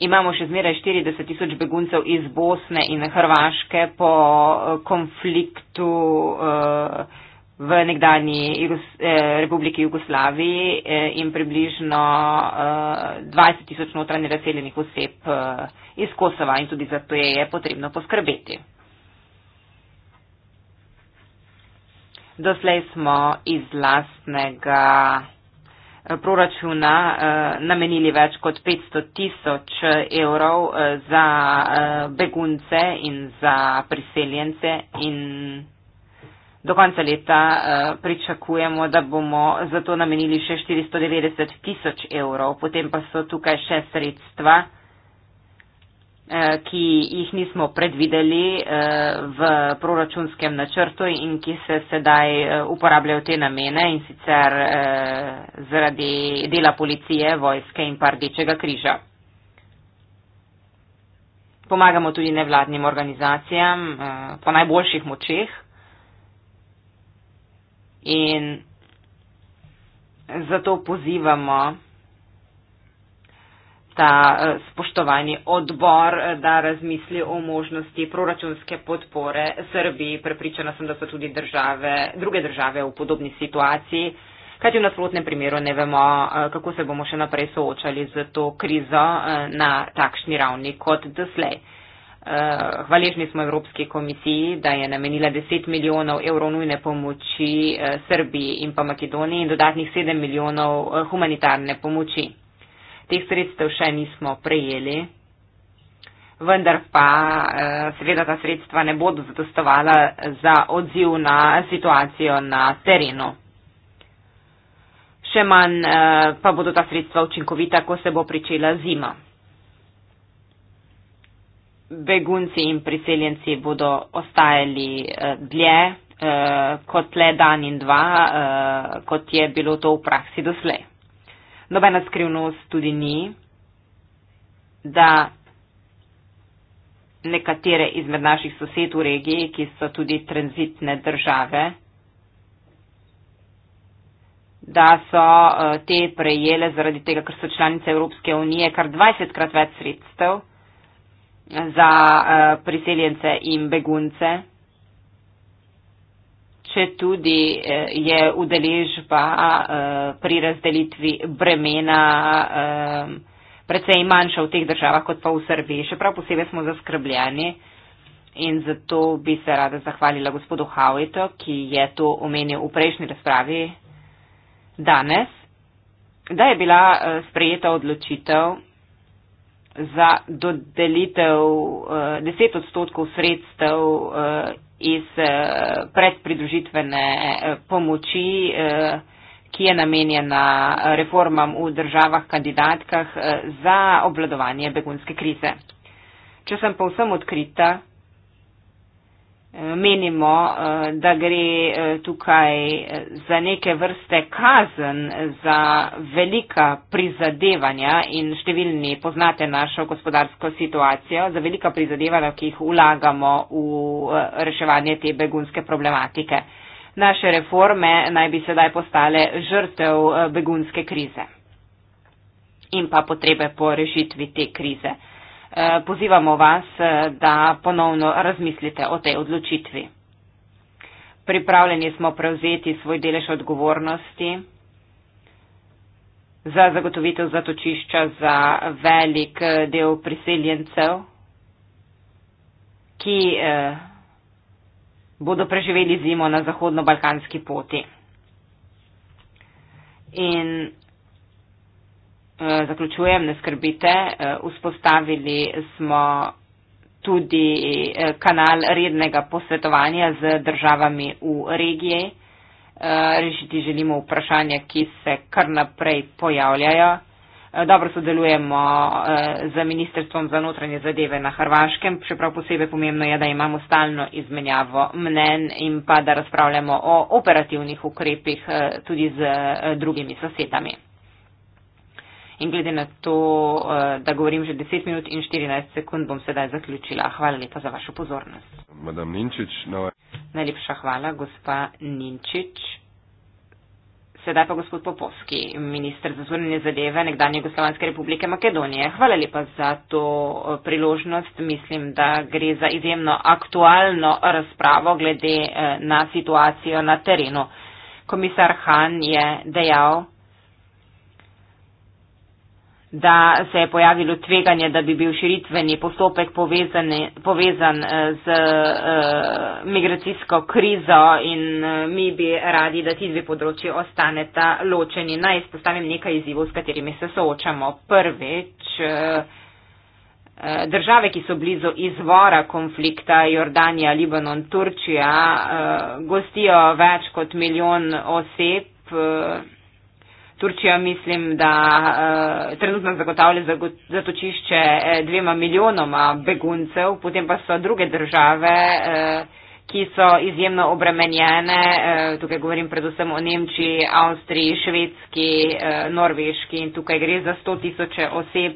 imamo še zmeraj 40 tisoč beguncev iz Bosne in Hrvaške po eh, konfliktu eh, v nekdani eh, Republiki Jugoslaviji in približno 20 tisoč notranje razseljenih oseb iz Kosova in tudi za to je potrebno poskrbeti. Doslej smo iz lastnega eh, proračuna eh, namenili več kot 500 tisoč eh, evrov za begunce in za priseljence in do konca leta pričakujemo, da bomo za to namenili še 490 tisoč evrov. Potem pa so tukaj še sredstva Eh, ki jih nismo predvideli eh, v proračunskem načrtu in ki se sedaj eh, uporabljajo te namene in sicer zaradi dela policije, vojske in pardečega križa. Pomagamo tudi nevladnim organizacijam po najboljših močeh in zato pozivamo ta eh, spoštovani odbor, eh, da razmisli o možnosti proračunske podpore Srbiji. Prepričana sem, da so tudi države, druge države v podobni situaciji, kajti v nasprotnem primeru ne vemo, eh, kako se bomo še naprej soočali z to krizo na takšni ravni kot doslej. Hvaležni smo Evropski komisiji, da je namenila 10 milijonov evrov nujne pomoči Srbiji in pa Makedoniji in dodatnih 7 milijonov humanitarne pomoči teh sredstev še nismo prejeli. Vendar pa eh, seveda ta sredstva ne bodo zadostovala za odziv na situacijo na terenu. Še manj eh, pa bodo ta sredstva učinkovita, ko se bo pričela zima. Begunci in priseljenci bodo ostajali eh, dlje kot le dan in dva, kot je bilo to v praksi doslej nobena skrivnost tudi ni, da nekatere izmed naših sosed v regiji, ki so tudi tranzitne države, da so eh, te prejele zaradi tega, ker so članice Evropske unije, kar 20krat več sredstev za eh, priseljence in begunce če tudi eh, je udeležba eh, pri razdelitvi bremena eh, precej manjša v teh državah kot pa v Srbiji. Še prav posebej smo zaskrbljeni in zato bi se rada zahvalila gospodu Havito, ki je to omenil v prejšnji razpravi danes, da je bila sprejeta odločitev za dodelitev 10 odstotkov sredstev iz eh, predpridružitvene eh, pomoči, eh, ki je namenjena reformam v državah kandidatkah za obvladovanje begunske krize. Če sem povsem odkrita, menimo, eh, da gre eh, tukaj eh, za neke vrste kazen za velika prizadevanja in številni poznate našo gospodarsko situacijo, za velika prizadevanja, ki jih vlagamo v reševanje te begunske problematike. Naše reforme naj bi sedaj postale žrtev begunske krize in pa potrebe po rešitvi te krize. Eh, pozivamo vas, eh, da ponovno razmislite o tej odločitvi. Pripravljeni smo prevzeti svoj delež odgovornosti za zagotovitev zatočišča za velik eh, del priseljencev, ki bodo preživeli zimo na Zahodno-Balkanski poti. In Eh, zaključujem, ne skrbite, eh, vzpostavili smo tudi eh, kanal rednega posvetovanja z državami v regiji. Rešiti želimo vprašanja, ki se kar naprej pojavljajo. Dobro sodelujemo z Ministrstvom za notranje zadeve na Hrvaškem, čeprav posebej pomembno je, da imamo stalno izmenjavo mnen in pa da razpravljamo o operativnih ukrepih tudi z drugimi sosedami. In glede na to, eh, da govorim že 10 minut in 14 sekund, bom sedaj zaključila. Hvala lepa za vašo pozornost. Ninčič, no... Najlepša hvala, gospa Ninčič. Sedaj pa gospod Popovski, minister za zunanje zadeve nekdanje Jugoslavanske republike Makedonije. Hvala lepa za to eh, priložnost. Mislim, da gre za izjemno aktualno razpravo glede eh, na situacijo na terenu. Komisar Han je dejal, da se je pojavilo tveganje, da bi bil širitveni postopek povezan, povezan eh, z uh, migracijsko krizo in uh, mi bi radi, da ti dve področji ostaneta ločeni. Naj izpostavim nekaj izzivov, s katerimi se soočamo. Prvič, uh, Države, ki so blizu izvora konflikta, Jordanija, Libanon, Turčija, gostijo več kot milijon oseb, Turčija mislim, da uh, trenutno zagotavlja zatočišče eh, dvema milijonoma beguncev, potem pa so druge države, uh, ki so izjemno obremenjene, uh, tukaj govorim predvsem o Nemčiji, Avstriji, Švedski, uh, Norveški in tukaj gre za sto tisoče oseb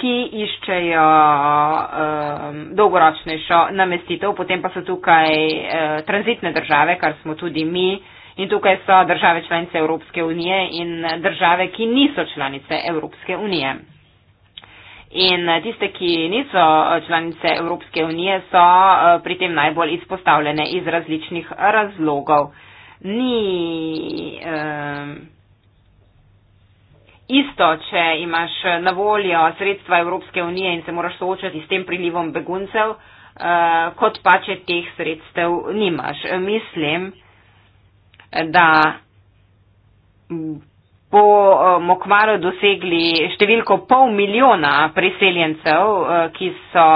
ki iščejo um, dolgoročnejšo namestitev, potem pa so tukaj uh, tranzitne države, kar smo tudi mi, uh, In tukaj so države članice Evropske unije in države, ki niso članice Evropske unije. In eh, tiste, ki niso eh, članice Evropske unije, so eh, pri tem najbolj izpostavljene iz različnih razlogov. Ni eh, isto, če imaš na voljo sredstva Evropske unije in se moraš soočati s tem prilivom beguncev, eh, kot pa če teh sredstev nimaš. Mislim, da bo mokvaro dosegli številko pol milijona priseljencev, eh, ki so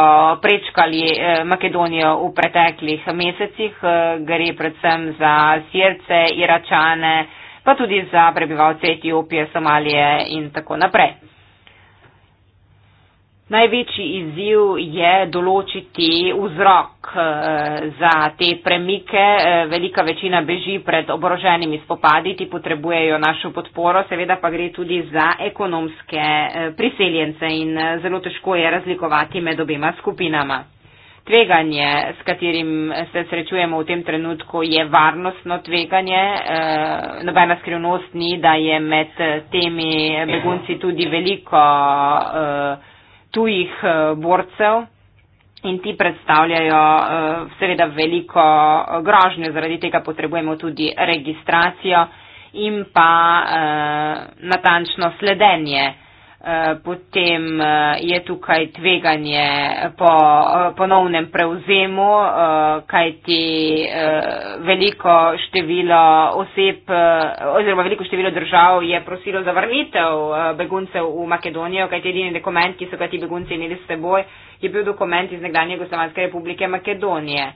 prečkali eh, Makedonijo v preteklih mesecih. Eh, gre predvsem za Sirce, Iračane, pa tudi za prebivalce Etiopije, Somalije in tako naprej. Največji izziv je določiti vzrok eh, za te premike. Eh, velika večina beži pred oboroženimi spopadi, ti potrebujejo našo podporo, seveda pa gre tudi za ekonomske eh, priseljence in zelo težko je razlikovati med obima skupinama. Tveganje, s katerim se srečujemo v tem trenutku, je varnostno tveganje. Nobena skrivnost ni, da je med temi begunci tudi veliko tujih eh, borcev in ti predstavljajo eh, seveda veliko eh, grožnjo, zaradi tega potrebujemo tudi registracijo in pa natančno sledenje. Eh, potem eh, je tukaj tveganje po eh, ponovnem prevzemu, kajti veliko število oseb oziroma veliko število držav je prosilo za vrnitev beguncev v Makedonijo, kajti edini dokument, ki so ga ti begunci imeli s seboj, je bil dokument iz nekdanje Jugoslavijske republike Makedonije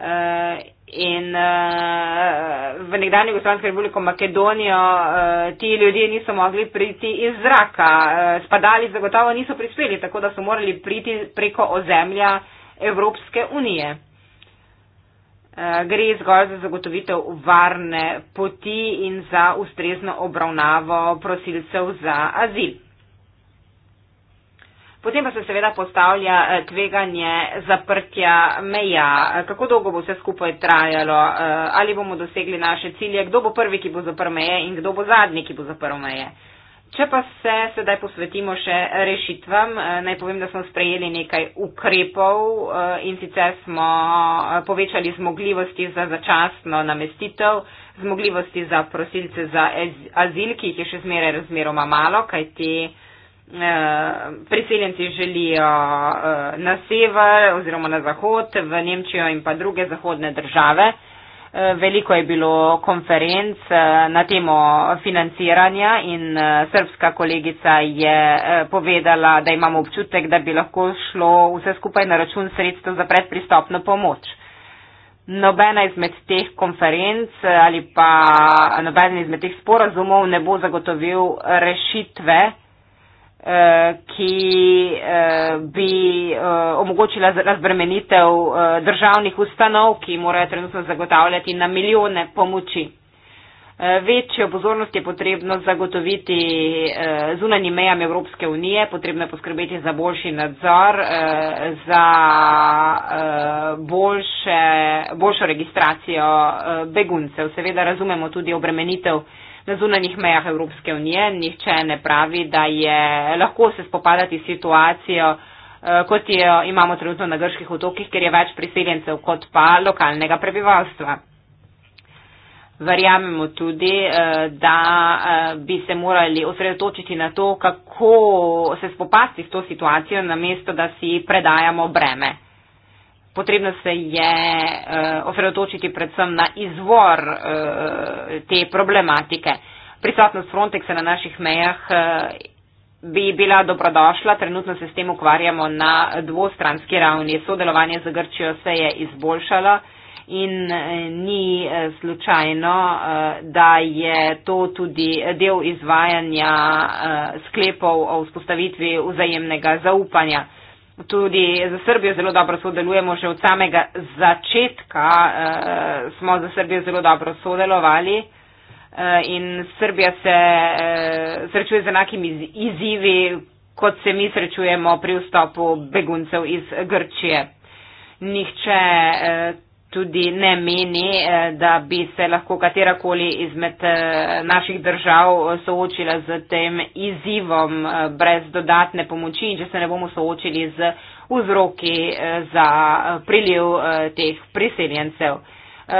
uh, in uh, v nekdanji Jugoslavijski republiko Makedonijo uh, ti ljudje niso mogli priti iz zraka, uh, spadali zagotovo niso prispeli, tako da so morali priti preko ozemlja Evropske unije. Gre zgolj za zagotovitev varne poti in za ustrezno obravnavo prosilcev za azil. Potem pa se seveda postavlja eh, tveganje zaprtja meja. Kako dolgo bo vse skupaj trajalo? Eh, ali bomo dosegli naše cilje? Kdo bo prvi, ki bo zaprl meje in kdo bo zadnji, ki bo zaprl meje? Če pa se sedaj posvetimo še rešitvam, eh, naj povem, da smo sprejeli nekaj ukrepov in sicer smo povečali zmogljivosti za začasno namestitev, zmogljivosti za prosilce za azil, ki jih je še zmeraj razmeroma malo, kajti. Eh, priseljenci želijo eh, na sever oziroma na zahod, v Nemčijo in pa druge zahodne države. Eh, veliko je bilo konferenc na temo financiranja in srpska kolegica je povedala, da imamo občutek, da bi lahko šlo vse skupaj na račun sredstev za predpristopno pomoč. Nobena izmed teh konferenc ali pa nobena izmed teh sporazumov ne bo zagotovil rešitve Eh, ki eh, bi eh, omogočila razbremenitev državnih ustanov, ki morajo trenutno zagotavljati na milijone pomoči. Večjo pozornost je potrebno zagotoviti zunanjim mejam Evropske unije, potrebno je poskrbeti za boljši nadzor, za boljše, boljšo registracijo beguncev. Seveda razumemo tudi obremenitev na zunanjih mejah Evropske unije. Nihče ne pravi, da je lahko se spopadati s situacijo, eh, kot jo imamo trenutno na grških otokih, ker je več priseljencev kot pa lokalnega prebivalstva. Verjamemo tudi, eh, da eh, bi se morali osredotočiti na to, kako se spopasti s to situacijo, namesto da si predajamo breme potrebno se je uh, osredotočiti predvsem na izvor uh, te problematike. Prisotnost Frontexa na naših mejah eh, bi bila dobrodošla, trenutno se s tem ukvarjamo na dvostranski ravni. Sodelovanje z Grčijo se je izboljšalo in ni slučajno, da je to tudi del izvajanja sklepov o vzpostavitvi vzajemnega zaupanja. Tudi za Srbijo zelo dobro sodelujemo, že od samega začetka eh, smo za Srbijo zelo dobro sodelovali eh, in Srbija se eh, srečuje z enakimi izzivi, kot se mi srečujemo pri vstopu beguncev iz Grčije. Nihče eh, tudi ne meni, eh, da bi se lahko katerakoli izmed eh, naših držav eh, soočila z tem izzivom brez dodatne pomoči in če se ne bomo soočili z vzroki za priliv teh priseljencev.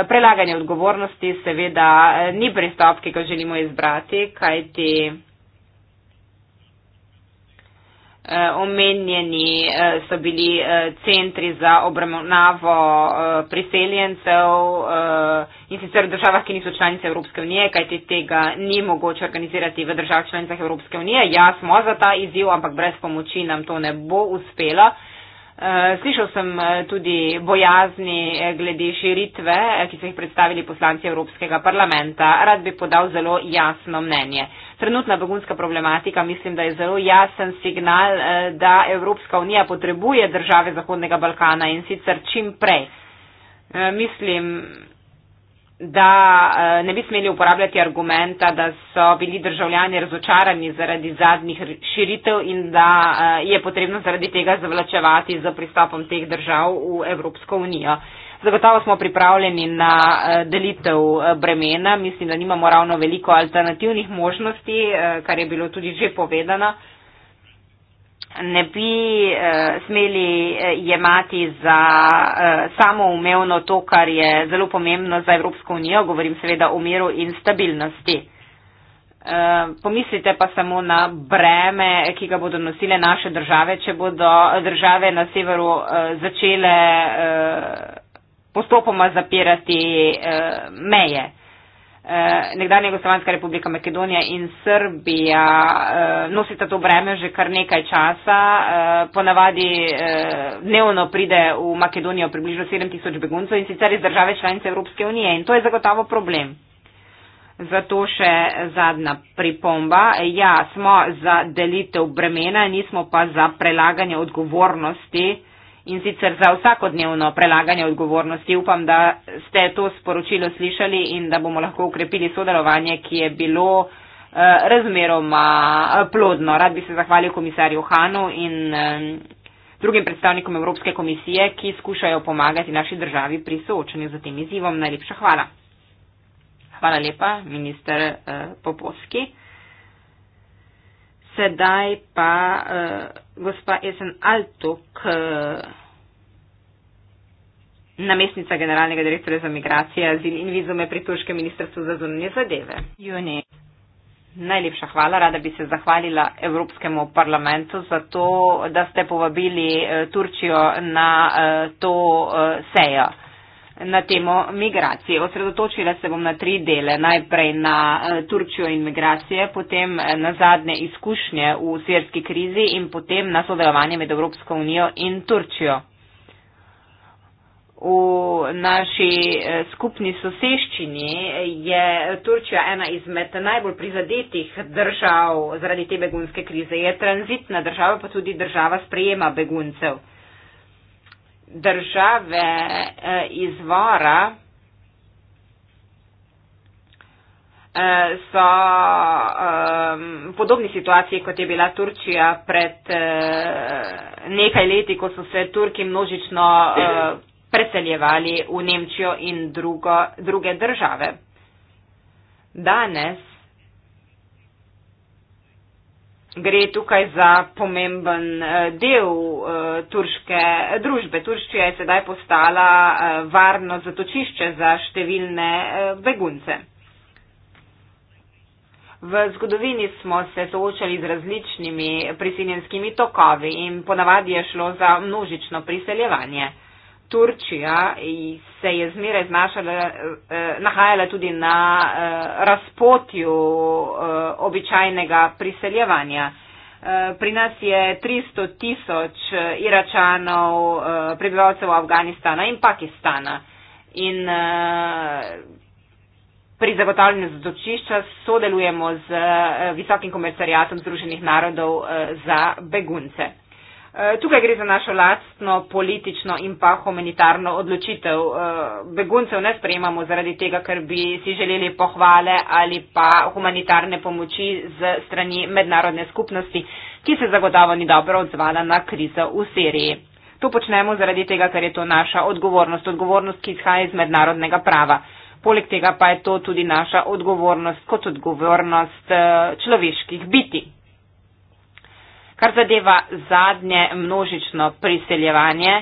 Prelaganje odgovornosti seveda ni pristop, ki ga želimo izbrati, kajti Eh, omenjeni eh, so bili eh, centri za obravnavo priseljencev in sicer v državah, ki niso članice Evropske unije, kajti tega ni mogoče organizirati v državah članicah Evropske unije. Ja, smo za ta izziv, ampak brez pomoči nam to ne bo uspelo. Eh, slišal sem eh, tudi bojazni eh, glede širitve, ki so jih predstavili poslanci Evropskega parlamenta. Rad bi podal zelo jasno mnenje. Trenutna begunska problematika mislim, da je zelo jasen signal, da Evropska unija potrebuje države Zahodnega Balkana in sicer čim prej. Mislim, da eh, ne bi smeli uporabljati argumenta, da so bili državljani razočarani zaradi zadnjih širitev in da eh, je potrebno zaradi tega zavlačevati z pristopom teh držav v Evropsko unijo. Zagotovo smo pripravljeni na eh, delitev bremena, mislim, da nimamo ravno veliko alternativnih možnosti, kar je bilo tudi že povedano ne bi eh, smeli eh, jemati za eh, samoumevno to, kar je zelo pomembno za Evropsko unijo, govorim seveda o miru in stabilnosti. Eh, pomislite pa samo na breme, ki ga bodo nosile naše države, če bodo eh, države na severu začele postopoma zapirati meje. Eh, nekdanja Jugoslovanska republika Makedonija in Srbija eh, nosita to breme že kar nekaj časa. Eh, ponavadi eh, dnevno pride v Makedonijo približno 7000 beguncev in sicer iz države članice Evropske unije in to je zagotovo problem. Zato še zadnja pripomba. Ja, smo za delitev bremena, nismo pa za prelaganje odgovornosti eh, in sicer za vsakodnevno prelaganje odgovornosti. Upam, da ste to sporočilo slišali in da bomo lahko ukrepili sodelovanje, ki je bilo eh, razmeroma eh, plodno. Rad bi se zahvalil komisarju Hanu in eh, drugim predstavnikom Evropske komisije, ki skušajo pomagati naši državi pri soočanju z tem izzivom. Najlepša hvala. Hvala lepa, minister Popovski. Sedaj pa. Uh, gospa Esen Altok, eh, namestnica generalnega direktorja za migracije, azil in vizume pri Turškem ministrstvu za zunanje zadeve. Juni. Najlepša hvala, rada bi se zahvalila Evropskemu parlamentu za to, da ste povabili eh, Turčijo na eh, to sejo na temo migracij. Osredotočila se bom na tri dele. Najprej na eh, Turčijo in migracije, potem eh, na zadnje izkušnje v sirski krizi in potem na sodelovanje med Evropsko unijo in Turčijo. V naši eh, skupni soseščini je Turčija ena izmed najbolj prizadetih držav zaradi te begunske krize. Je tranzitna država, pa tudi država sprejema beguncev države eh, izvora eh, so ehm, v podobni situaciji, kot je bila Turčija pred eh, nekaj leti, ko so se Turki množično preseljevali v Nemčijo in drugo, druge države. Danes gre tukaj za pomemben eh, del eh, turške družbe. Turščija je sedaj postala eh, varno zatočišče za številne begunce. V zgodovini smo se soočali z različnimi prisiljenskimi tokovi in ponavadi je šlo za množično priseljevanje. Turčija se je zmeraj znašala, eh, nahajala tudi na eh, razpotju eh, običajnega priseljevanja. Eh, pri nas je 300 tisoč eh, Iračanov, eh, prebivalcev Afganistana in Pakistana. In eh, pri zagotavljanju zatočišča sodelujemo z eh, Visokim komercarijatom Združenih narodov eh, za begunce. Eh, tukaj gre za našo lastno politično in pa humanitarno odločitev. Eh, beguncev ne sprejemamo zaradi tega, ker bi si želeli pohvale ali pa humanitarne pomoči z strani mednarodne skupnosti, ki se zagotovo ni dobro odzvala na krizo v Siriji. To počnemo zaradi tega, ker je to naša odgovornost, odgovornost, ki izhaja iz mednarodnega prava. Poleg tega pa je to tudi naša odgovornost kot odgovornost eh, človeških biti. Kar zadeva zadnje množično priseljevanje,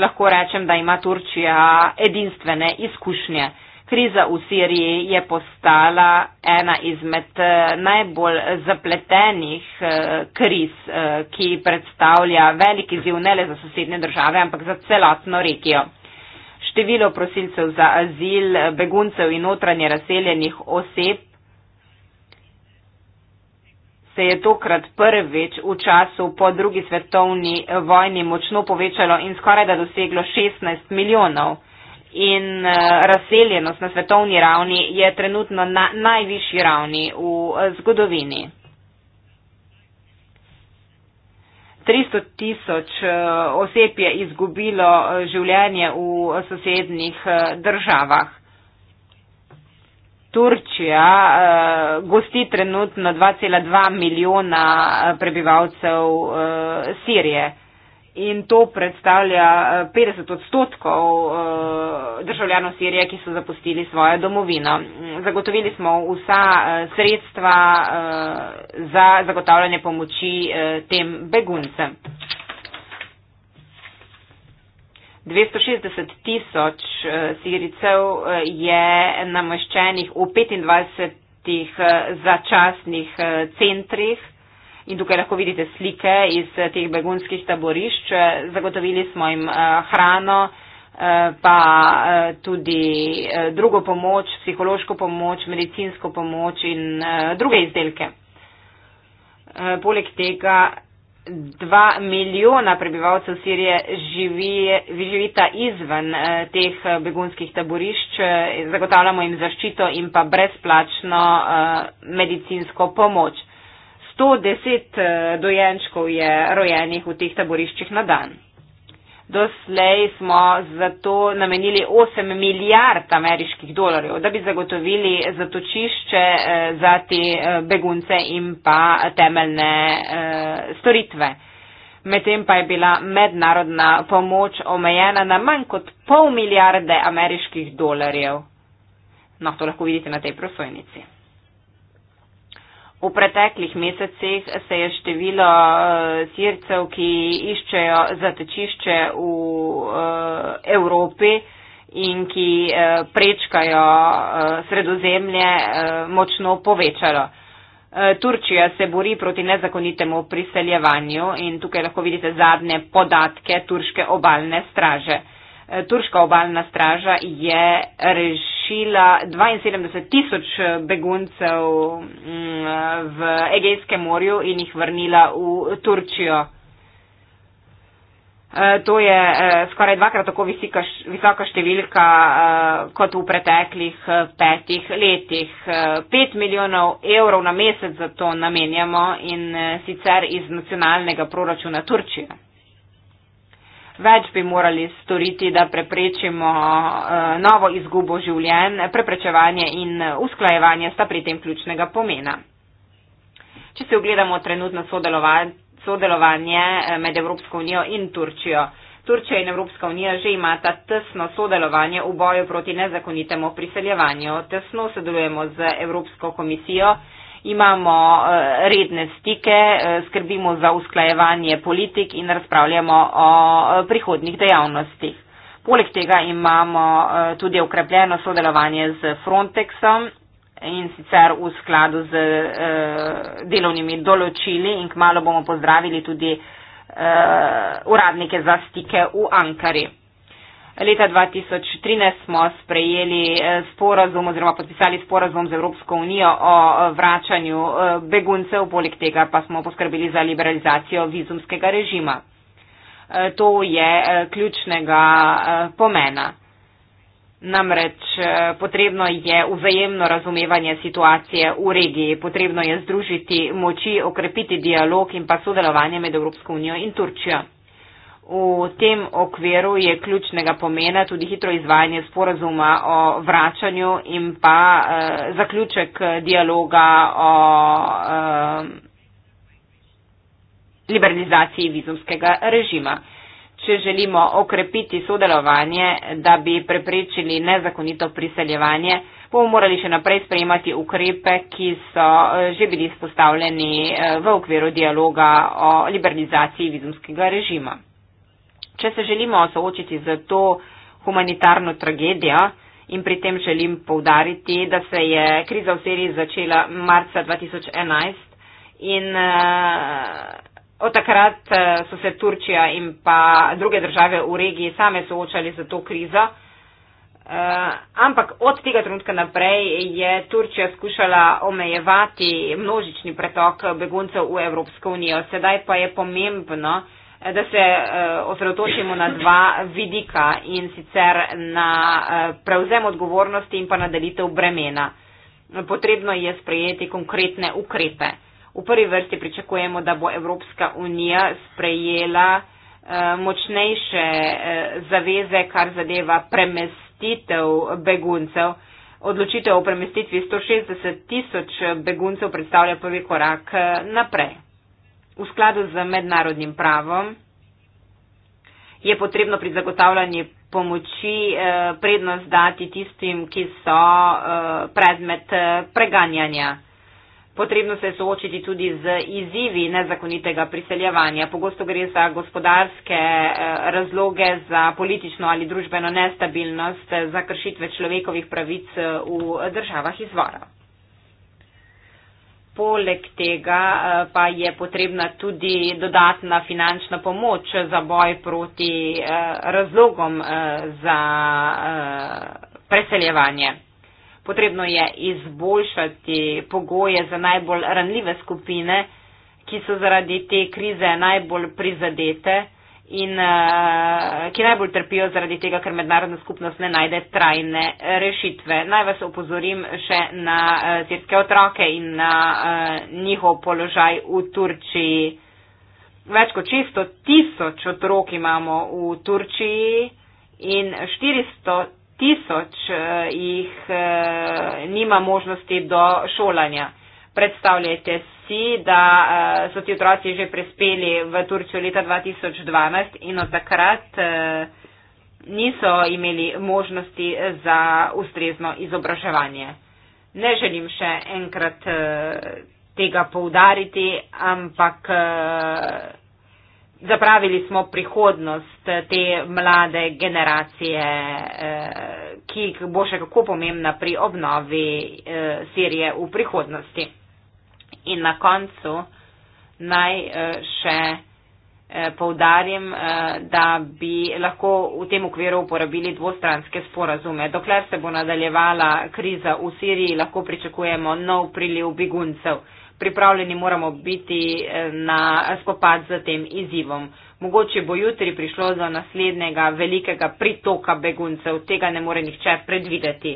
lahko rečem, da ima Turčija edinstvene izkušnje. Kriza v Siriji je postala ena izmed eh, najbolj zapletenih eh, kriz, eh, ki predstavlja veliki ziv ne le za sosednje države, ampak za celotno regijo. Število prosilcev za azil, beguncev in notranje razseljenih oseb se je tokrat prvič v času po drugi svetovni vojni močno povečalo in skoraj da doseglo 16 milijonov. In eh, razseljenost na svetovni ravni je trenutno na najvišji ravni v eh, zgodovini. 300 tisoč eh, oseb je izgubilo življenje v sosednjih državah. Turčija uh, gosti trenutno 2,2 milijona eh, prebivalcev uh, Sirije in to predstavlja 50 odstotkov uh, državljanov Sirije, ki so zapustili svojo domovino. Zagotovili smo vsa uh, sredstva uh, za zagotavljanje pomoči uh, tem beguncem. 260 tisoč eh, sirijcev eh, je namaščenih v 25 eh, začasnih centrih. In tukaj lahko vidite slike iz teh begunskih taborišč. Zagotovili smo jim hrano, pa tudi drugo pomoč, psihološko pomoč, medicinsko pomoč in druge izdelke. Poleg tega dva milijona prebivalcev Sirije živi, živita izven eh, teh eh, begunskih taborišč. Eh, zagotavljamo jim zaščito in pa brezplačno medicinsko pomoč. 110 dojenčkov je rojenih v teh taboriščih na dan. Doslej smo za to namenili 8 milijard ameriških dolarjev, da bi zagotovili zatočišče eh, za te eh, begunce in pa temeljne eh, storitve. Medtem pa je bila mednarodna pomoč omejena na manj kot pol milijarde ameriških dolarjev. No, to lahko vidite na tej prosojnici. V preteklih mesecih se je število uh, sircev, ki iščejo zatečišče v uh, Evropi in ki uh, prečkajo uh, sredozemlje, uh, močno povečalo. Turčija se bori proti nezakonitemu priseljevanju in tukaj lahko vidite zadnje podatke turške obalne straže. Eh, turška obaljna straža je rešila 72 tisoč eh, beguncev mm, v Egejskem morju in jih vrnila v Turčijo. Eh, to je skoraj dvakrat tako visika, visoka številka kot v preteklih petih letih. Pet milijonov evrov na mesec za to namenjamo in sicer iz nacionalnega proračuna Turčije. Več bi morali storiti, da preprečimo eh, novo izgubo življenj, preprečevanje in eh, usklajevanje sta pri tem ključnega pomena. Če se ogledamo trenutno sodelovanje eh, med Evropsko unijo in Turčijo. Turčija in Evropska unija že imata tesno sodelovanje v boju proti nezakonitemu priseljevanju. Tesno sodelujemo z Evropsko komisijo imamo eh, redne stike, eh, skrbimo za usklajevanje politik in razpravljamo o eh, prihodnih dejavnostih. Poleg tega imamo tudi ukrepljeno sodelovanje z Frontexom in sicer v skladu z delovnimi določili in kmalo bomo pozdravili tudi uradnike za stike v Ankari. Leta 2013 smo sprejeli eh, sporazum oziroma podpisali sporazum z Evropsko unijo o eh, vračanju eh, beguncev, poleg tega pa smo poskrbeli za liberalizacijo vizumskega režima. To je ključnega pomena. Namreč potrebno je vzajemno razumevanje situacije v regiji, potrebno je združiti moči, okrepiti dialog in pa sodelovanje med Evropsko unijo in Turčijo. V tem okviru je ključnega pomena tudi hitro izvajanje sporazuma o vračanju in pa eh, zaključek dialoga o eh, liberalizaciji vizumskega režima. Če želimo okrepiti sodelovanje, da bi preprečili nezakonito priseljevanje, bomo morali še naprej sprejemati ukrepe, ki so eh, že bili spostavljeni eh, v okviru dialoga o liberalizaciji vizumskega režima če se želimo soočiti z to humanitarno tragedijo in pri tem želim povdariti, da se je kriza v Siriji začela marca 2011 in. Uh, Od takrat eh, so se Turčija in pa druge države v regiji same soočali z to krizo, eh, ampak od tega trenutka naprej je Turčija skušala omejevati množični pretok beguncev v Evropsko unijo. Sedaj pa je pomembno, Eh, da se uh, osredotočimo na dva vidika in sicer na uh, prevzem odgovornosti in pa na delitev bremena. Potrebno je sprejeti konkretne ukrepe. V prvi vrsti pričakujemo, da bo Evropska unija sprejela uh, močnejše uh, zaveze, kar zadeva premestitev beguncev. Odločitev o premestitvi 160 tisoč beguncev predstavlja prvi korak naprej. V skladu z mednarodnim pravom je potrebno pri zagotavljanju pomoči eh, prednost dati tistim, ki so eh, predmet eh, preganjanja. Potrebno se je soočiti tudi z izzivi nezakonitega priseljevanja. Pogosto gre za gospodarske razloge, za politično ali družbeno nestabilnost, za kršitve človekovih pravic v državah izvora. Poleg tega eh, pa je potrebna tudi dodatna finančna pomoč za boj proti eh, razlogom eh, za preseljevanje. Potrebno je izboljšati pogoje za najbolj ranljive skupine, ki so zaradi te krize najbolj prizadete in uh, ki najbolj trpijo zaradi tega, ker mednarodna skupnost ne najde trajne eh, rešitve. Naj vas opozorim še na uh, eh, sirske otroke in na uh, njihov položaj v Turčiji. Več kot 600 tisoč otrok imamo v Turčiji in 400 tisoč uh, jih uh, nima možnosti do šolanja. Predstavljajte vsi, da uh, so ti otroci že prispeli v Turčijo leta 2012 in od takrat uh, niso imeli možnosti za ustrezno izobraževanje. Ne želim še enkrat uh, tega poudariti, ampak uh, zapravili smo prihodnost te mlade generacije, uh, ki bo še kako pomembna pri obnovi uh, Sirije v prihodnosti. In na koncu naj eh, še eh, poudarim, eh, da bi lahko v tem okviru uporabili dvostranske sporazume. Dokler se bo nadaljevala kriza v Siriji, lahko pričakujemo nov priliv beguncev. Pripravljeni moramo biti na spopad z tem izzivom. Mogoče bo jutri prišlo do naslednjega velikega pritoka beguncev, tega ne more nihče predvideti.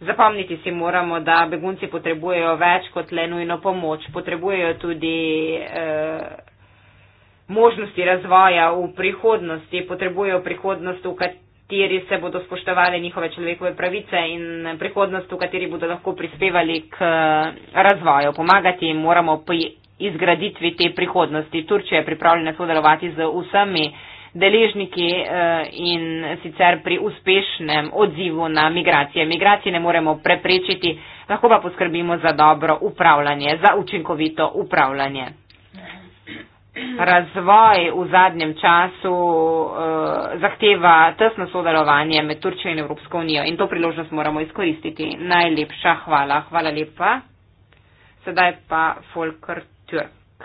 Zapomniti si moramo, da begunci potrebujejo več kot le nujno pomoč. Potrebujejo tudi eh, možnosti razvoja v prihodnosti, potrebujejo prihodnost, v kateri se bodo spoštovali njihove človekove pravice in prihodnost, v kateri bodo lahko prispevali k eh, razvoju. Pomagati jim moramo pri izgraditvi te prihodnosti. Turčija je pripravljena sodelovati z vsemi deležniki eh, in sicer pri uspešnem odzivu na migracije. Migracije ne moremo preprečiti, lahko pa poskrbimo za dobro upravljanje, za učinkovito upravljanje. Razvoj v zadnjem času uh, zahteva tesno sodelovanje med Turčijo in Evropsko unijo in to priložnost moramo izkoristiti. Najlepša hvala. Hvala lepa. Sedaj pa Folkr Türk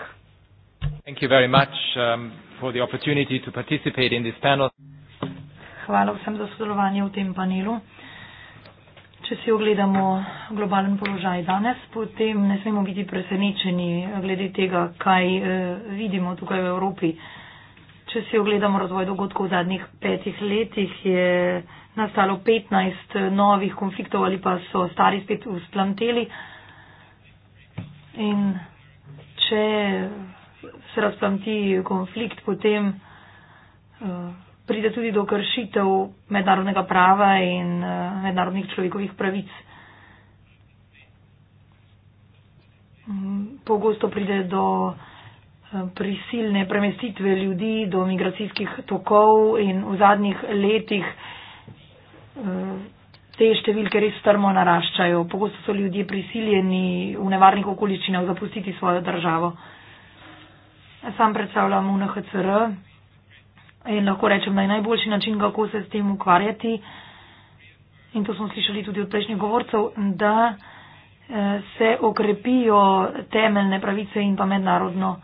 for the opportunity to participate in this panel. Hvala vsem za sodelovanje v tem panelu. Če si ogledamo globalen položaj danes, potem ne smemo biti presenečeni glede tega, kaj eh, vidimo tukaj v Evropi. Če si ogledamo razvoj dogodkov v zadnjih petih letih, je nastalo 15 eh, novih konfliktov ali pa so stari spet usplanteli. In če se razplamti konflikt, potem eh, pride tudi do kršitev mednarodnega prava in eh, mednarodnih človekovih pravic. Mm, pogosto pride do eh, prisilne premestitve ljudi, do migracijskih tokov in v zadnjih letih te številke res strmo naraščajo. Pogosto so ljudje prisiljeni v nevarnih okoliščinah zapustiti svojo državo. Sam predstavljam UNHCR in lahko rečem, da je najboljši način, kako se s tem ukvarjati. In to smo slišali tudi od prejšnjih govorcev, da eh, se okrepijo temeljne pravice in pa mednarodno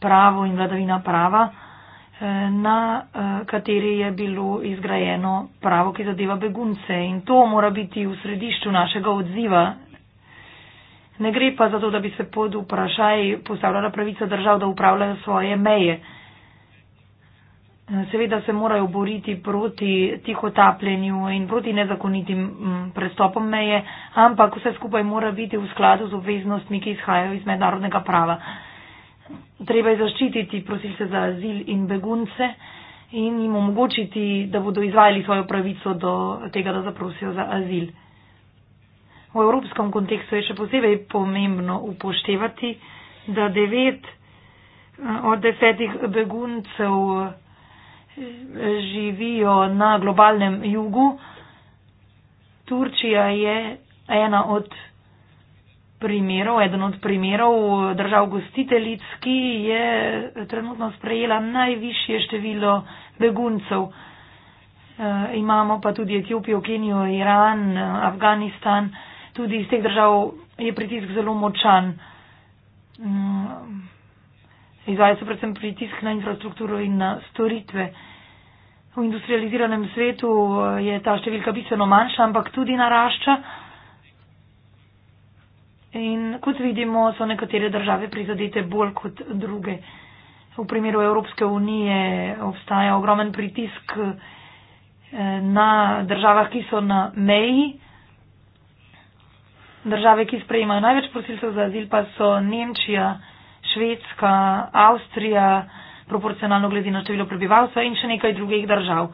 pravo in vladavina prava, eh, na eh, kateri je bilo izgrajeno pravo, ki zadeva begunce. In to mora biti v središču našega odziva Ne gre pa za to, da bi se pod vprašaj postavljala pravica držav, da upravljajo svoje meje. Eh, seveda se morajo boriti proti tihotapljenju in proti nezakonitim mm, prestopom meje, ampak vse skupaj mora biti v skladu z obveznostmi, ki izhajajo iz mednarodnega prava. Treba je zaščititi prosilce za azil in begunce in jim omogočiti, da bodo izvajali svojo pravico do tega, da zaprosijo za azil. V evropskem kontekstu je še posebej pomembno upoštevati, da devet eh, od desetih beguncev eh, živijo na globalnem jugu. Turčija je ena od primerov, eden od primerov eh, držav gostiteljic, ki je trenutno sprejela najvišje število beguncev. Imamo pa tudi Etiopijo, Kenijo, Iran, Afganistan tudi iz teh držav je pritisk zelo močan. Mm, izvaja se predvsem pritisk na infrastrukturo in na storitve. V industrializiranem svetu eh, je ta številka bistveno manjša, ampak tudi narašča. In kot vidimo, so nekatere države prizadete bolj kot druge. V primeru Evropske unije obstaja ogromen pritisk eh, na državah, ki so na meji države, ki sprejemajo največ prosilcev za azil, pa so Nemčija, Švedska, Avstrija, proporcionalno glede na število prebivalstva in še nekaj drugih držav.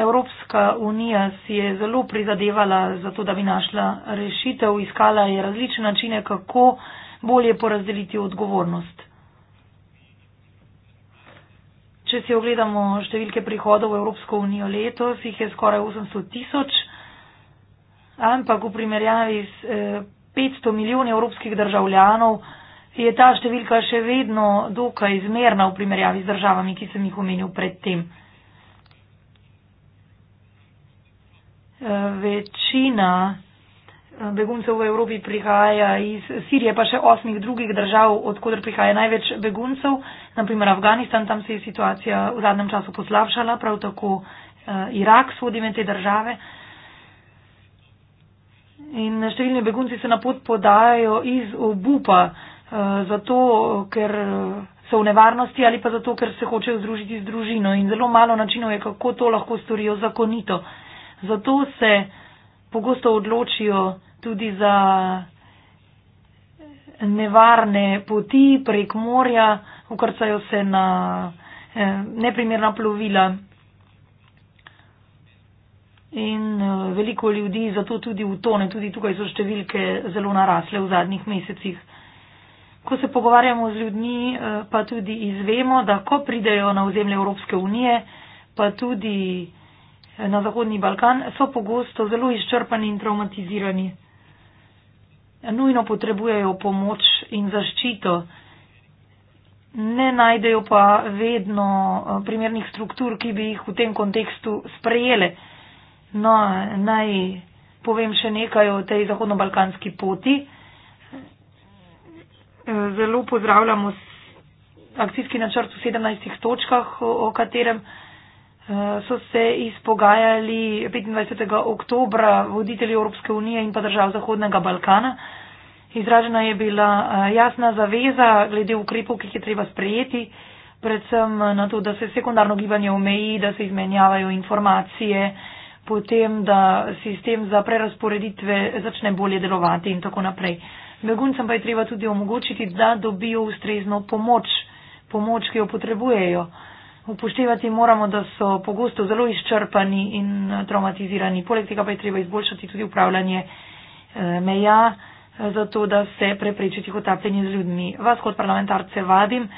Evropska unija si je zelo prizadevala za to, da bi našla rešitev, iskala je različne načine, kako bolje porazdeliti odgovornost. Če si ogledamo številke prihodov v Evropsko unijo letos, jih je skoraj 800 tisoč ampak v primerjavi s 500 eh, milijoni evropskih državljanov je ta številka še vedno dokaj izmerna v primerjavi z državami, ki sem jih omenil predtem. Eh, večina eh, beguncev v Evropi prihaja iz Sirije, pa še osmih drugih držav, odkudr prihaja največ beguncev, naprimer Afganistan, tam se je situacija v zadnjem času poslavšala, prav tako Irak sodi med te države in številni begunci se na pot podajajo iz obupa, eh, zato ker eh, so v nevarnosti ali pa zato, ker se hočejo združiti z družino in zelo malo načinov je, kako to lahko storijo zakonito. Zato se pogosto odločijo tudi za nevarne poti prek morja, ukrcajo se na eh, neprimerna plovila. In eh, veliko ljudi zato tudi utone, tudi tukaj so številke zelo narasle v zadnjih mesecih. Ko se pogovarjamo z ljudmi, eh, pa tudi izvemo, da ko pridejo na ozemlje Evropske unije, pa tudi eh, na Zahodni Balkan, so pogosto zelo izčrpani in traumatizirani. Nujno potrebujejo pomoč in zaščito, ne najdejo pa vedno primernih struktur, ki bi jih v tem kontekstu sprejele. No, naj povem še nekaj o tej zahodno-balkanski poti. Zelo pozdravljamo akcijski načrt v 17 točkah, o katerem e, so se izpogajali 25. oktobra voditelji Evropske unije in pa držav Zahodnega Balkana. Izražena je bila e, jasna zaveza glede ukrepov, ki jih je treba sprejeti, predvsem na to, da se sekundarno gibanje omeji, da se izmenjavajo informacije, potem da sistem za prerasporeditve začne bolje delovati in tako naprej. Beguncem pa je treba tudi omogočiti, da dobijo ustrezno pomoč, pomoč, ki jo potrebujejo. Upoštevati moramo, da so pogosto zelo izčrpani in eh, traumatizirani. Poleg tega pa je treba izboljšati tudi upravljanje eh, meja, eh, zato da se prepreči tihotapljenje z ljudmi. Vas kot parlamentarce vadim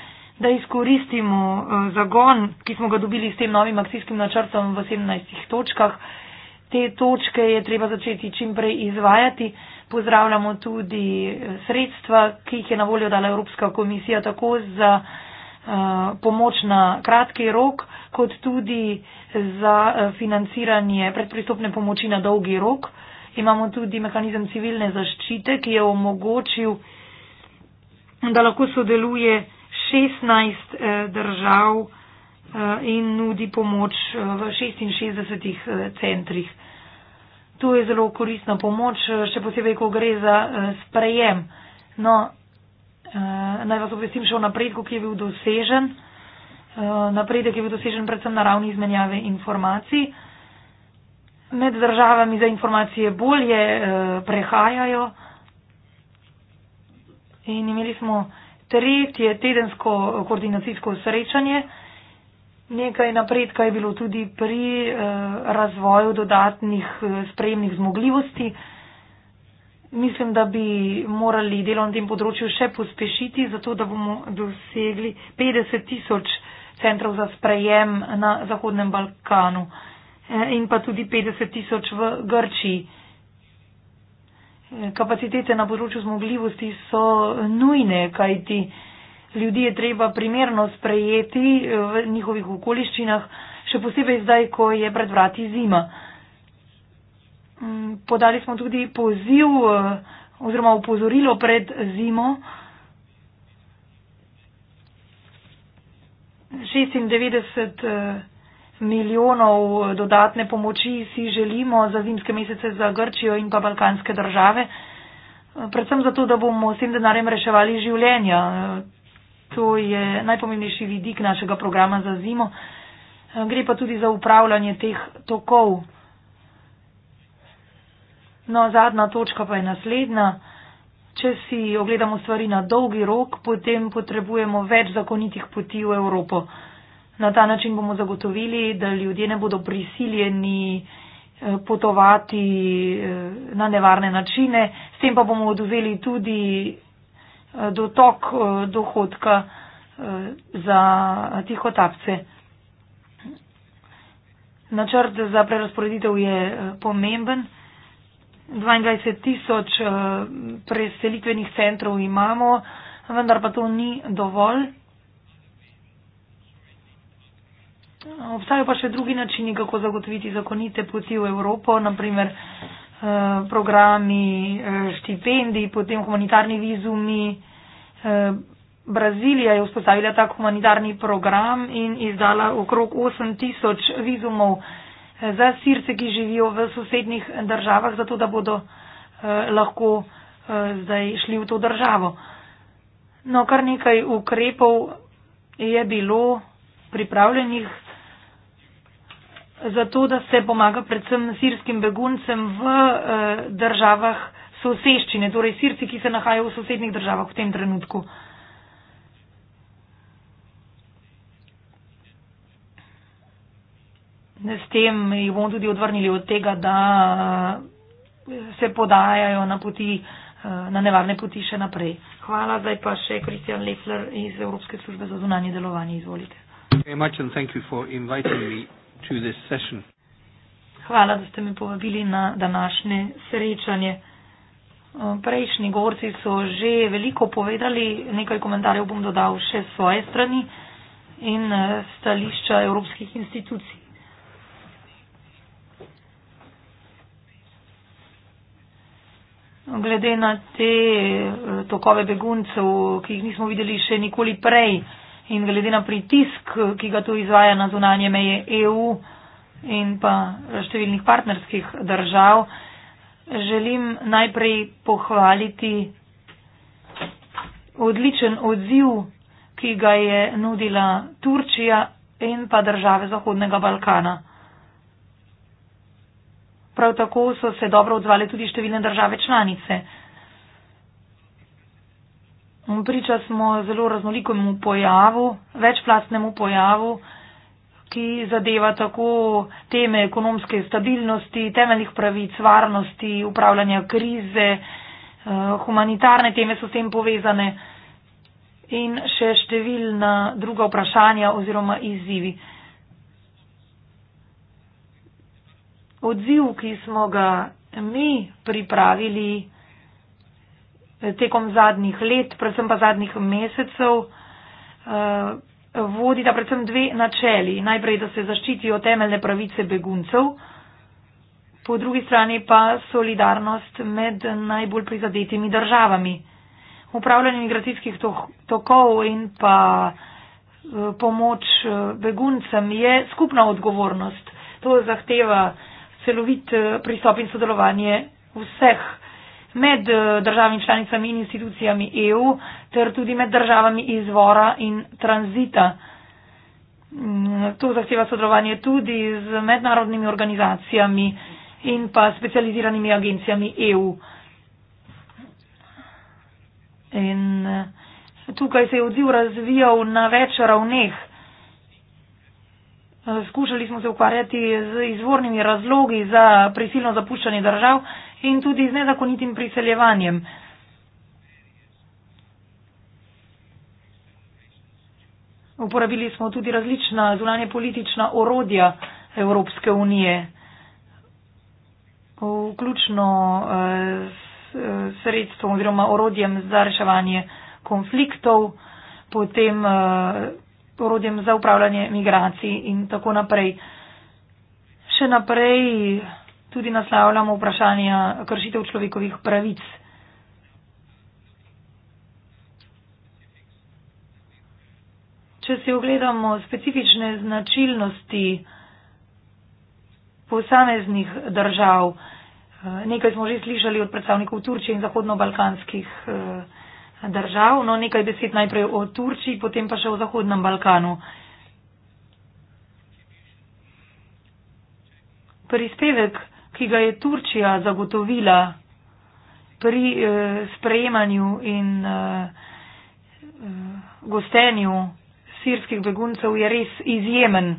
da izkoristimo eh, zagon, ki smo ga dobili s tem novim akcijskim načrtom v 17 točkah. Te točke je treba začeti čim prej izvajati. Pozdravljamo tudi eh, sredstva, ki jih je na voljo dala Evropska komisija tako za eh, pomoč na kratki rok, kot tudi za financiranje predpristopne pomoči na dolgi rok. Imamo tudi mehanizem civilne zaščite, ki je omogočil, da lahko sodeluje 16 eh, držav eh, in nudi pomoč eh, v 66 centrih. Tu je zelo koristna pomoč, še posebej, ko gre za sprejem. No, naj vas obvestim še o napredku, ki je bil dosežen. Napredek je bil dosežen predvsem na ravni izmenjave informacij. Med državami za informacije bolje prehajajo. In imeli smo tretje tedensko koordinacijsko srečanje. Nekaj napredka je bilo tudi pri eh, razvoju dodatnih eh, sprejemnih zmogljivosti. Mislim, da bi morali delo na tem področju še pospešiti, zato da bomo dosegli 50 tisoč centrov za sprejem na Zahodnem Balkanu eh, in pa tudi 50 tisoč v Grčiji kapacitete na področju zmogljivosti so nujne, kajti ljudi je treba primerno sprejeti v njihovih okoliščinah, še posebej zdaj, ko je pred vrati zima. Mm, podali smo tudi poziv eh, oziroma upozorilo pred zimo. 96 milijonov dodatne pomoči si želimo za zimske mesece za Grčijo in pa balkanske države. Predvsem zato, da bomo s tem denarjem reševali življenja. To je najpomembnejši vidik našega programa za zimo. Gre pa tudi za upravljanje teh tokov. No, zadnja točka pa je naslednja. Če si ogledamo stvari na dolgi rok, potem potrebujemo več zakonitih poti v Evropo. Na ta način bomo zagotovili, da ljudje ne bodo prisiljeni eh, potovati eh, na nevarne načine, s tem pa bomo oduzeli tudi eh, dotok dohodka za tihotapce. Načrt za prerasporeditev je pomemben. 22 tisoč preselitvenih centrov imamo, vendar pa to ni dovolj. Obstajajo pa še drugi načini, kako zagotoviti zakonite poti v Evropo, naprimer eh, programi, eh, štipendiji, potem humanitarni vizumi. Eh, Brazilija je vzpostavila tak humanitarni program in izdala okrog 8000 vizumov za sirce, ki živijo v sosednjih državah, zato da bodo lahko zdaj šli v to državo. No, kar nekaj ukrepov je bilo pripravljenih, zato, da se pomaga predvsem sirskim beguncem v eh, državah soseščine, torej sirci, ki se nahajajo v sosednjih državah v tem trenutku. Ne s tem jih bomo tudi odvrnili od tega, da eh, se podajajo na, poti, eh, na nevarne poti še naprej. Hvala, zdaj pa še Kristjan Lefler iz Evropske službe za zunanje delovanje. Izvolite. Hey, much, to this session. Hvala, da ste me povabili na današnje srečanje. Prejšnji govorci so že veliko povedali, nekaj komentarjev bom dodal še s svoje strani in eh, stališča evropskih institucij. Glede na te eh, tokove beguncev, ki jih nismo videli še nikoli prej, in glede na pritisk, ki ga tu izvaja na zunanje meje EU in pa številnih partnerskih držav, želim najprej pohvaliti odličen odziv, ki ga je nudila Turčija in pa države Zahodnega Balkana. Prav tako so se dobro odzvali tudi številne države članice mu priča smo zelo raznolikemu pojavu, večplastnemu pojavu, ki zadeva tako teme ekonomske stabilnosti, temeljnih pravic, varnosti, upravljanja krize, eh, humanitarne teme so s tem povezane in še številna druga vprašanja oziroma izzivi. Odziv, ki smo ga mi pripravili, tekom zadnjih let, predvsem pa zadnjih mesecev, eh, vodita predvsem dve načeli. Najprej, da se zaščitijo temeljne pravice beguncev, po drugi strani pa solidarnost med najbolj prizadetimi državami. Upravljanje migracijskih tokov in pa eh, pomoč eh, beguncem je skupna odgovornost. To zahteva celovit pristop in sodelovanje vseh med eh, državami članicami in institucijami EU, ter tudi med državami izvora in tranzita. Mm, to zahteva sodelovanje tudi z mednarodnimi organizacijami in pa specializiranimi agencijami EU. In eh, tukaj se je odziv razvijal na več ravneh. Eh, skušali smo se ukvarjati z izvornimi razlogi za prisilno zapuščanje držav, in tudi z nezakonitim priseljevanjem. Uporabili smo tudi različna zunanje politična orodja Evropske unije, vključno eh, s sredstvom oziroma orodjem za reševanje konfliktov, potem eh, orodjem za upravljanje migracij in tako naprej. Še naprej tudi naslavljamo vprašanja kršitev človekovih pravic. Če si ogledamo specifične značilnosti posameznih držav, eh, nekaj smo že slišali od predstavnikov Turčije in zahodno-balkanskih eh, držav, no nekaj besed najprej o Turčiji, potem pa še o Zahodnem Balkanu. Prispevek ki ga je Turčija zagotovila pri eh, sprejemanju in eh, gostenju sirskih beguncev, je res izjemen,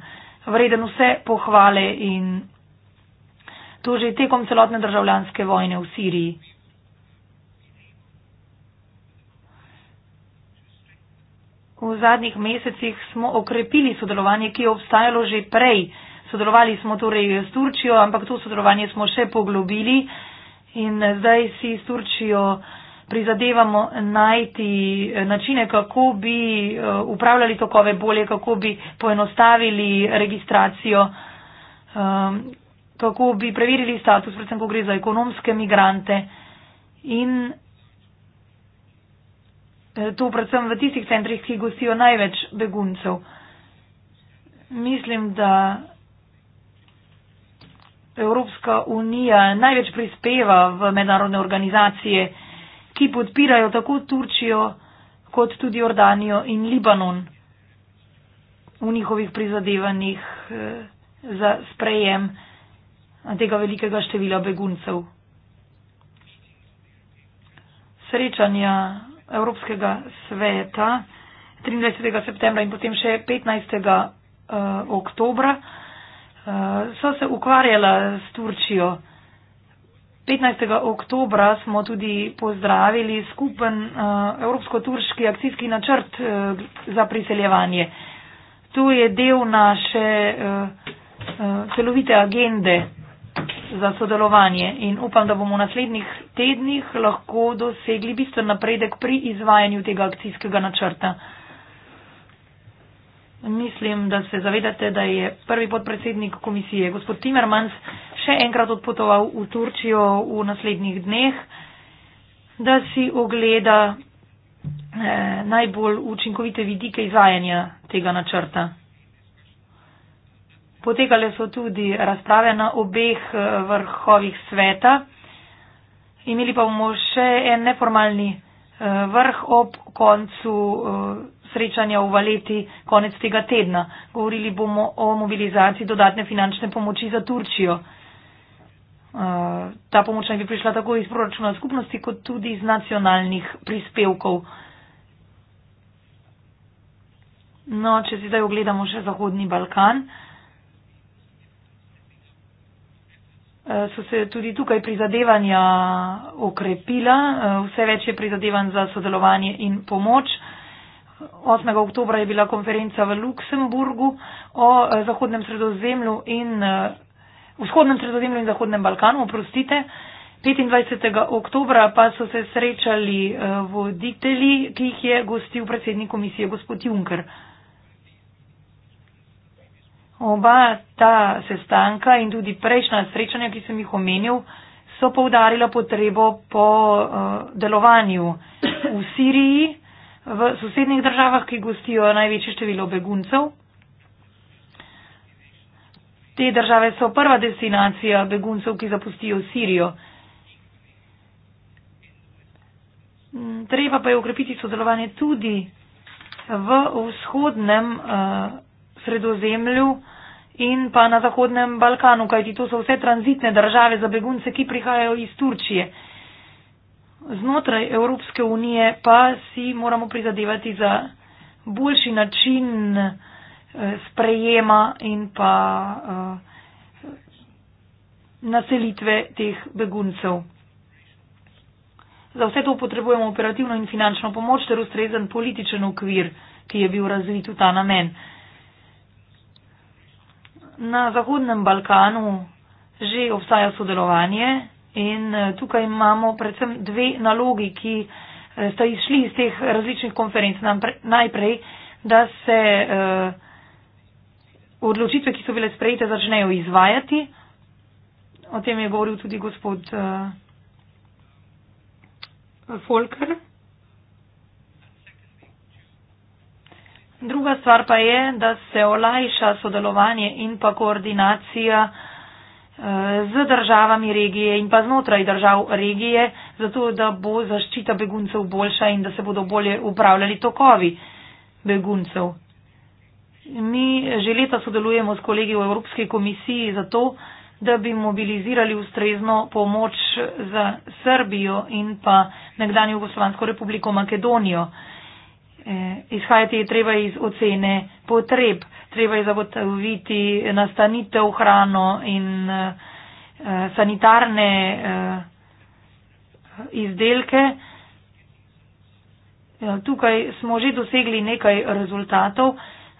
vreden vse pohvale in to že tekom celotne državljanske vojne v Siriji. V zadnjih mesecih smo okrepili sodelovanje, ki je obstajalo že prej. Sodelovali smo torej s Turčijo, ampak to sodelovanje smo še poglobili in zdaj si s Turčijo prizadevamo najti eh, načine, kako bi eh, upravljali tokove bolje, kako bi poenostavili registracijo, ehm, kako bi preverili status, predvsem ko gre za ekonomske migrante. In eh, to predvsem v tistih centrih, ki gostijo največ beguncev. Mislim, da Evropska unija največ prispeva v mednarodne organizacije, ki podpirajo tako Turčijo kot tudi Jordanijo in Libanon v njihovih prizadevanjih eh, za sprejem eh, tega velikega števila beguncev. Srečanja Evropskega sveta 23. septembra in potem še 15. Eh, oktobra. Eh, so se ukvarjala s Turčijo. 15. oktobra smo tudi pozdravili skupen uh, evropsko-turški akcijski načrt uh, za priseljevanje. To je del naše uh, uh, celovite agende za sodelovanje in upam, da bomo v naslednjih tednih lahko dosegli bistven napredek pri izvajanju tega akcijskega načrta. Uh, Mislim, da se zavedate, da je prvi podpredsednik komisije, gospod Timmermans, še enkrat odpotoval v Turčijo v naslednjih dneh, da si ogleda eh, najbolj učinkovite vidike izvajanja tega načrta. Potekale so tudi razprave na obeh eh, vrhovih sveta. Imeli pa bomo še en neformalni eh, vrh ob koncu. Eh, srečanja v Valeti konec tega tedna. Govorili bomo o mobilizaciji dodatne finančne pomoči za Turčijo. Eh, ta pomoč naj bi prišla tako iz proračuna skupnosti, kot tudi iz nacionalnih prispevkov. No, če si zdaj ogledamo še Zahodni Balkan, eh, so se tudi tukaj prizadevanja okrepila, eh, vse več je prizadevan za sodelovanje in pomoč. 8. oktobra je bila konferenca v Luksemburgu o eh, Zahodnem sredozemlju in eh, Vzhodnem sredozemlju in Zahodnem Balkanu, oprostite. 25. oktobra pa so se srečali eh, voditelji, ki jih je gostil predsednik komisije gospod Juncker. Oba ta sestanka in tudi prejšnja srečanja, ki sem jih omenil, so poudarila potrebo po delovanju v Siriji v sosednjih državah, ki gostijo največje število beguncev. Te države so prva destinacija beguncev, ki zapustijo Sirijo. Mm, treba pa je ukrepiti sodelovanje tudi v vzhodnem uh, sredozemlju in pa na Zahodnem Balkanu, kajti to so vse tranzitne države za begunce, ki prihajajo iz Turčije. Uh, znotraj Evropske unije pa si moramo prizadevati za boljši način eh, sprejema in pa eh, naselitve teh beguncev. Za vse to potrebujemo operativno in finančno pomoč ter ustrezen političen okvir, ki je bil razvit v ta namen. Na Zahodnem Balkanu že obstaja sodelovanje In eh, tukaj imamo predvsem dve nalogi, ki eh, sta izšli iz teh različnih konferenc. Najprej, da se eh, odločitve, ki so bile sprejete, začnejo izvajati. O tem je govoril tudi gospod Folker. Druga stvar pa je, da se olajša sodelovanje in pa koordinacija z državami regije in pa znotraj držav regije, zato da bo zaščita beguncev boljša in da se bodo bolje upravljali tokovi beguncev. Mi že leta sodelujemo s kolegi v Evropski komisiji zato, da bi mobilizirali ustrezno pomoč za Srbijo in pa nekdanje Jugoslovansko republiko Makedonijo. E, izhajati je treba iz ocene potreb treba je zagotoviti nastanitev, hrano in eh, sanitarne eh, izdelke. Eh, tukaj smo že dosegli nekaj rezultatov.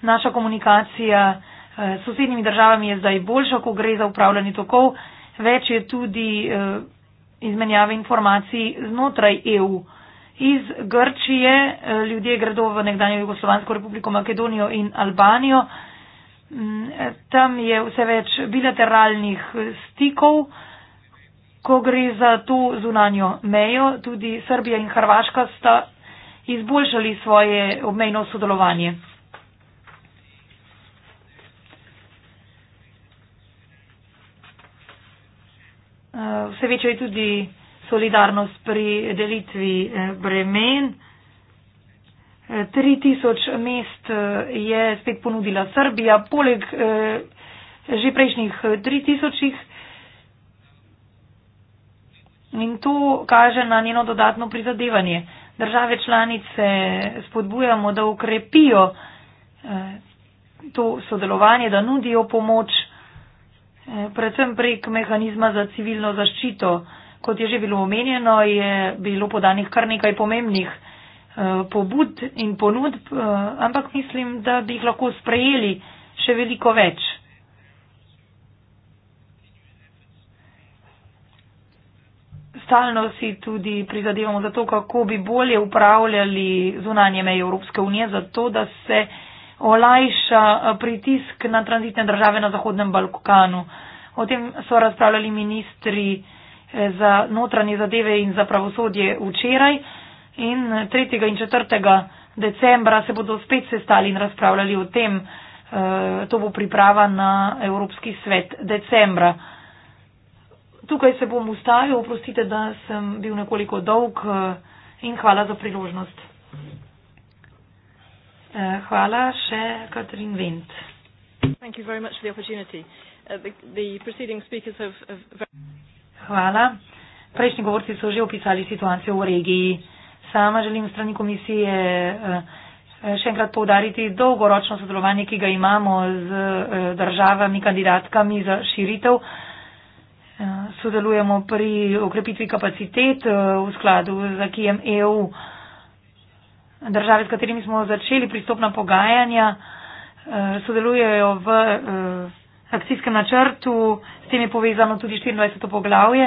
Naša komunikacija eh, s sosednjimi državami je zdaj boljša, ko gre za upravljanje tokov. Več je tudi eh, izmenjave informacij znotraj EU iz Grčije, eh, ljudje gredo v nekdanjo Jugoslovansko republiko Makedonijo in Albanijo. Mm, eh, tam je vse več bilateralnih eh, stikov, ko gre za to zunanjo mejo. Tudi Srbija in Hrvaška sta izboljšali svoje obmejno sodelovanje. Vse večje je tudi solidarnost pri delitvi eh, bremen. 3000 eh, mest eh, je spet ponudila Srbija, poleg že prejšnjih 3000. In to kaže na njeno dodatno prizadevanje. Države članice spodbujamo, da ukrepijo to sodelovanje, da nudijo pomoč predvsem prek mehanizma za civilno zaščito kot je že bilo omenjeno, je bilo podanih kar nekaj pomembnih eh, pobud in ponudb, eh, ampak mislim, da bi jih lahko sprejeli še veliko več. Stalno si tudi prizadevamo za to, kako bi bolje upravljali zunanje meje Evropske unije, zato da se olajša eh, pritisk na tranzitne države na Zahodnem Balkanu. O tem so razpravljali ministri za notranje zadeve in za pravosodje včeraj in 3. in 4. decembra se bodo spet sestali in razpravljali o tem. Eh, to bo priprava na Evropski svet decembra. Tukaj se bom ustavil, oprostite, da sem bil nekoliko dolg eh, in hvala za priložnost. Eh, hvala še Katrin Vint. Thank you very much for the opportunity. Uh, the, the preceding speakers have, have very Hvala. Prejšnji govorci so že opisali situacijo v regiji. Sama želim strani komisije eh, še enkrat povdariti dolgoročno sodelovanje, ki ga imamo z eh, državami, kandidatkami za širitev. Eh, sodelujemo pri okrepitvi kapacitet v skladu z akijem EU. Države, s katerimi smo začeli pristopna pogajanja, sodelujejo v akcijskem načrtu tem je povezano tudi 24. poglavje.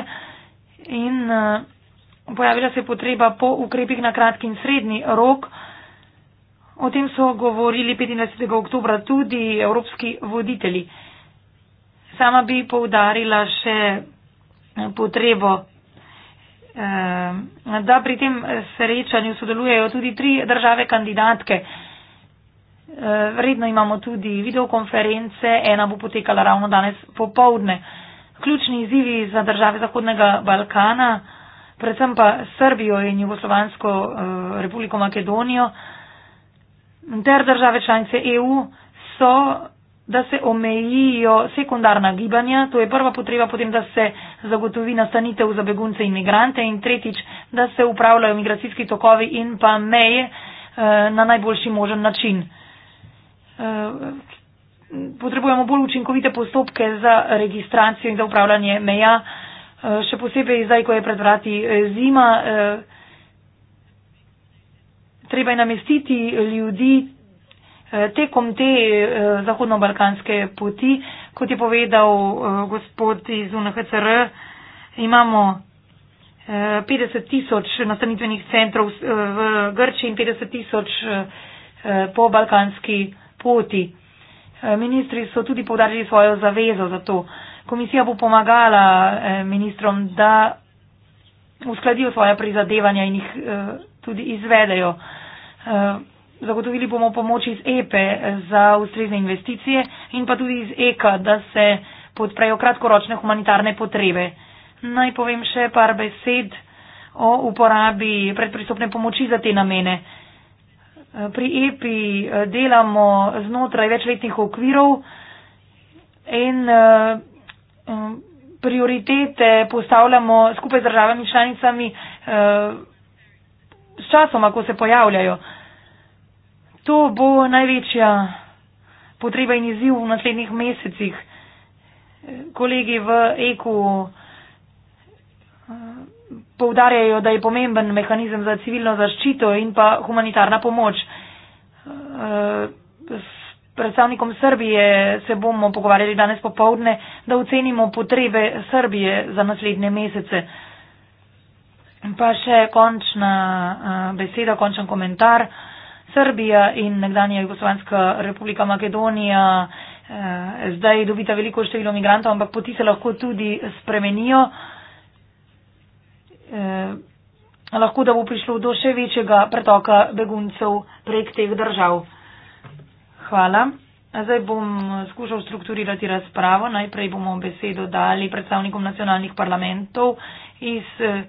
In eh, pojavila se je potreba po ukrepih na kratki in srednji rok. O tem so govorili 25. oktober tudi evropski voditelji. Sama bi poudarila še eh, potrebo, eh, da pri tem srečanju sodelujejo tudi tri države kandidatke. Eh, redno imamo tudi videokonference, ena bo potekala ravno danes popovdne. Ključni izzivi za države Zahodnega Balkana, predvsem pa Srbijo in Jugoslovansko eh, republiko Makedonijo ter države članice EU so, da se omejijo sekundarna gibanja, to je prva potreba, potem da se zagotovi nastanitev za begunce in migrante in tretjič, da se upravljajo migracijski tokovi in pa meje eh, na najboljši možen način. Eh, potrebujemo bolj učinkovite postopke za registracijo in za upravljanje meja, eh, še posebej zdaj, ko je pred vrati eh, zima. Treba je namestiti ljudi tekom te zahodno-balkanske poti, kot je povedal gospod iz UNHCR, imamo 50 tisoč nastanitvenih centrov v Grči in 50 tisoč po balkanski poti poti. Eh, ministri so tudi podarili svojo zavezo za to. Komisija bo pomagala eh, ministrom, da uskladijo svoja prizadevanja in jih eh, tudi izvedejo. Zagotovili bomo pomoč iz EPE e za ustrezne investicije in pa tudi iz EKA, da se podprejo kratkoročne humanitarne potrebe. Naj povem še par besed o uporabi predpristopne pomoči za te namene pri EPI eh, delamo znotraj večletnih okvirov in eh, eh, prioritete postavljamo skupaj z državami članicami s časoma, ko se pojavljajo. To bo največja potreba in izziv v naslednjih mesecih. Kolegi v EKO poudarjajo, da je pomemben mehanizem za civilno zaščito in pa humanitarna pomoč. Eh, s predstavnikom Srbije se bomo pogovarjali danes popovdne, da ocenimo potrebe Srbije za naslednje mesece. Pa še končna eh, beseda, končen komentar. Srbija in nekdanja Jugoslovanska republika Makedonija eh, zdaj dobita veliko število migrantov, ampak poti se lahko tudi spremenijo. Eh, Eh, lahko da bo prišlo do še večjega pretoka beguncev prek teh držav. Hvala. Zdaj bom skušal strukturirati razpravo. Najprej bomo besedo dali predstavnikom nacionalnih parlamentov iz eh,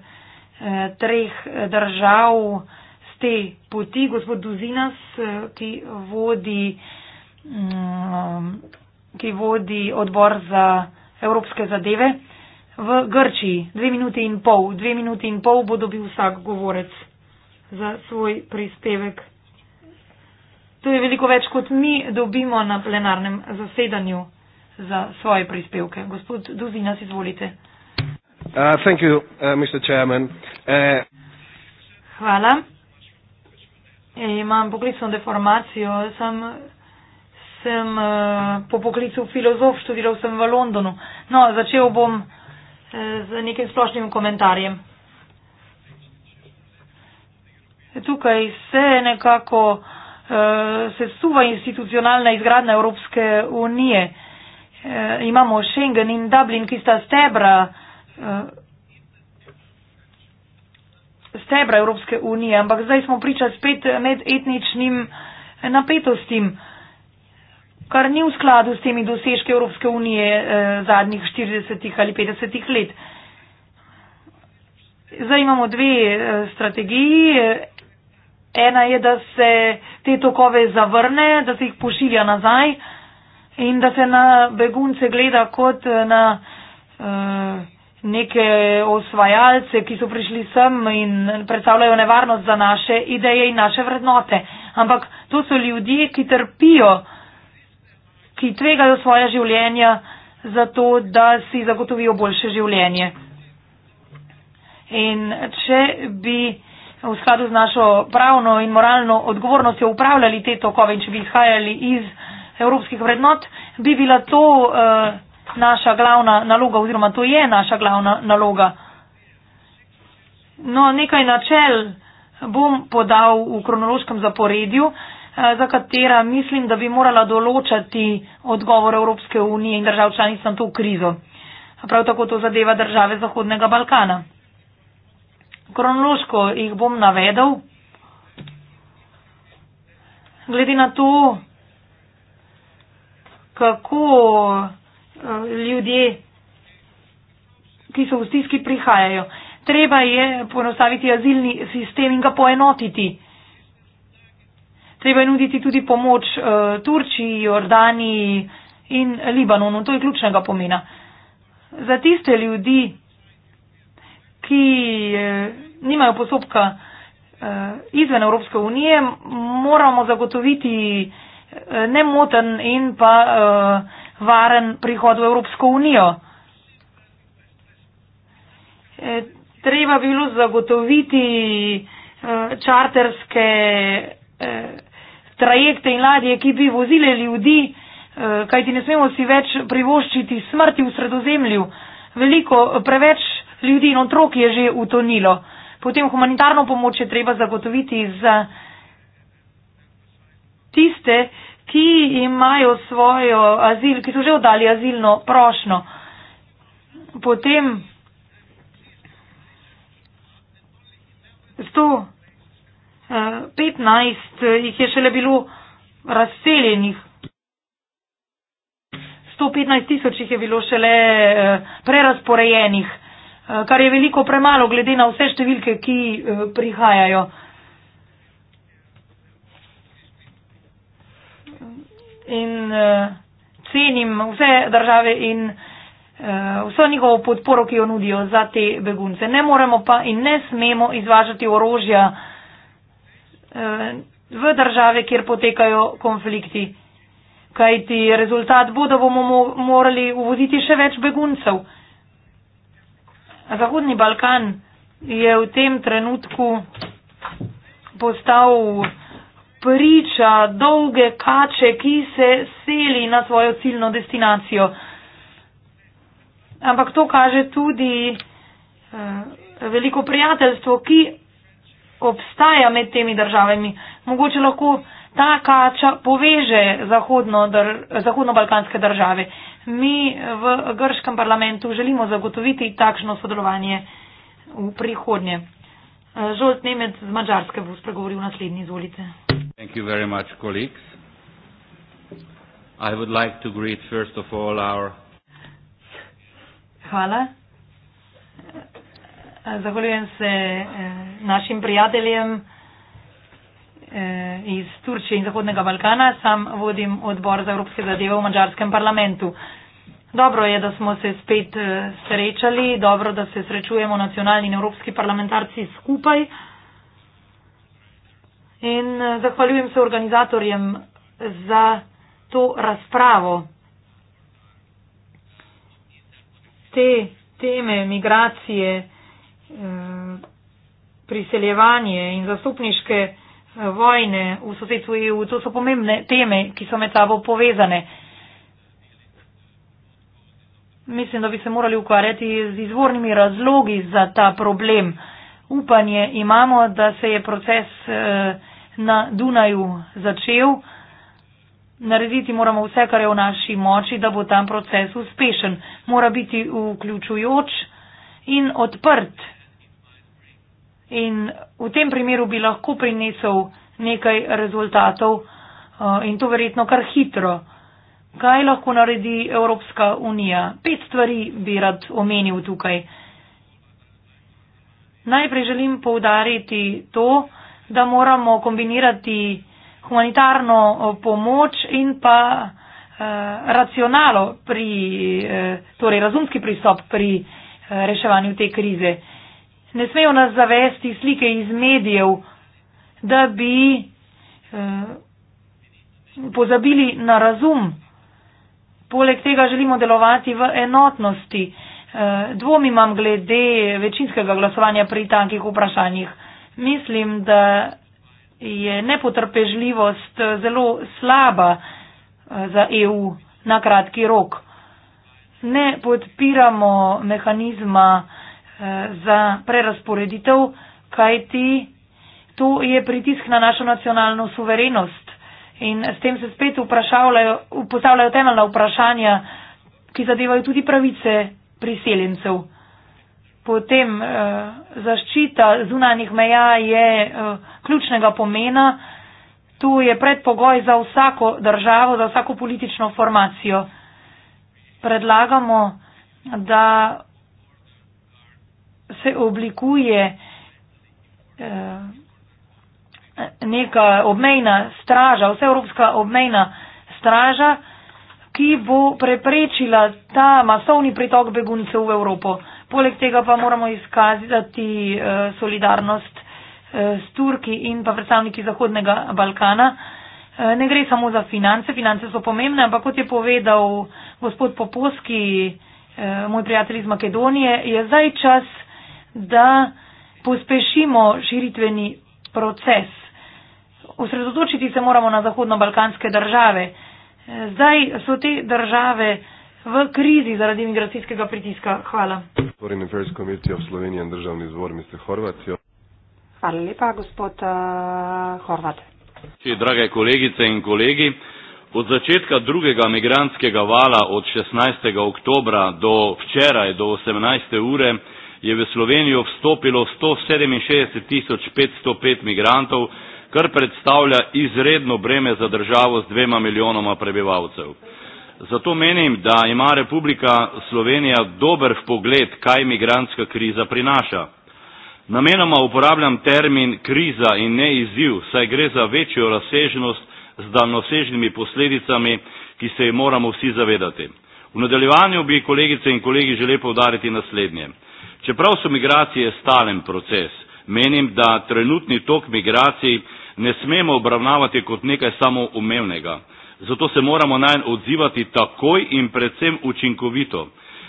treh držav z te poti. Gospod Duzinas, eh, ki vodi, mm, ki vodi odbor za evropske zadeve. Eh, v Grčiji. Dve minuti in pol. Dve minuti in pol bo dobil vsak govorec za svoj prispevek. To je veliko več, kot mi dobimo na plenarnem zasedanju za svoje prispevke. Gospod Duzina, si izvolite. Uh, thank you, uh, Mr. Uh... Hvala. E, imam poklicno deformacijo. Sem, sem uh, po poklicu filozof, študiral sem v Londonu. No, začel bom z nekim splošnim komentarjem. Tukaj se nekako uh, se suva institucionalna izgradnja Evropske unije. Uh, imamo Schengen in Dublin, ki sta stebra, uh, stebra Evropske unije, ampak zdaj smo priča spet med etničnim napetostim. Uh, kar ni v skladu s temi dosežki Evropske unije eh, zadnjih 40 ali 50 let. Zdaj imamo dve eh, strategiji. Ena je, da se te tokove zavrne, da se jih pošilja nazaj in da se na begunce gleda kot eh, na eh, neke osvajalce, ki so prišli sem in predstavljajo nevarnost za naše ideje in naše vrednote. Ampak to so ljudje, ki trpijo ki tvegajo svoja življenja za to, da si zagotovijo boljše življenje. In če bi v skladu z našo pravno in moralno odgovornostjo upravljali te tokove in če bi izhajali iz evropskih vrednot, bi bila to uh, naša glavna naloga oziroma to je naša glavna naloga. No, nekaj načel bom podal v kronološkem zaporedju. Uh, Eh, za katera mislim, da bi morala določati odgovor Evropske unije in držav članic na to krizo. Prav tako to zadeva države Zahodnega Balkana. Kronološko jih bom navedel. Glede na to, kako eh, ljudje, ki so v stiski, prihajajo. Treba je ponostaviti azilni sistem in ga poenotiti treba je nuditi tudi pomoč uh, Turčiji, Jordaniji in Libanonu. To je ključnega pomena. Za tiste ljudi, ki uh, nimajo postopka uh, izven Evropske unije, moramo zagotoviti uh, nemoten in pa uh, varen prihod v Evropsko unijo. Treba bilo zagotoviti uh, čarterske uh, trajekte in ladje, ki bi vozile ljudi, eh, kajti ne smemo si več privoščiti smrti v sredozemlju. Veliko, eh, preveč ljudi in otrok je že utonilo. Potem humanitarno pomoč je treba zagotoviti za tiste, ki imajo svojo azil, ki so že oddali azilno prošno. Potem 100 15 eh, jih je šele bilo razseljenih. 115 tisoč jih je bilo šele eh, prerasporejenih, eh, kar je veliko premalo glede na vse številke, ki prihajajo. In cenim vse države in vso njihovo podporo, ki jo nudijo za te begunce. Ne moremo pa in ne smemo izvažati orožja Eh, v države, kjer potekajo konflikti. Kajti rezultat bo, da bomo morali uvoziti še več beguncev. Zahodni Balkan je v tem trenutku postal priča dolge kače, ki se seli na svojo ciljno destinacijo. Ampak to kaže tudi eh, veliko prijateljstvo, ki obstaja med temi državami. Mogoče lahko ta kača poveže zahodno-balkanske dr zahodno države. Mi v grškem parlamentu želimo zagotoviti takšno sodelovanje v prihodnje. Žolt Nemec z Mačarske bo spregovoril naslednji izvolite. Thank you very much, colleagues. I would like to greet first of all our Hvala. Zahvaljujem se eh, našim prijateljem eh, iz Turčije in Zahodnega Balkana. Sam vodim odbor za evropske zadeve v mačarskem parlamentu. Dobro je, da smo se spet eh, srečali, dobro, da se srečujemo nacionalni in evropski parlamentarci skupaj. In zahvaljujem se organizatorjem za to razpravo. Te teme migracije, Eh, priseljevanje in zastupniške eh, vojne v sosedstvu EU, to so pomembne teme, ki so med sabo povezane. Mislim, da bi se morali ukvarjati z izvornimi razlogi za ta problem. Upanje imamo, da se je proces eh, na Dunaju začel. Narediti moramo vse, kar je v naši moči, da bo tam proces uspešen. Mora biti vključujoč in odprt in v tem primeru bi lahko prinesel nekaj rezultatov uh, in to verjetno kar hitro. Kaj lahko naredi Evropska unija? Pet stvari bi rad omenil tukaj. Najprej želim povdariti to, da moramo kombinirati humanitarno eh, pomoč in pa eh, racionalo pri, eh, torej razumski pristop pri eh, reševanju te krize. Eh, ne smejo nas zavesti slike iz medijev, da bi eh, pozabili na razum. Poleg tega želimo delovati v enotnosti. Eh, dvomi imam glede večinskega glasovanja pri takih vprašanjih. Mislim, da je nepotrpežljivost eh, zelo slaba eh, za EU na kratki rok. Ne podpiramo mehanizma, za prerasporeditev, kajti to je pritisk na našo nacionalno suverenost. In s tem se spet postavljajo temeljna vprašanja, ki zadevajo tudi pravice priseljencev. Potem eh, zaščita zunanjih meja je eh, ključnega pomena. To je predpogoj za vsako državo, za vsako politično formacijo. Predlagamo, da se oblikuje eh, neka obmejna straža, vse evropska obmejna straža, ki bo preprečila ta masovni pritok beguncev v Evropo. Poleg tega pa moramo izkazati eh, solidarnost eh, s Turki in pa predstavniki Zahodnega Balkana. Ne gre samo za finance, finance so pomembne, ampak kot je povedal gospod Poposki, moj prijatelj iz Makedonije, je zdaj čas, da pospešimo širitveni proces. Osredotočiti se moramo na zahodno-balkanske države. Zdaj so te države v krizi zaradi migracijskega pritiska. Hvala. Torej, Hvala lepa, gospod uh, Horvat. Drage kolegice in kolegi, od začetka drugega migranskega vala od 16. oktobra do včeraj, do 18. ure, je v Slovenijo vstopilo 167.505 migrantov, kar predstavlja izredno breme za državo z dvema milijonoma prebivalcev. Zato menim, da ima Republika Slovenija dober pogled, kaj migrantska kriza prinaša. Namenoma uporabljam termin kriza in ne izziv, saj gre za večjo razsežnost z daljnosežnimi posledicami, ki se jih moramo vsi zavedati. V nadaljevanju bi kolegice in kolegi želel povdariti naslednje. Čeprav so migracije stalen proces, menim, da trenutni tok migracij ne smemo obravnavati kot nekaj samoumevnega. Zato se moramo naj odzivati takoj in predvsem učinkovito.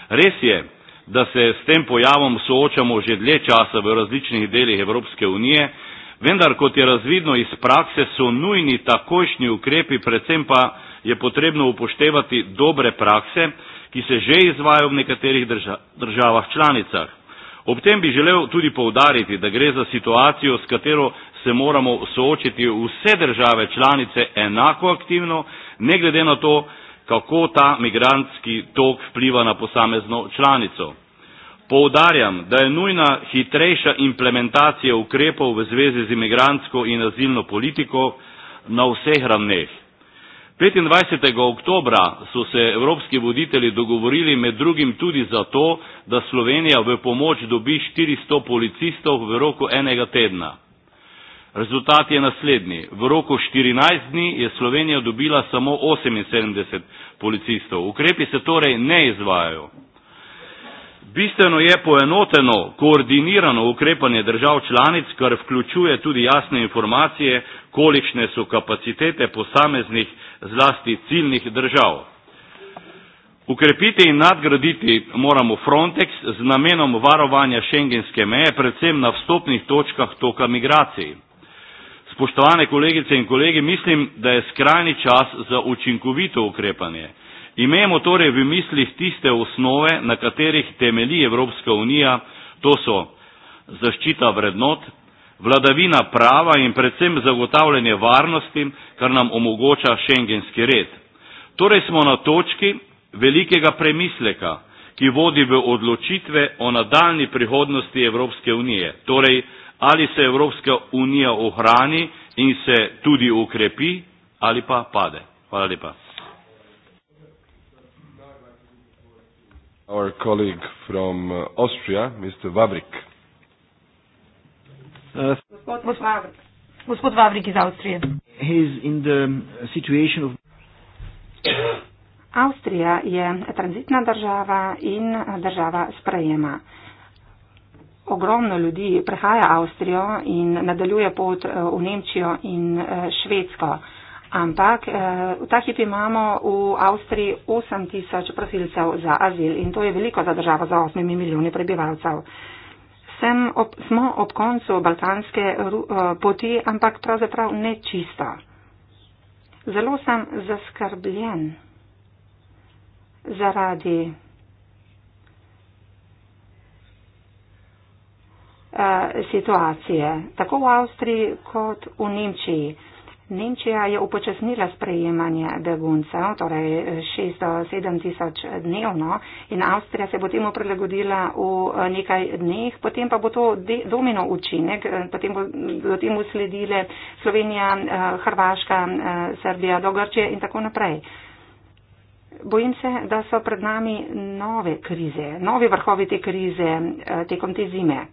Res je, da se s tem pojavom soočamo že dlje časa v različnih delih Evropske unije, vendar kot je razvidno iz prakse so nujni takojšnji ukrepi, predvsem pa je potrebno upoštevati dobre prakse, ki se že izvajo v nekaterih držav, državah članicah. Ob tem bi želel tudi povdariti, da gre za situacijo, s katero se moramo soočiti vse države članice enako aktivno, ne glede na to, kako ta migrantski tok vpliva na posamezno članico. Poudarjam, da je nujna hitrejša implementacija ukrepov v zvezi z imigransko in azilno politiko na vseh ravneh. 25. oktobra so se evropski voditelji dogovorili med drugim tudi za to, da Slovenija v pomoč dobi 400 policistov v roku enega tedna. Rezultat je naslednji. V roku 14 dni je Slovenija dobila samo 78 policistov. Ukrepi se torej ne izvajajo. Bistveno je poenoteno, koordinirano ukrepanje držav članic, kar vključuje tudi jasne informacije, kolikšne so kapacitete posameznih zlasti ciljnih držav. Ukrepiti in nadgraditi moramo Frontex z namenom varovanja šengenske meje, predvsem na vstopnih točkah toka migracij. Spoštovane kolegice in kolegi, mislim, da je skrajni čas za učinkovito ukrepanje. Imejmo torej v mislih tiste osnove, na katerih temelji Evropska unija, to so zaščita vrednot, vladavina prava in predvsem zagotavljanje varnosti, kar nam omogoča šengenski red. Torej smo na točki velikega premisleka, ki vodi v odločitve o nadaljni prihodnosti Evropske unije. Torej, ali se Evropska unija ohrani in se tudi ukrepi ali pa pade. Hvala lepa. Our colleague from uh, Austria, Mr. Vavrik. Gospod Vavrik iz Avstrije. Avstrija je tranzitna država in država sprejema. Ogromno ljudi prehaja Avstrijo in nadaljuje pot eh, v Nemčijo in eh, Švedsko. Ampak v eh, ta hip imamo v Avstriji 8 tisoč prosilcev za azil in to je veliko za državo za 8 milijoni prebivalcev sem ob, smo ob koncu balkanske eh, poti, ampak pravzaprav ne čista. Zelo sem zaskrbljen zaradi uh, situacije, tako v Avstriji kot v Nemčiji. Nemčija je upočasnila sprejemanje beguncev, torej 6 do 7 tisoč dnevno in Avstrija se bo temu prilagodila v eh, nekaj dneh, potem pa bo to domino učinek, eh, potem bo temu sledile Slovenija, eh, Hrvaška, Srbija, Dogrče in tako naprej. Bojim se, da so pred nami nove krize, nove vrhovi te krize tekom te zime.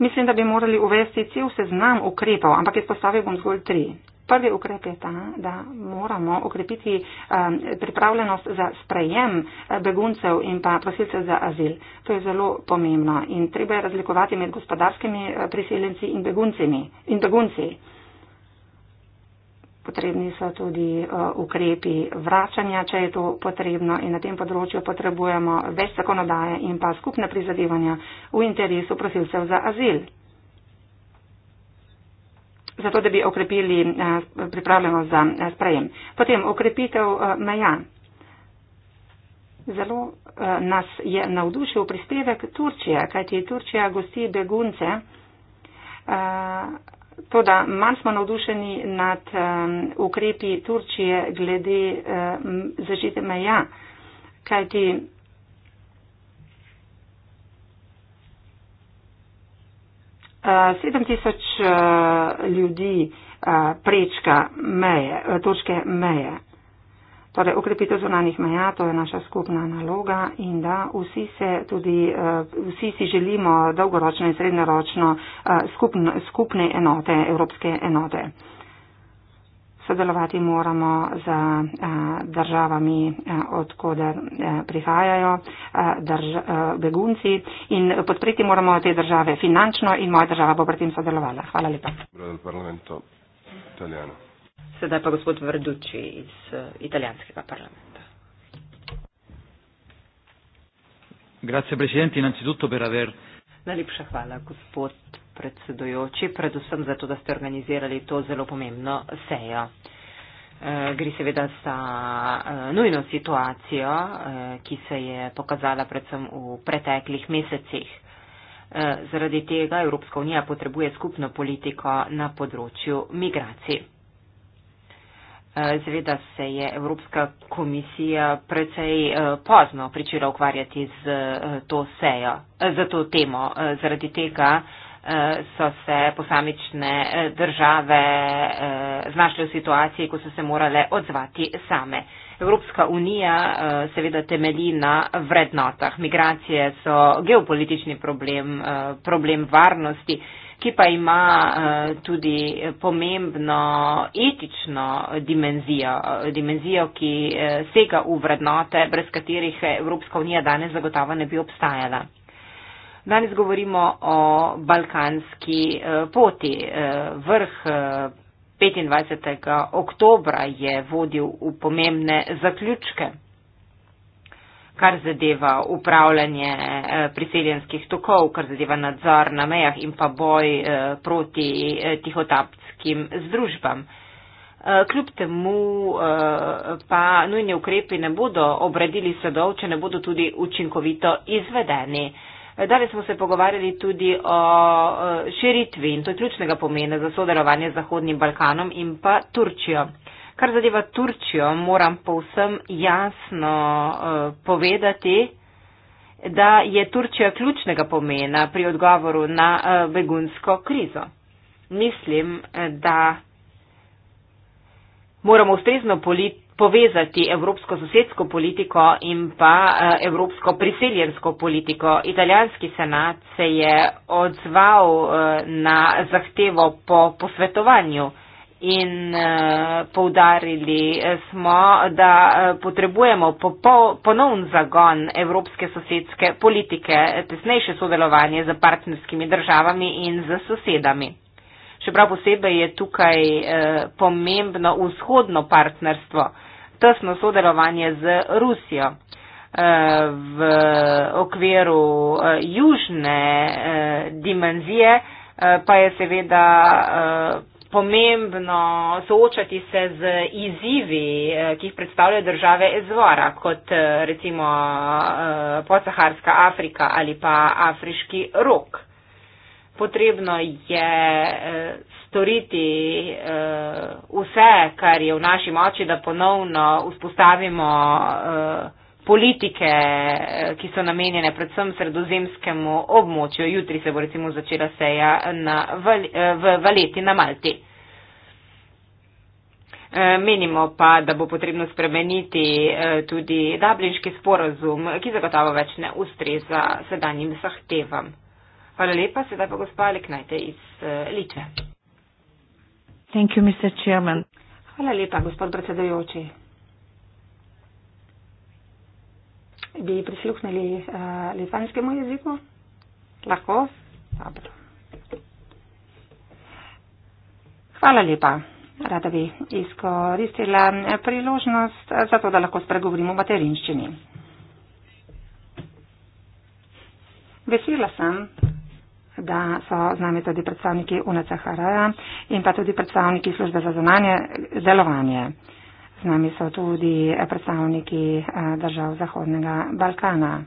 Mislim, da bi morali uvesti cel seznam ukrepov, ampak izpostavil bom zgolj tri. Prvi ukrep je ta, da moramo okrepiti um, pripravljenost za sprejem eh, beguncev in pa prosilcev za azil. To je zelo pomembno in treba je razlikovati med gospodarskimi eh, priseljenci in, in begunci potrebni so tudi eh, ukrepi vračanja, če je to potrebno in na tem področju potrebujemo več zakonodaje in pa skupne prizadevanja v interesu prosilcev za azil. Zato, da bi okrepili eh, pripravljenost za eh, sprejem. Potem okrepitev meja. Zelo nas je navdušil prispevek Turčije, kajti Turčija gosti begunce. Toda manj smo navdušeni nad um, ukrepi Turčije glede um, zažite meja, kajti uh, 7000 uh, ljudi uh, prečka meje, uh, turške meje. Torej, okrepitev zonanih meja, to je naša skupna naloga in da vsi, se, tudi, eh, vsi si želimo dolgoročno in srednjeročno eh, skupn, skupne enote, evropske enote. Sodelovati moramo z eh, državami, odkode prihajajo drž, begunci in podpreti moramo te države finančno in moja država bo pri tem sodelovala. Hvala lepa. Sedaj pa gospod Vrduči iz eh, italijanskega parlamenta. Najlepša hvala, gospod predsedujoči, predvsem zato, da ste organizirali to zelo pomembno sejo. Eh, gre seveda za eh, nujno situacijo, ki se je pokazala predvsem v preteklih mesecih. Zaradi tega Evropska unija potrebuje skupno politiko na področju migracij. Zveda se je Evropska komisija precej eh, pozno pričela ukvarjati z eh, to sejo, eh, z to temo. Zaradi tega so se posamične države znašle v situaciji, ko so se morale odzvati same. Evropska unija seveda temelji na vrednotah. Migracije so geopolitični problem, problem varnosti ki pa ima eh, tudi pomembno etično dimenzijo, eh, dimenzijo, ki eh, sega v vrednote, brez katerih Evropska unija danes zagotovo ne bi obstajala. Danes govorimo o balkanski poti. Vrh 25. oktobra je vodil v pomembne zaključke kar zadeva upravljanje eh, priseljenskih tokov, kar zadeva nadzor na mejah in pa boj eh, proti eh, tihotapskim združbam. Kljub temu pa nujni ukrepi ne bodo obradili sadov, če ne bodo tudi učinkovito izvedeni. Danes smo se pogovarjali tudi o širitvi in to je ključnega pomena za sodelovanje z Zahodnim Balkanom in pa Turčijo. Kar zadeva Turčijo, moram povsem jasno uh, povedati, da je Turčija ključnega pomena pri odgovoru na uh, begunsko krizo. Mislim, eh, da moramo ustrezno povezati evropsko sosedsko politiko in pa uh, evropsko priseljensko politiko. Italijanski senat se je odzval uh, na zahtevo po posvetovanju in eh, poudarili smo, da eh, potrebujemo ponovn zagon evropske sosedske politike, tesnejše sodelovanje z partnerskimi državami in z sosedami. Še prav posebej je tukaj eh, pomembno vzhodno partnerstvo, tesno sodelovanje z Rusijo. V okviru južne dimenzije pa je seveda pomembno soočati se z izzivi, eh, ki jih predstavljajo države izvora, kot eh, recimo eh, podsaharska Afrika ali pa afriški rok. Potrebno je storiti vse, kar je v naši moči, da ponovno vzpostavimo politike, eh, ki so namenjene predvsem sredozemskemu območju. Jutri se bo recimo začela seja na, v, eh, v Valeti na Malti. Eh, menimo pa, da bo potrebno spremeniti tudi dablinski sporozum, ki zagotovo več ne ustreza sedanjim zahtevam. Hvala lepa, sedaj pa gospa Aleknajte iz Litve. Thank you, Mr. Chairman. Hvala lepa, gospod predsedajoči. bi prisluhnili uh, eh, letanskemu jeziku? Lahko? Dobro. Hvala lepa. Rada bi izkoristila eh, priložnost eh, za to, da lahko spregovorim o materinščini. Vesela sem, da so z nami tudi predstavniki UNCHR-a in pa tudi predstavniki službe za zunanje delovanje. Uh, Z nami so tudi eh, predstavniki eh, držav Zahodnega Balkana.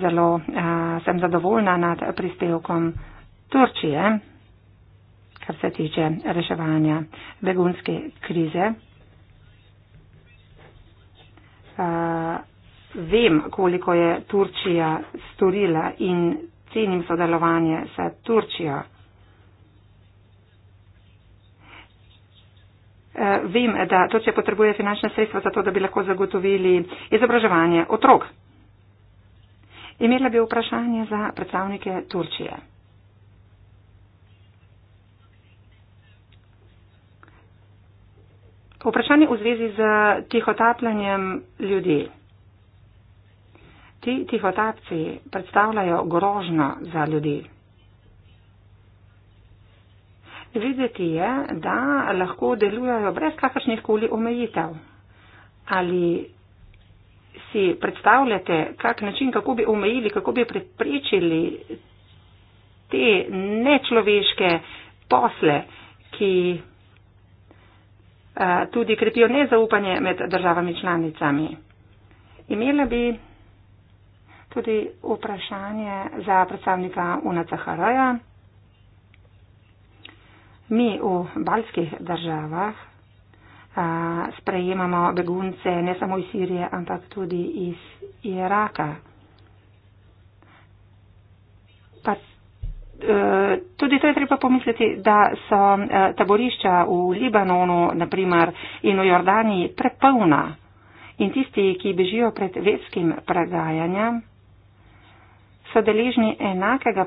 Zelo eh, sem zadovoljna nad prispevkom Turčije, kar se tiče reševanja begunske krize. Vem, koliko je Turčija storila in cenim sodelovanje s Turčijo. Eh, vem, da Turčija potrebuje finančne sredstva za to, da bi lahko zagotovili izobraževanje otrok. Imela bi vprašanje za predstavnike Turčije. Vprašanje v zvezi z tihotapljanjem ljudi. Ti tihotapci predstavljajo grožno za ljudi. Videti je, da lahko delujejo brez kakršnih koli omejitev. Ali si predstavljate, kak način, kako bi omejili, kako bi preprečili te nečloveške posle, ki a, eh, tudi krepijo nezaupanje med državami članicami. Imela bi tudi vprašanje za predstavnika UNCHR-ja. Mi v balskih državah a, sprejemamo begunce ne samo iz Sirije, ampak tudi iz Iraka. Pa, e, tudi to je treba pomisliti, da so e, taborišča v Libanonu naprimer, in v Jordaniji prepolna. In tisti, ki bežijo pred vedskim pregajanjem, so deležni enakega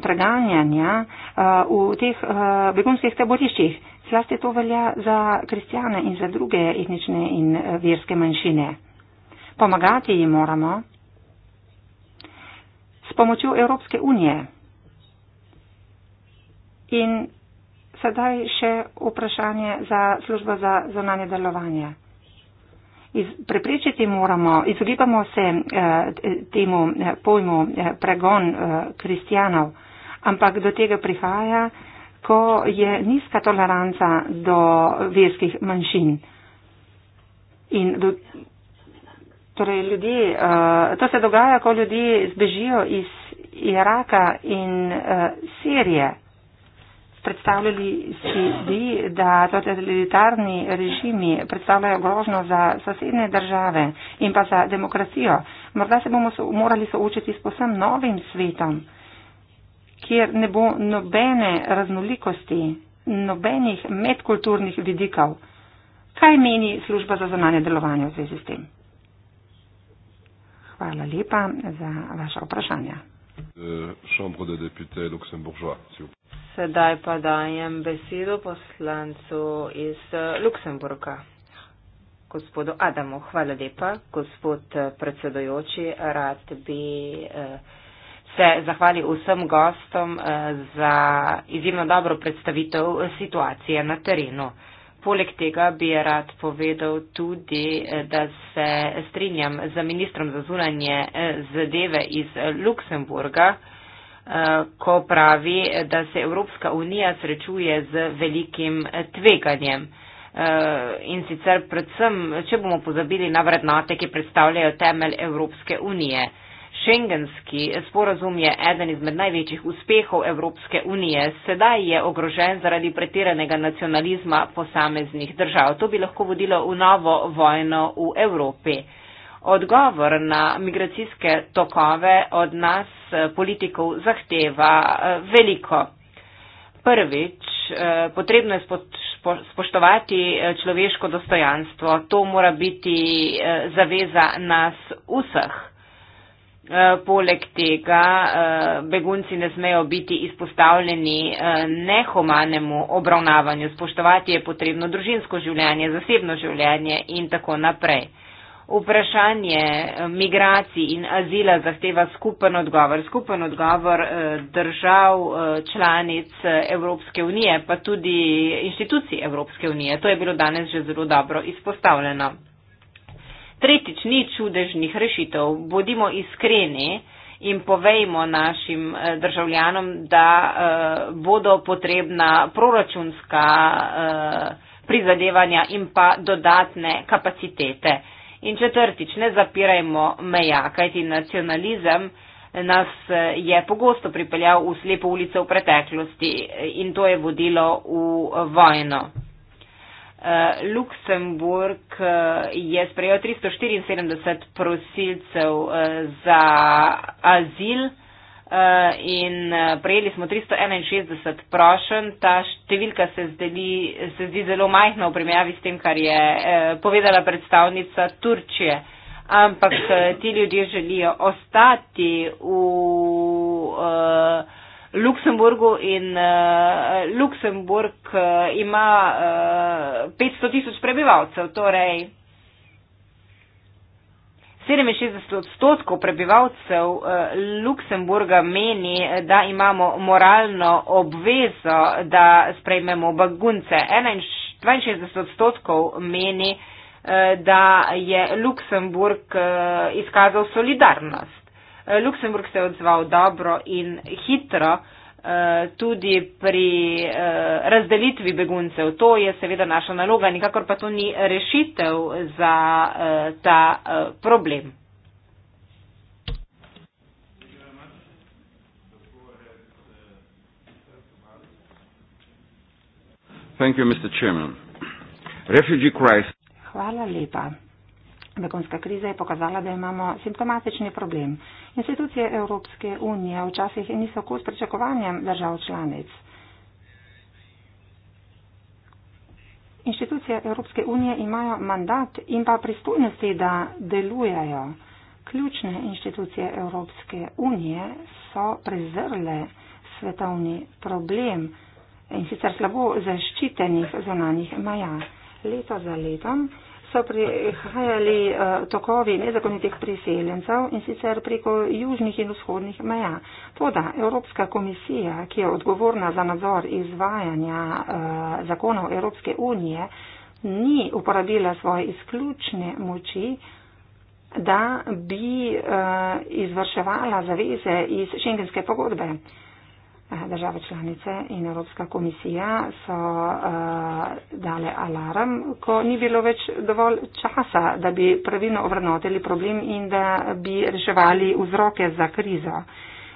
preganjanja uh, v teh uh, begunskih taboriščih. Zlasti to velja za kristjane in za druge etnične in uh, verske manjšine. Pomagati jim moramo s pomočjo Evropske unije. In sedaj še vprašanje za službo za zonanje delovanje. Iz, preprečiti moramo, izogibamo se eh, temu eh, pojmu eh, pregon eh, kristjanov, ampak do tega prihaja, ko je nizka toleranca do verskih manjšin. In do, torej ljudje, eh, to se dogaja, ko ljudje zbežijo iz Iraka in eh, Sirije. Predstavljali si bi, da totalitarni režimi predstavljajo grožno za sosedne države in pa za demokracijo. Morda se bomo so, morali soočiti s posem novim svetom, kjer ne bo nobene raznolikosti, nobenih medkulturnih vidikov. Kaj meni služba za zunanje delovanje v zvezi s tem? Hvala lepa za vaše vprašanje. Chambre des députés luxembourgeois, s'il vous plaît. Sedaj pa dajem besedo poslancu iz eh, Luksemburga, gospodu Adamu. Hvala lepa, gospod eh, predsedojoči. Rad bi eh, se zahvalil vsem gostom za izjemno dobro predstavitev situacije na terenu. Poleg tega bi rad povedal tudi, da se strinjam z ministrom za zunanje eh, zadeve iz eh, Luksemburga, eh, ko pravi, da se Evropska unija srečuje z velikim tveganjem. In sicer predvsem, če bomo pozabili na vrednote, ki predstavljajo temelj Evropske unije. Šengenski sporazum je eden izmed največjih uspehov Evropske unije, sedaj je ogrožen zaradi pretiranega nacionalizma posameznih držav. To bi lahko vodilo v novo vojno v Evropi. Odgovor na migracijske tokove od nas politikov zahteva eh, veliko. Prvič, eh, potrebno je spoštovati eh, človeško dostojanstvo. To mora biti zaveza nas vseh. Eh, poleg tega eh, begunci ne smejo biti izpostavljeni eh, nehumanemu obravnavanju. Spoštovati je potrebno družinsko življenje, zasebno življenje in tako naprej. Vprašanje migracij in azila zahteva skupen odgovor. Skupen odgovor držav članic Evropske unije, pa tudi inštitucij Evropske unije. To je bilo danes že zelo dobro izpostavljeno. Tretjič, ni čudežnih rešitev. Bodimo iskreni in povejmo našim eh, državljanom, da eh, bodo potrebna proračunska eh, prizadevanja in pa dodatne kapacitete. In četrtič, ne zapirajmo meja, kajti nacionalizem nas je pogosto pripeljal v slepo ulico v preteklosti in to je vodilo v vojno. Eh, Luksemburg eh, je sprejel 374 prosilcev eh, za azil in prejeli smo 361 prošenj. Ta številka se, zdeli, se zdi zelo majhna v primerjavi s tem, kar je povedala predstavnica Turčije. Ampak ti ljudje želijo ostati v. Uh, Luksemburgu in uh, Luksemburg uh, ima uh, eh, 500 tisoč prebivalcev, torej 67 odstotkov prebivalcev Luksemburga meni, da imamo moralno obvezo, da sprejmemo begunce. 62 odstotkov meni, da je Luksemburg izkazal solidarnost. Luksemburg se je odzval dobro in hitro eh, tudi pri eh, razdelitvi beguncev. To je seveda naša naloga, nikakor pa to ni rešitev za eh, ta problem. Hvala lepa. Begonska kriza je pokazala, da imamo simptomatični problem. Institucije Evropske unije včasih niso kos pričakovanjem držav članic. Inštitucije Evropske unije imajo mandat in pa pristojnosti, da delujejo. Ključne inštitucije Evropske unije so prezrle svetovni problem in sicer slabo zaščitenih zonanih maja. Leto za letom so prihajali uh, tokovi nezakonitih priseljencev in sicer preko južnih in vzhodnih meja. Toda Evropska komisija, ki je odgovorna za nadzor izvajanja uh, zakonov Evropske unije, ni uporabila svoje izključne moči, da bi uh, izvrševala zaveze iz šengenske pogodbe. Uh, države članice in Evropska komisija so uh, dale alarm, ko ni bilo več dovolj časa, da bi pravilno obrnotili problem in da bi reševali vzroke za krizo.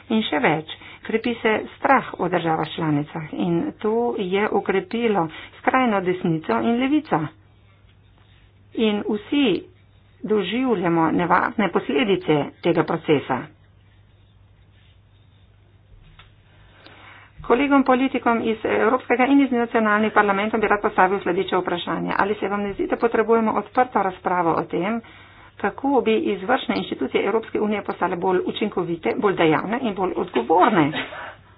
In še več, krepi se strah v državah članicah in to je ukrepilo skrajno desnico in levico. In vsi doživljamo nevarne posledice tega procesa. kolegom politikom iz Evropskega in iz nacionalnih parlamentov bi rad postavil sledeče vprašanje. Ali se vam ne zdi, da potrebujemo odprto razpravo o tem, kako bi izvršne inštitucije Evropske unije postale bolj učinkovite, bolj dejavne in bolj odgovorne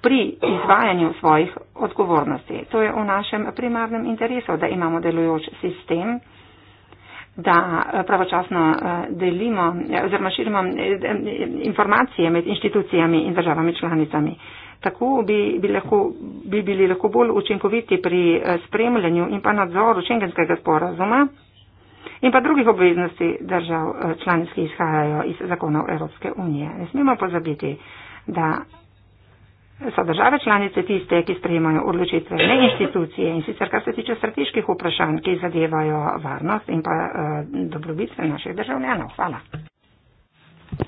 pri izvajanju svojih odgovornosti? To je v našem primarnem interesu, da imamo delujoč sistem da eh, pravočasno eh, delimo eh, oziroma širimo informacije med inštitucijami in državami članicami. Tako bi, bi, lahko, bi bili lahko bolj učinkoviti pri eh, spremljanju in pa nadzoru šengenskega sporazuma in pa drugih obveznosti držav eh, članic, ki izhajajo iz zakonov Evropske unije. Ne smemo pozabiti, da so države članice tiste, ki sprejemajo odločitve, ne institucije in sicer kar se tiče strateških vprašanj, ki zadevajo varnost in pa uh, dobrobit naših državljanov. Hvala.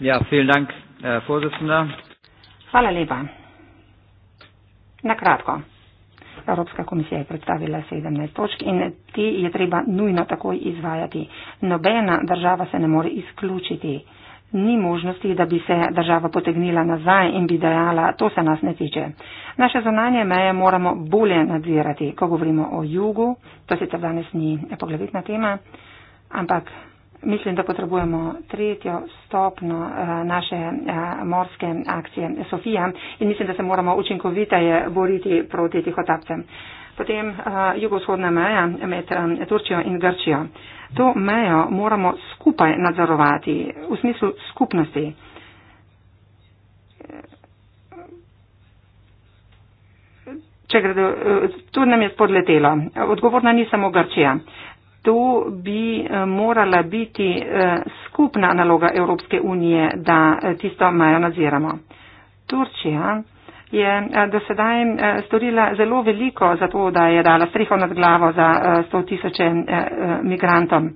Ja, vielen Dank, Hvala lepa. Na kratko. Evropska komisija je predstavila 17 točk in ti je treba nujno takoj izvajati. Nobena država se ne more izključiti. Ni možnosti, da bi se država potegnila nazaj in bi dejala, to se nas ne tiče. Naše zonanje meje moramo bolje nadzirati, ko govorimo o jugu, to sicer danes ni poglavitna tema, ampak Mislim, da potrebujemo tretjo stopno eh, naše eh, morske akcije Sofija in mislim, da se moramo učinkoviteje boriti proti tih otapcem. Potem eh, jugovzhodna meja med Turčijo in Grčijo. To mejo moramo skupaj nadzorovati v smislu skupnosti. Če gre, to nam je spodletelo. Odgovorna ni samo Grčija to bi eh, morala biti eh, skupna naloga Evropske unije, da eh, tisto majo nadziramo. Turčija je do sedaj storila zelo veliko za to, da je dala streho nad glavo za 100 tisoče migrantom.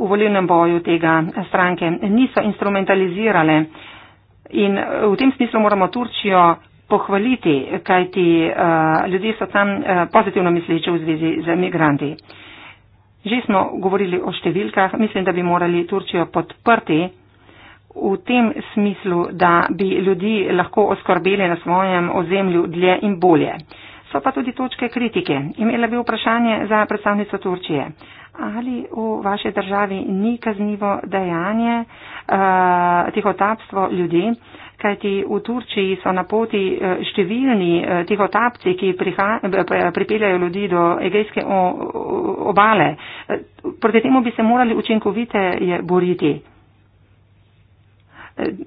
V volilnem boju tega stranke niso instrumentalizirale. In v tem smislu moramo Turčijo pohvaliti, kajti uh, ljudje so tam uh, pozitivno misleče v zvezi z emigranti. Že smo govorili o številkah, mislim, da bi morali Turčijo podprti v tem smislu, da bi ljudi lahko oskrbeli na svojem ozemlju dlje in bolje. So pa tudi točke kritike. Imela bi vprašanje za predstavnico Turčije. Ali v vaši državi ni kaznivo dejanje uh, tihotapstvo ljudi, uh, kajti v Turčiji so na poti eh, številni eh, tihotapci, ki priha, eh, pripeljajo ljudi do egejske obale. Proti temu bi se morali učinkovite boriti.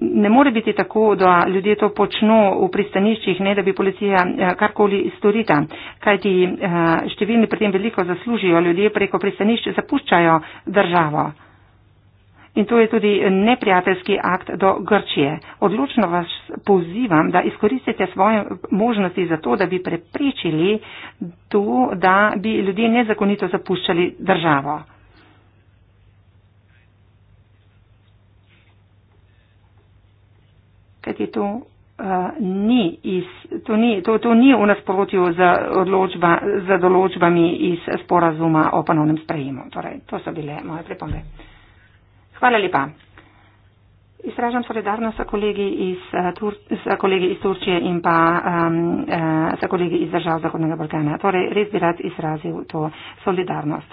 Ne more biti tako, da ljudje to počno v pristaniščih, ne da bi policija karkoli storila, kajti številni pri tem veliko zaslužijo, ljudje preko pristanišč zapuščajo državo. In to je tudi neprijateljski akt do Grčije. Odločno vas pozivam, da izkoristite svoje možnosti za to, da bi preprečili to, da bi ljudje nezakonito zapuščali državo. Kajti to, uh, ni, iz, to, ni, to, to ni v nasprotju z, odločba, z določbami iz sporazuma o ponovnem sprejemu. Torej, to so bile moje pripombe. Hvala lepa. Izražam solidarnost sa kolegi iz, eh, Tur sa kolegi iz Turčije in pa um, eh, sa kolegi iz držav Zahodnega Balkana. Torej, res bi rad izrazil to solidarnost.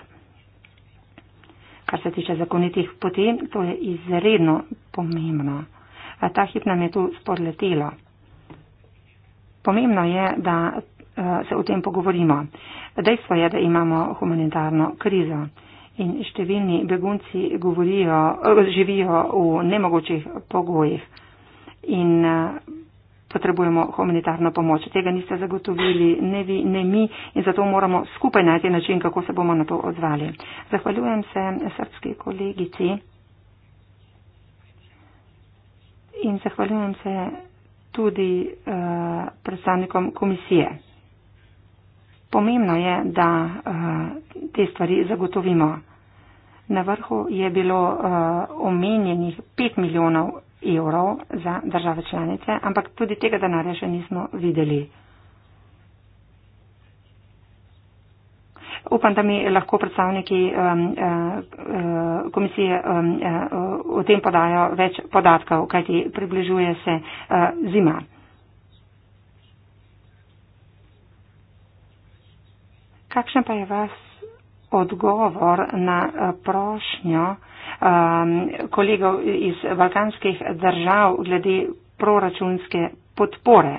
Kar se tiče zakonitih poti, to je izredno pomembno. Eh, ta hip nam je tu spodletelo. Pomembno je, da se o tem pogovorimo. Dejstvo je, da imamo humanitarno krizo in številni begunci govorijo, živijo v nemogočih pogojih in eh, potrebujemo humanitarno pomoč. Tega niste zagotovili ne vi, ne mi in zato moramo skupaj najti način, kako se bomo na to odzvali. Zahvaljujem se srpski kolegici in zahvaljujem se tudi uh, predstavnikom komisije. Pomembno je, da uh, te stvari zagotovimo. Na vrhu je bilo uh, omenjenih 5 milijonov evrov za države članice, ampak tudi tega denarja še nismo videli. Upam, da mi lahko predstavniki um, uh, uh, komisije um, uh, o tem podajo več podatkov, kajti približuje se uh, zima. Kakšen pa je vas odgovor na eh, prošnjo um, kolegov iz balkanskih držav glede proračunske podpore.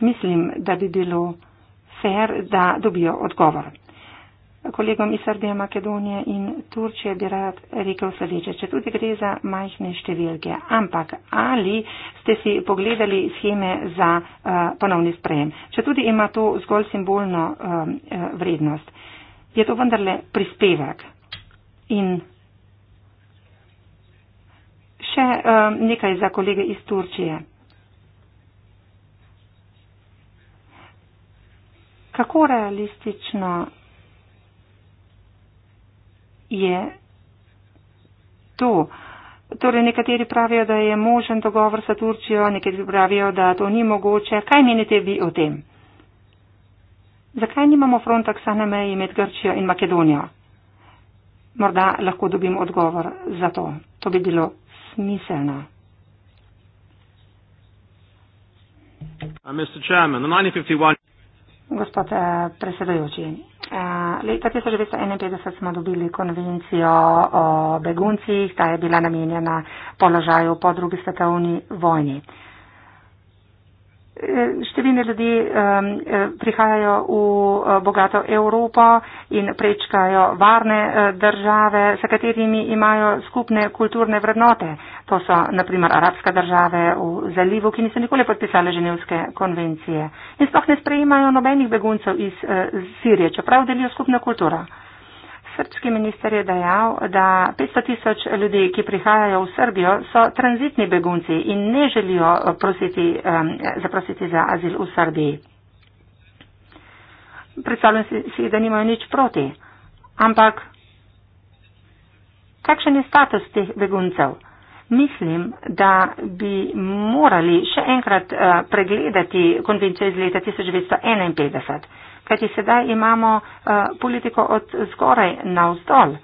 Mislim, da bi bilo fair, da dobijo odgovor. Kolegom iz Srbije, Makedonije in Turčije bi rad rekel sledeče, če tudi gre za majhne številke, ampak ali ste si pogledali scheme za uh, ponovni sprejem, če tudi ima to zgolj simbolno uh, vrednost. Uh, je to vendarle prispevek. In še um, nekaj za kolege iz Turčije. Kako realistično je to? Torej, nekateri pravijo, da je možen dogovor sa Turčijo, nekateri pravijo, da to ni mogoče. Kaj menite vi o tem? Zakaj nimamo frontaksa na meji med Grčijo in Makedonijo? Morda lahko dobim odgovor za to. To bi bilo smiselno. Uh, Gospod eh, predsedajoči, eh, leta 1951 smo dobili konvencijo o beguncih, ta je bila namenjena položaju po drugi svetovni vojni. Številni ljudi um, eh, prihajajo v eh, bogato Evropo in prečkajo varne eh, države, s katerimi imajo skupne kulturne vrednote. To so naprimer arabske države v zalivu, ki niso nikoli podpisale ženevske konvencije. In sploh ne sprejemajo nobenih beguncev iz Sirije, čeprav delijo skupno kulturo srčki minister je dejal, da 500 tisoč ljudi, ki prihajajo v Srbijo, so tranzitni begunci in ne želijo prositi, um, zaprositi za azil v Srbiji. Predstavljam si, da nimajo nič proti. Ampak kakšen je status teh beguncev? Mislim, da bi morali še enkrat uh, pregledati konvencijo iz leta 1951 kajti sedaj imamo uh, politiko od zgoraj na vzdolj.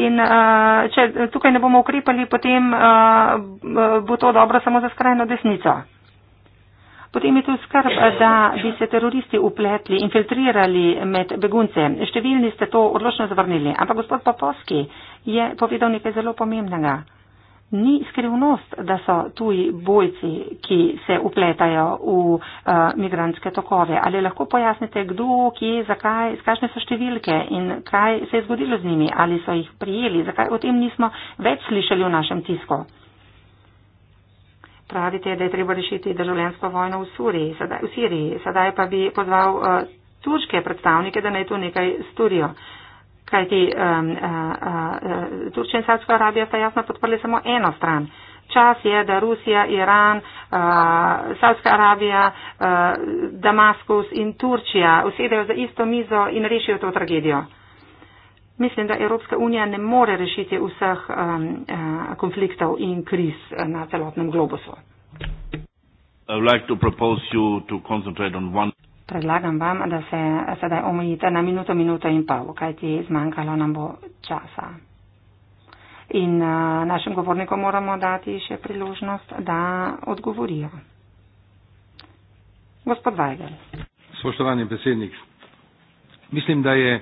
In uh, če tukaj ne bomo ukrepali, potem uh, bo to dobro samo za skrajno desnico. Potem je tu skrb, da bi se teroristi upletli, infiltrirali med begunce. Številni ste to odločno zavrnili, ampak gospod Popovski je povedal nekaj zelo pomembnega ni skrivnost, da so tuji bojci, ki se upletajo v uh, eh, migranske tokove. Ali lahko pojasnite, kdo, kje, zakaj, kakšne so številke in kaj se je zgodilo z njimi, ali so jih prijeli, zakaj o tem nismo več slišali v našem tisku. Pravite, da je treba rešiti državljansko vojno v Siriji, sedaj, v Siriji. sedaj pa bi pozval uh, turške predstavnike, da naj tu nekaj storijo. Uh, kajti um, uh, uh, Turčija in Saudska Arabija sta jasno podprli samo eno stran. Čas je, da Rusija, Iran, uh, Saudska Arabija, uh, Damaskus in Turčija usedejo za isto mizo in rešijo to tragedijo. Mislim, da Evropska unija ne more rešiti vseh um, uh, konfliktov in kriz na celotnem globusu. I would like to propose you to concentrate on one predlagam vam, da se sedaj omejite na minuto, minuto in pol, kajti zmanjkalo nam bo časa. In eh, našim govornikom moramo dati še priložnost, da odgovorijo. Gospod Weigel. Spoštovani predsednik, mislim, da je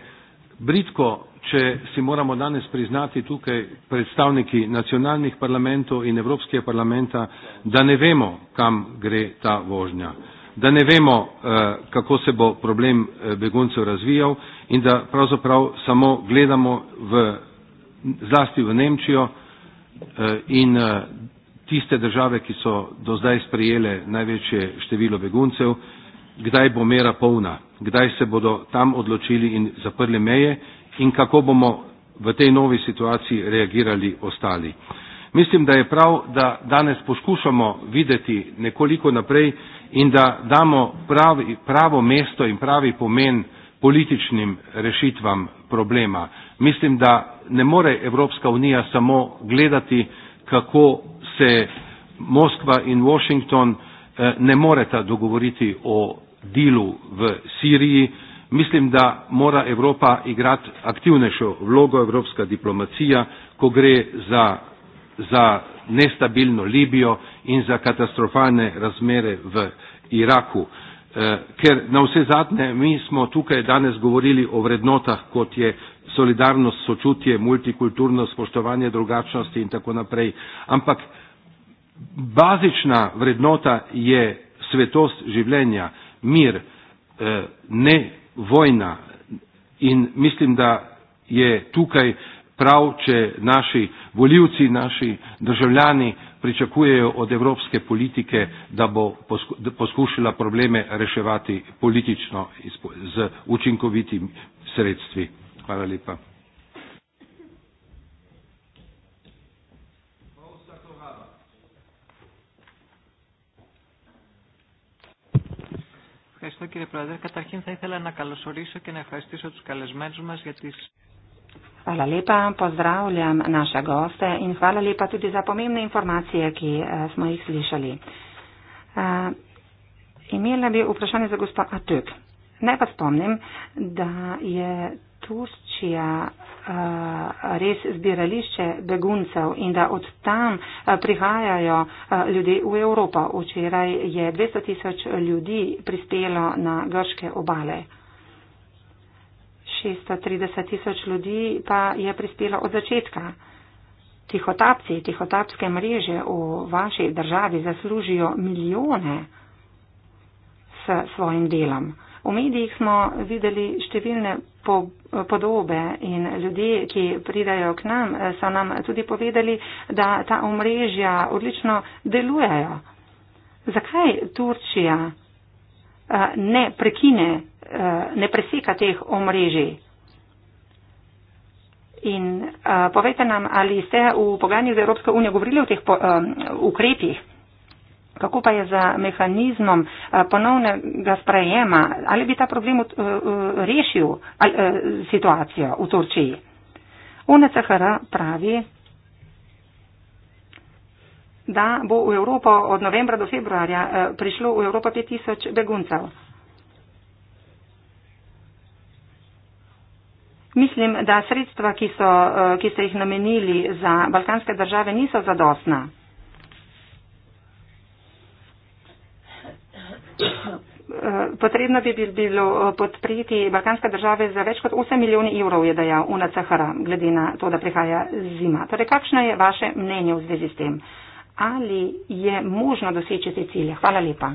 britko, če si moramo danes priznati tukaj predstavniki nacionalnih parlamentov in Evropskega parlamenta, da ne vemo, kam gre ta vožnja da ne vemo, eh, kako se bo problem eh, beguncev razvijal in da pravzaprav samo gledamo v, zlasti v Nemčijo eh, in tiste države, ki so do zdaj sprejele največje število beguncev, kdaj bo mera polna, kdaj se bodo tam odločili in zaprli meje in kako bomo v tej novi situaciji reagirali ostali. Mislim, da je prav, da danes poskušamo videti nekoliko naprej in da damo pravi, pravo mesto in pravi pomen političnim rešitvam problema. Mislim, da ne more Evropska unija samo gledati, kako se Moskva in Washington eh, ne moreta dogovoriti o dilu v Siriji. Mislim, da mora Evropa igrati aktivnejšo vlogo, evropska diplomacija, ko gre za za nestabilno Libijo in za katastrofalne razmere v Iraku. Eh, ker na vse zadnje mi smo tukaj danes govorili o vrednotah, kot je solidarnost, sočutje, multikulturnost, spoštovanje drugačnosti in tako naprej. Ampak bazična vrednota je svetost življenja, mir, eh, ne vojna. In mislim, da je tukaj prav, če naši voljivci, naši državljani pričakujejo od evropske politike, da bo poskušala probleme reševati politično z učinkovitim sredstvi. Hvala lepa. Ευχαριστώ κύριε Πρόεδρε. Καταρχήν θα ήθελα να καλωσορίσω και να ευχαριστήσω τους καλεσμένους μας για τις Hvala lepa, pozdravljam naše goste in hvala lepa tudi za pomembne informacije, ki eh, smo jih slišali. Eh, imela bi vprašanje za gospa Atuk. Naj pa spomnim, da je Tuščija eh, res zbirališče beguncev in da od tam prihajajo ljudje v Evropo. Včeraj je 200 tisoč ljudi prispelo na grške obale. 630 tisoč ljudi pa je prispelo od začetka. Tihotapci, tihotapske mreže v vaši državi zaslužijo milijone s svojim delom. V medijih smo videli številne po, podobe in ljudje, ki pridajo k nam, so nam tudi povedali, da ta omrežja odlično delujejo. Zakaj Turčija eh, ne prekine ne presika teh omrežij. In a, povejte nam, ali ste v pogajanjih z Evropsko unijo govorili o teh po, a, ukrepih, kako pa je za mehanizmom a, ponovnega sprejema, ali bi ta problem a, a, rešil a, a, situacijo v Turčiji. UNCHR pravi, da bo v Evropo od novembra do februarja a, prišlo v Evropo 5000 beguncev. Mislim, da sredstva, ki, so, eh, ki ste jih namenili za balkanske države, niso zadostna. Eh, potrebno bi bilo podpreti balkanske države za več kot 8 milijonov evrov, je dejal UNCHR, glede na to, da prihaja zima. Torej, kakšno je vaše mnenje v zvezi s tem? Ali je možno doseči te cilje? Hvala lepa.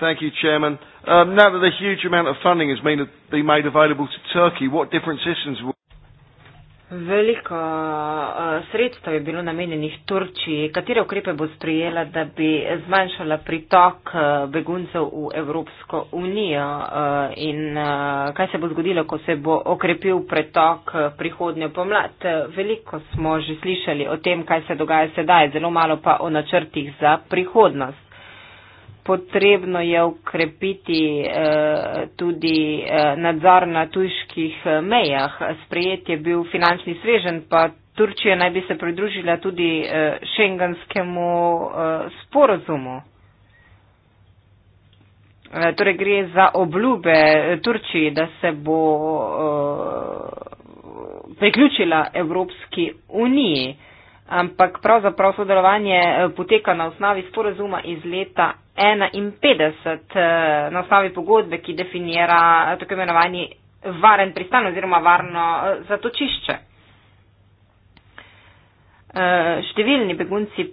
Thank you, Chairman. Um, now that a huge amount of funding has been, been made available to Turkey, what different systems will Veliko uh, sredstev je bilo namenjenih Turčiji. Katere ukrepe bo sprijela, da bi zmanjšala pritok uh, beguncev v Evropsko unijo uh, in uh, kaj se bo zgodilo, ko se bo okrepil pretok uh, prihodnjo pomlad? Veliko smo že slišali o tem, kaj se dogaja sedaj, zelo malo pa o načrtih za prihodnost potrebno je ukrepiti eh, tudi eh, nadzor na tujških eh, mejah. Sprejet je bil finančni svežen, pa Turčija naj bi se pridružila tudi šengenskemu sporozumu. Torej gre za obljube Turčiji, da se bo priključila Evropski uniji ampak pravzaprav sodelovanje eh, poteka na osnovi sporazuma iz leta 51, eh, na osnovi pogodbe, ki definira tako imenovani varen pristan oziroma varno eh, zatočišče. Številni begunci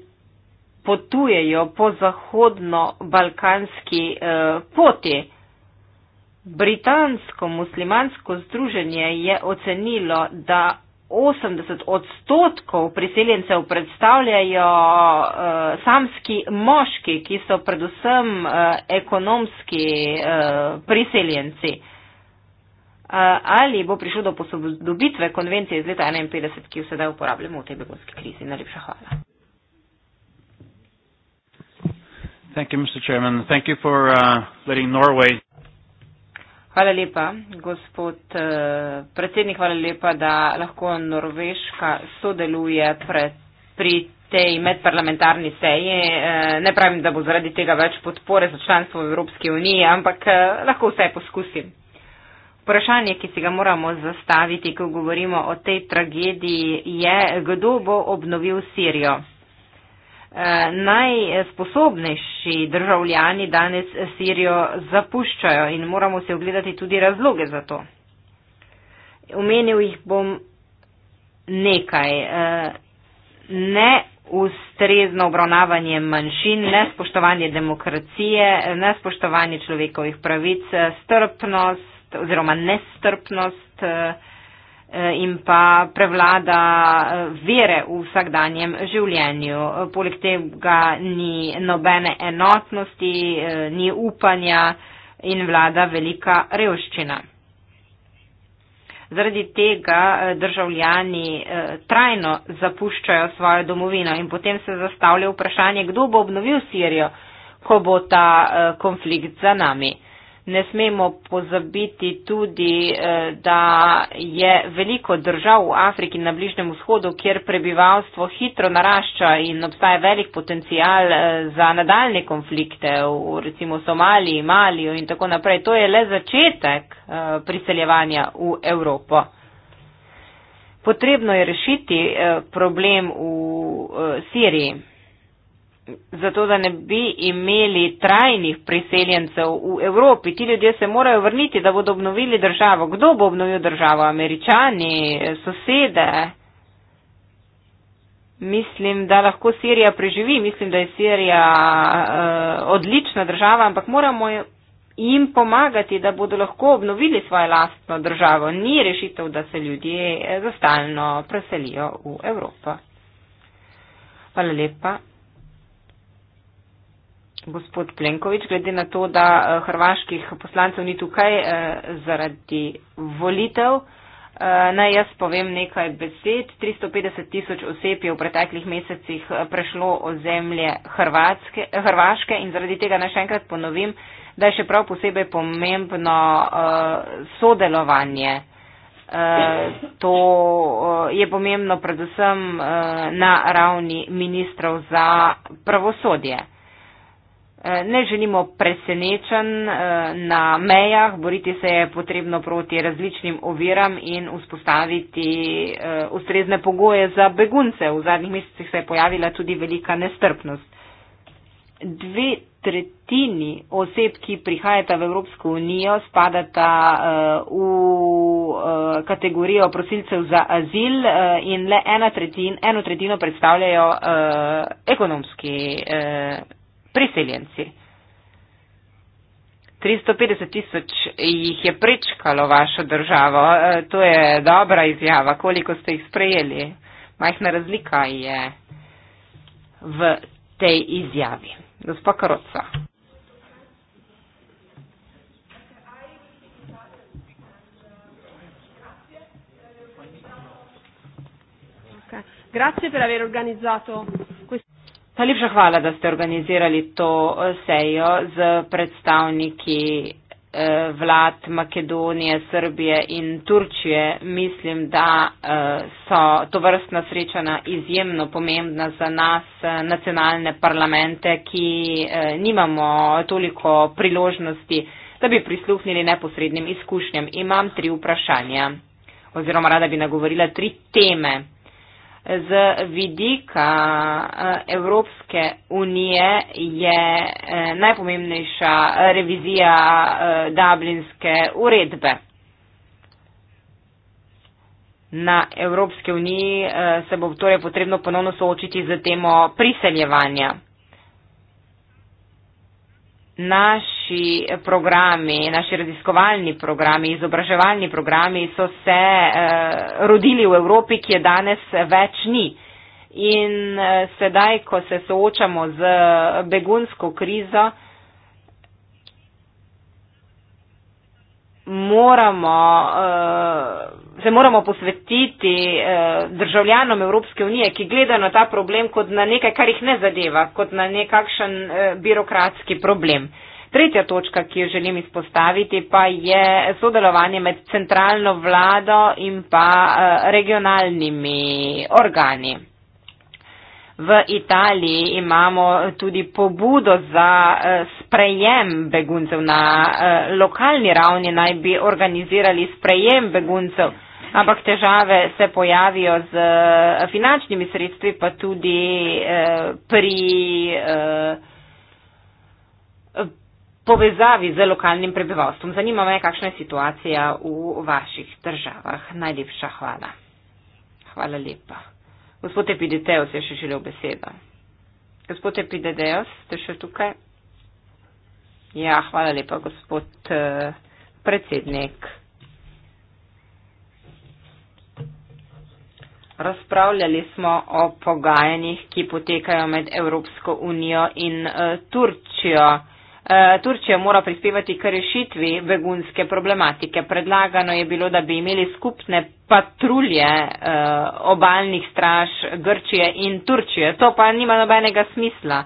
potujejo po zahodno-balkanski poti. Britansko-muslimansko združenje je ocenilo, da 80 odstotkov priseljencev predstavljajo uh, samski moški, ki so predvsem uh, ekonomski uh, priseljenci. Uh, ali bo prišlo do posodobitve konvencije iz leta 51, ki jo sedaj uporabljamo v tej begonski krizi? Najlepša hvala. Thank you, Mr. Chairman. Thank you for uh, letting Norway Hvala lepa, gospod eh, predsednik, hvala lepa, da lahko Norveška sodeluje pred, pri tej medparlamentarni seji. Eh, ne pravim, da bo zaradi tega več podpore za članstvo v Evropski uniji, ampak eh, lahko vse poskusim. Vprašanje, ki si ga moramo zastaviti, ko govorimo o tej tragediji, je, kdo bo obnovil Sirijo. Eh, najsposobnejši državljani danes Sirijo zapuščajo in moramo se ogledati tudi razloge za to. Omenil jih bom nekaj. Eh, ne ustrezno obravnavanje manjšin, nespoštovanje demokracije, nespoštovanje človekovih pravic, strpnost oziroma nestrpnost. Uh, Eh, in pa prevlada eh, vere v vsakdanjem življenju. Poleg tega ni nobene enotnosti, eh, ni upanja in vlada velika revščina. Zaradi tega državljani trajno zapuščajo svojo domovino in potem se zastavlja vprašanje, kdo bo obnovil Sirijo, ko bo ta konflikt za nami. Ne smemo pozabiti tudi, eh, da je veliko držav v Afriki na Bližnem vzhodu, kjer prebivalstvo hitro narašča in obstaja velik potencial eh, za nadaljne konflikte, recimo v Somaliji, Malijo in tako naprej. To je le začetek eh, priseljevanja v Evropo. Potrebno je rešiti problem v Siriji zato da ne bi imeli trajnih priseljencev v Evropi. Ti ljudje se morajo vrniti, da bodo obnovili državo. Kdo bo obnovil državo? Američani, sosede. Mislim, da lahko Sirija preživi, mislim, da je Sirija uh, odlična država, ampak moramo jim pomagati, da bodo lahko obnovili svojo lastno državo. Ni rešitev, da se ljudje eh, zastalno preselijo v Evropo. Hvala lepa gospod Plenković, glede na to, da eh, hrvaških poslancev ni tukaj eh, zaradi volitev. Eh, naj jaz povem nekaj besed. 350 tisoč oseb je v preteklih mesecih prešlo ozemlje Hrvaške in zaradi tega naj še enkrat ponovim, da je še prav posebej pomembno sodelovanje. To je pomembno predvsem na ravni ministrov za pravosodje. Eh, ne želimo presenečen eh, na mejah, boriti se je potrebno proti različnim oviram in vzpostaviti eh, ustrezne pogoje za begunce. V zadnjih mesecih se je pojavila tudi velika nestrpnost. Dve tretjini oseb, ki prihajata v Evropsko unijo, spadata v kategorijo prosilcev za azil in le tretjin, eno tretjino predstavljajo ekonomski priseljenci. 350 tisoč jih je prečkalo vašo državo. E, to je dobra izjava, koliko ste jih sprejeli. Majhna razlika je v tej izjavi. Gospa Karoca. Grazie per aver organizzato Najlepša hvala, da ste organizirali to eh, sejo z predstavniki eh, vlad Makedonije, Srbije in Turčije. Mislim, da eh, so to vrstna srečana izjemno pomembna za nas, nacionalne parlamente, ki nimamo toliko priložnosti, da bi prisluhnili neposrednim izkušnjam. Imam tri vprašanja oziroma rada bi nagovorila tri teme z vidika eh, Evropske unije je eh, najpomembnejša revizija eh, Dublinske uredbe. Na Evropske uniji se bo torej potrebno ponovno soočiti z temo priseljevanja naši programi, naši raziskovalni programi, izobraževalni programi so se eh, rodili v Evropi, ki je danes več ni. In eh, sedaj, ko se soočamo z begunsko krizo, moramo. Eh, se moramo posvetiti eh, državljanom Evropske unije, ki gledajo na ta problem kot na nekaj, kar jih ne zadeva, kot na nekakšen eh, birokratski problem. Tretja točka, ki jo želim izpostaviti, pa je sodelovanje med centralno vlado in pa eh, regionalnimi organi. V Italiji imamo tudi pobudo za eh, sprejem beguncev. Na eh, lokalni ravni naj bi organizirali sprejem beguncev, ampak težave se pojavijo z eh, finančnimi sredstvi, pa tudi pri povezavi z lokalnim prebivalstvom. Zanima me, kakšna je situacija v vaših državah. Najlepša hvala. Hvala lepa. Gospod Epideteus je še želel besedo. Gospod Epideteus, ste še tukaj? Ja, hvala lepa, gospod uh, predsednik. Razpravljali smo o pogajanjih, ki potekajo med Evropsko unijo in uh, Turčijo. Eh, Turčija mora prispevati k rešitvi begunske problematike. Predlagano je bilo, da bi imeli skupne patrulje eh, obalnih straž Grčije in Turčije. To pa nima nobenega smisla.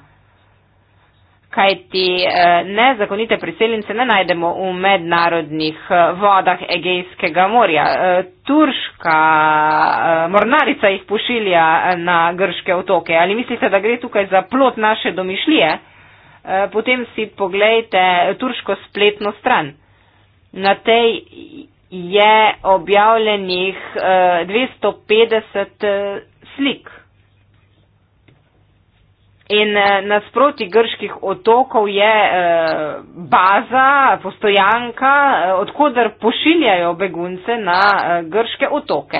Kaj ti eh, nezakonite priseljence ne najdemo v mednarodnih vodah Egejskega morja. Turška mornarica jih pošilja na grške otoke. Ali mislite, da gre tukaj za plot naše domišljije? Eh, potem si pogledajte turško spletno stran. Na tej je objavljenih 250 eh, eh, slik. In nasproti grških otokov je baza, postojanka, odkudar pošiljajo begunce na grške otoke.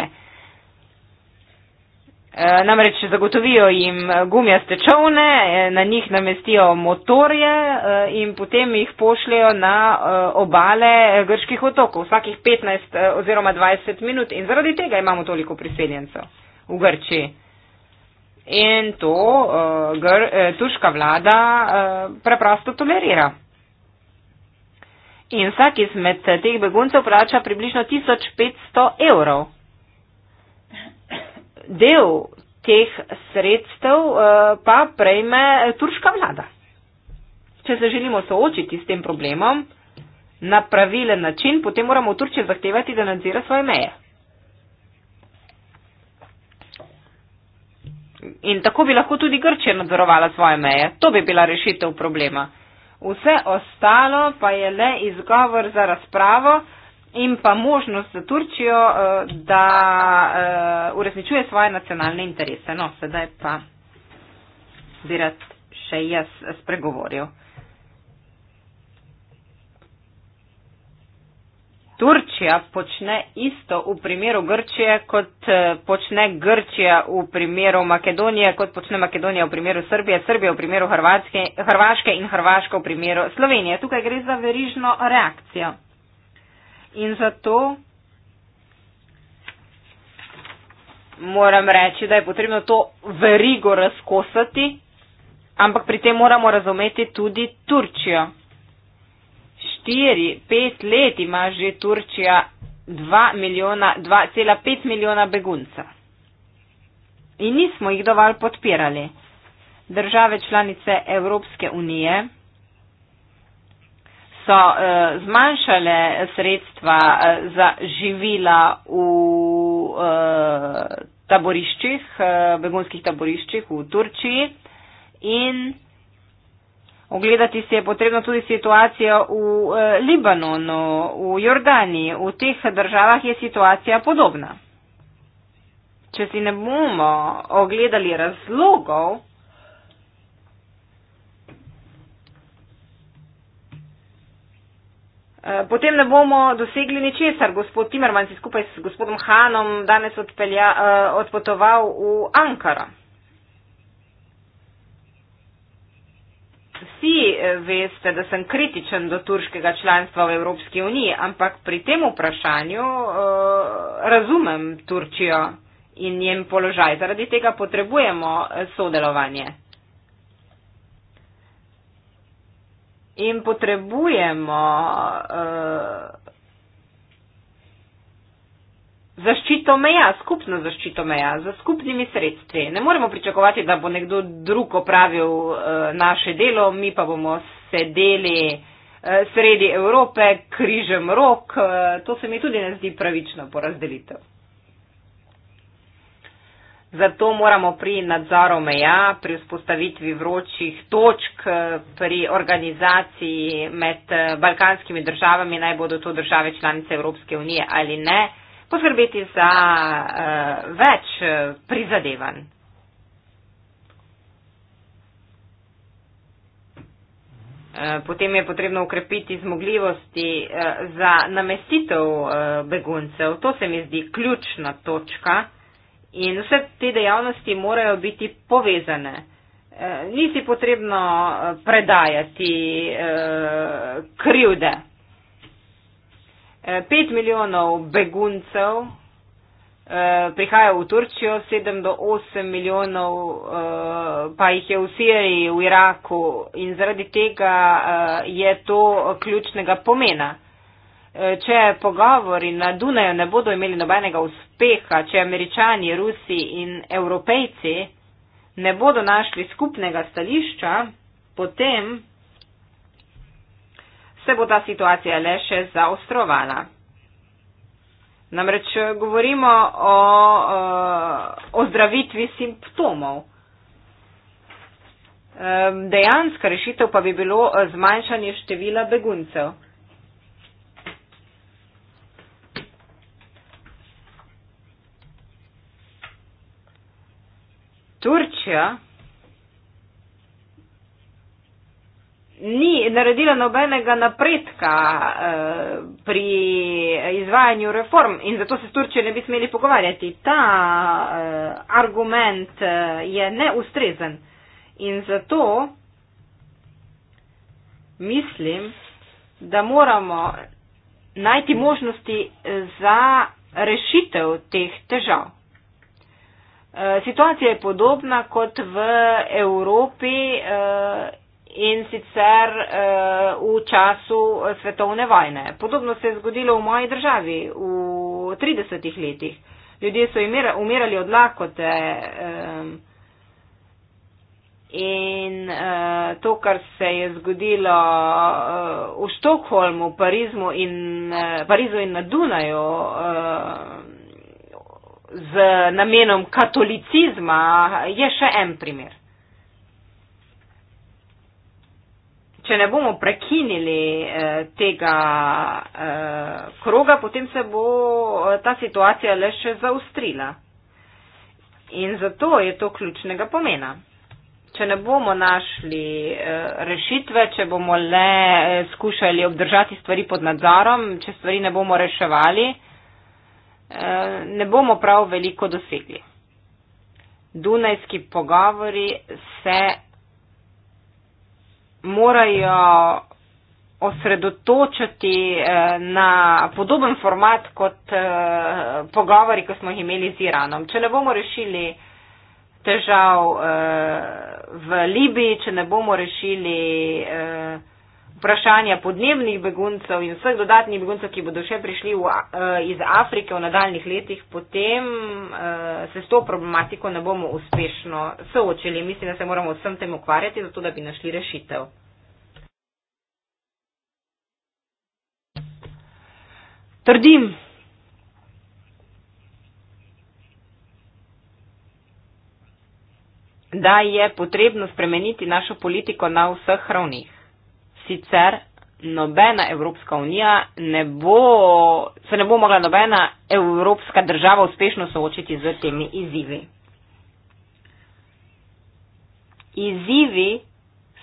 Eh, namreč zagotovijo jim eh, gumijaste čovne, eh, na njih namestijo motorje in potem jih pošljajo na obale grških otokov vsakih 15 oziroma 20 minut in zaradi tega imamo toliko priseljencev v Grči. In to gr, turška vlada preprosto tolerira. In vsak izmed teh beguncev plača približno 1500 evrov del teh sredstev eh, pa prejme turška vlada. Če se želimo soočiti s tem problemom na pravilen način, potem moramo Turčijo zahtevati, da nadzira svoje meje. In tako bi lahko tudi Grčija nadzorovala svoje meje. To bi bila rešitev problema. Vse ostalo pa je le izgovor za razpravo in pa možnost za Turčijo, eh, da eh, uresničuje svoje nacionalne interese. No, sedaj pa bi rad še jaz spregovoril. Turčija počne isto v primeru Grčije, kot eh, počne Grčija v primeru Makedonije, kot počne Makedonija v primeru Srbije, Srbija v primeru Hrvatske, Hrvaške in Hrvaška v primeru Slovenije. Tukaj gre za verižno reakcijo. In zato moram reči, da je potrebno to verigo razkosati, ampak pri tem moramo razumeti tudi Turčijo. Štiri, pet let ima že Turčija 2,5 milijona, milijona beguncev. In nismo jih dovolj podpirali. Države članice Evropske unije so uh, zmanjšale sredstva uh, za živila v uh, taboriščih, uh, begunskih taboriščih v Turčiji in ogledati si je potrebno tudi situacijo v uh, Libanonu, v Jordaniji, v teh državah je situacija podobna. Če si ne bomo ogledali razlogov, Eh, potem ne bomo dosegli ničesar. Gospod Timerman si skupaj s gospodom Hanom danes odpelja, uh, odpotoval v Ankara. Vsi eh, veste, da sem kritičen do turškega članstva v Evropski uniji, ampak pri tem vprašanju uh, razumem Turčijo in njen položaj. Zaradi tega potrebujemo sodelovanje. in potrebujemo uh, zaščito meja, skupno zaščito meja, za skupnimi sredstvi. Ne moremo pričakovati, da bo nekdo drug opravil uh, naše delo, mi pa bomo sedeli uh, sredi Evrope križem rok. Uh, to se mi tudi ne zdi pravično porazdelitev. Zato moramo pri nadzoru meja, pri vzpostavitvi vročih točk, pri organizaciji med eh, balkanskimi državami, naj bodo to države članice Evropske unije ali ne, poskrbeti za uh, več eh, prizadevanj. Potem je potrebno ukrepiti zmogljivosti za namestitev beguncev. To se mi zdi ključna točka. In vse te dejavnosti morajo biti povezane. E, eh, nisi potrebno eh, predajati e, krivde. E, pet milijonov beguncev e, prihaja v Turčijo, sedem do osem milijonov e, pa jih je v Siriji, v Iraku in zaradi tega e, je to ključnega pomena če pogovori na Dunaju ne bodo imeli nobenega uspeha, če američani, rusi in evropejci ne bodo našli skupnega stališča, potem se bo ta situacija le še zaostrovala. Namreč eh, govorimo o eh, ozdravitvi simptomov. Dejanska rešitev pa bi bilo eh, zmanjšanje števila beguncev. Turčija ni naredila nobenega napredka eh, pri izvajanju reform in zato se s Turčijo ne bi smeli pogovarjati. Ta eh, argument eh, je neustrezen in zato mislim, da moramo najti možnosti eh, za rešitev teh težav. Eh, situacija je podobna kot v Evropi eh, in sicer eh, v času svetovne vojne. Podobno se je zgodilo v moji državi v 30-ih letih. Ljudje so umirali od lakote in to, kar se je zgodilo v Štokholmu, Parizmu in, Parizu in na Dunaju z namenom katolicizma, je še en primer. Če ne bomo prekinili eh, tega eh, kroga, potem se bo eh, ta situacija le še zaustrila. In zato je to ključnega pomena. Če ne bomo našli eh, rešitve, če bomo le eh, skušali obdržati stvari pod nadzorom, če stvari ne bomo reševali, eh, ne bomo prav veliko dosegli. Dunajski pogovori se morajo osredotočiti eh, na podoben format kot eh, pogovori, ko smo jih imeli z Iranom. Če ne bomo rešili težav eh, v Libiji, če ne bomo rešili vprašanja podnebnih beguncev in vseh dodatnih beguncev, ki bodo še prišli v, eh, iz Afrike v nadaljnih letih, potem eh, se s to problematiko ne bomo uspešno soočili. Mislim, da se moramo vsem tem ukvarjati, zato da bi našli rešitev. Trdim. da je potrebno spremeniti našo politiko na vseh ravnih sicer nobena Evropska unija ne bo, se ne bo mogla nobena evropska država uspešno soočiti z temi izzivi. Izzivi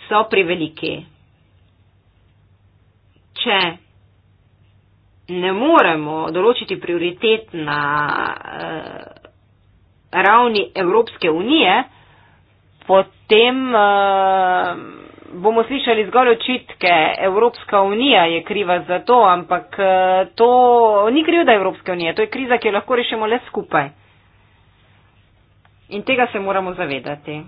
so preveliki. Če ne moremo določiti prioritet na eh, ravni Evropske unije, potem eh, bomo slišali zgolj očitke, Evropska unija je kriva za to, ampak eh, to ni krivda Evropske unije, to je kriza, ki jo lahko rešimo le skupaj. In tega se moramo zavedati.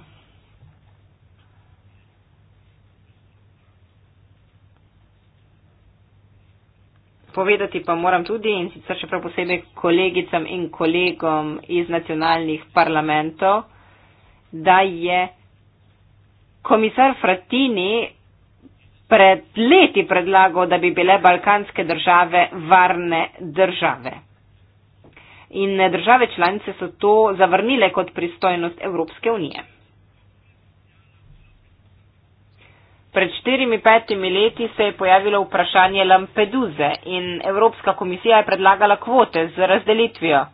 Povedati pa moram tudi in sicer še prav posebej kolegicam in kolegom iz nacionalnih parlamentov, da je komisar Fratini pred leti predlagal, da bi bile balkanske države varne države. In države članice so to zavrnile kot pristojnost Evropske unije. Pred štirimi petimi leti se je pojavilo vprašanje Lampeduze in Evropska komisija je predlagala kvote z razdelitvijo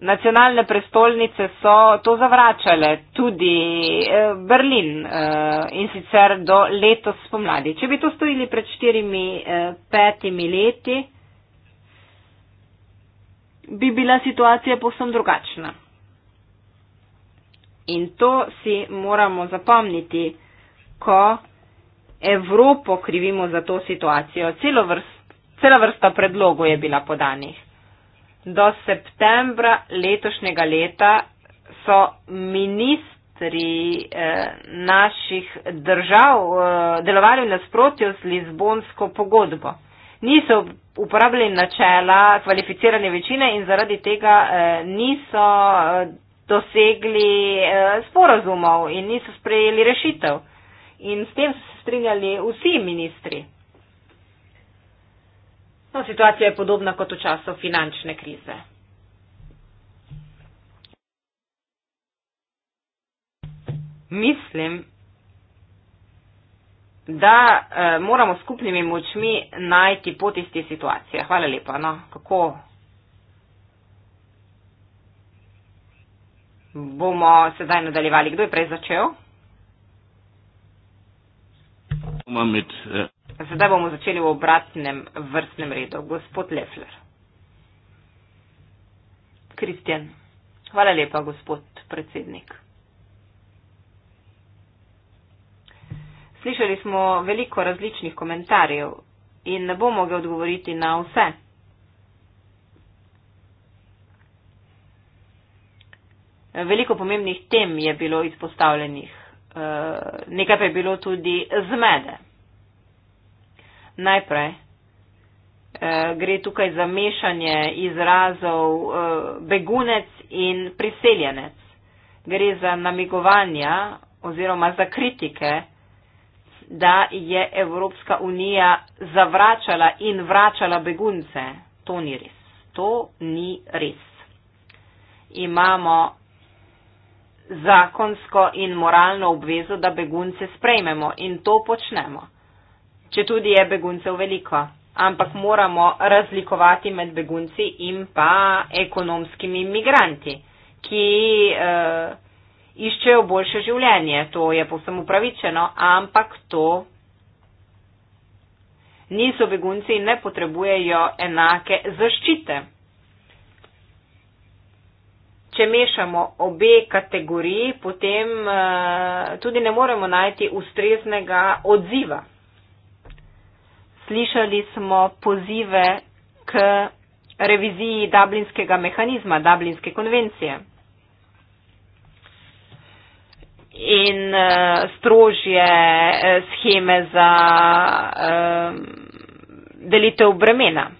nacionalne prestolnice so to zavračale, tudi eh, Berlin eh, in sicer do letos spomladi. Če bi to stojili pred štirimi, eh, petimi leti, bi bila situacija povsem drugačna. In to si moramo zapomniti, ko Evropo krivimo za to situacijo. Celo vrst, cela vrsta predlogov je bila podanih do septembra letošnjega leta so ministri eh, naših držav eh, delovali v nasprotju z Lizbonsko pogodbo. Niso uporabljali načela kvalificirane večine in zaradi tega eh, niso eh, dosegli eh, sporazumov in niso sprejeli rešitev. In s tem so se strinjali vsi ministri. No, situacija je podobna kot v času finančne krize. Mislim, da eh, moramo skupnimi močmi najti pot iz te situacije. Hvala lepa. No, kako bomo sedaj nadaljevali? Kdo je prej začel? Moment, uh... Zdaj bomo začeli v obratnem vrstnem redu. Gospod Lefler. Kristjan. Hvala lepa, gospod predsednik. Slišali smo veliko različnih komentarjev in ne bom mogel odgovoriti na vse. Veliko pomembnih tem je bilo izpostavljenih, eh, nekaj pa je bilo tudi zmede najprej. Eh, gre tukaj za mešanje izrazov eh, begunec in priseljenec. Gre za namigovanja oziroma za kritike, da je Evropska unija zavračala in vračala begunce. To ni res. To ni res. Imamo zakonsko in moralno obvezo, da begunce sprejmemo in to počnemo če tudi je beguncev veliko. Ampak moramo razlikovati med begunci in pa ekonomskimi imigranti, ki uh, iščejo boljše življenje. To je povsem upravičeno, ampak to niso begunci in ne potrebujejo enake zaščite. Če mešamo obe kategoriji, potem uh, tudi ne moremo najti ustreznega odziva slišali smo pozive k reviziji dublinskega mehanizma, dublinske konvencije in eh, strožje eh, scheme za eh, delitev bremena.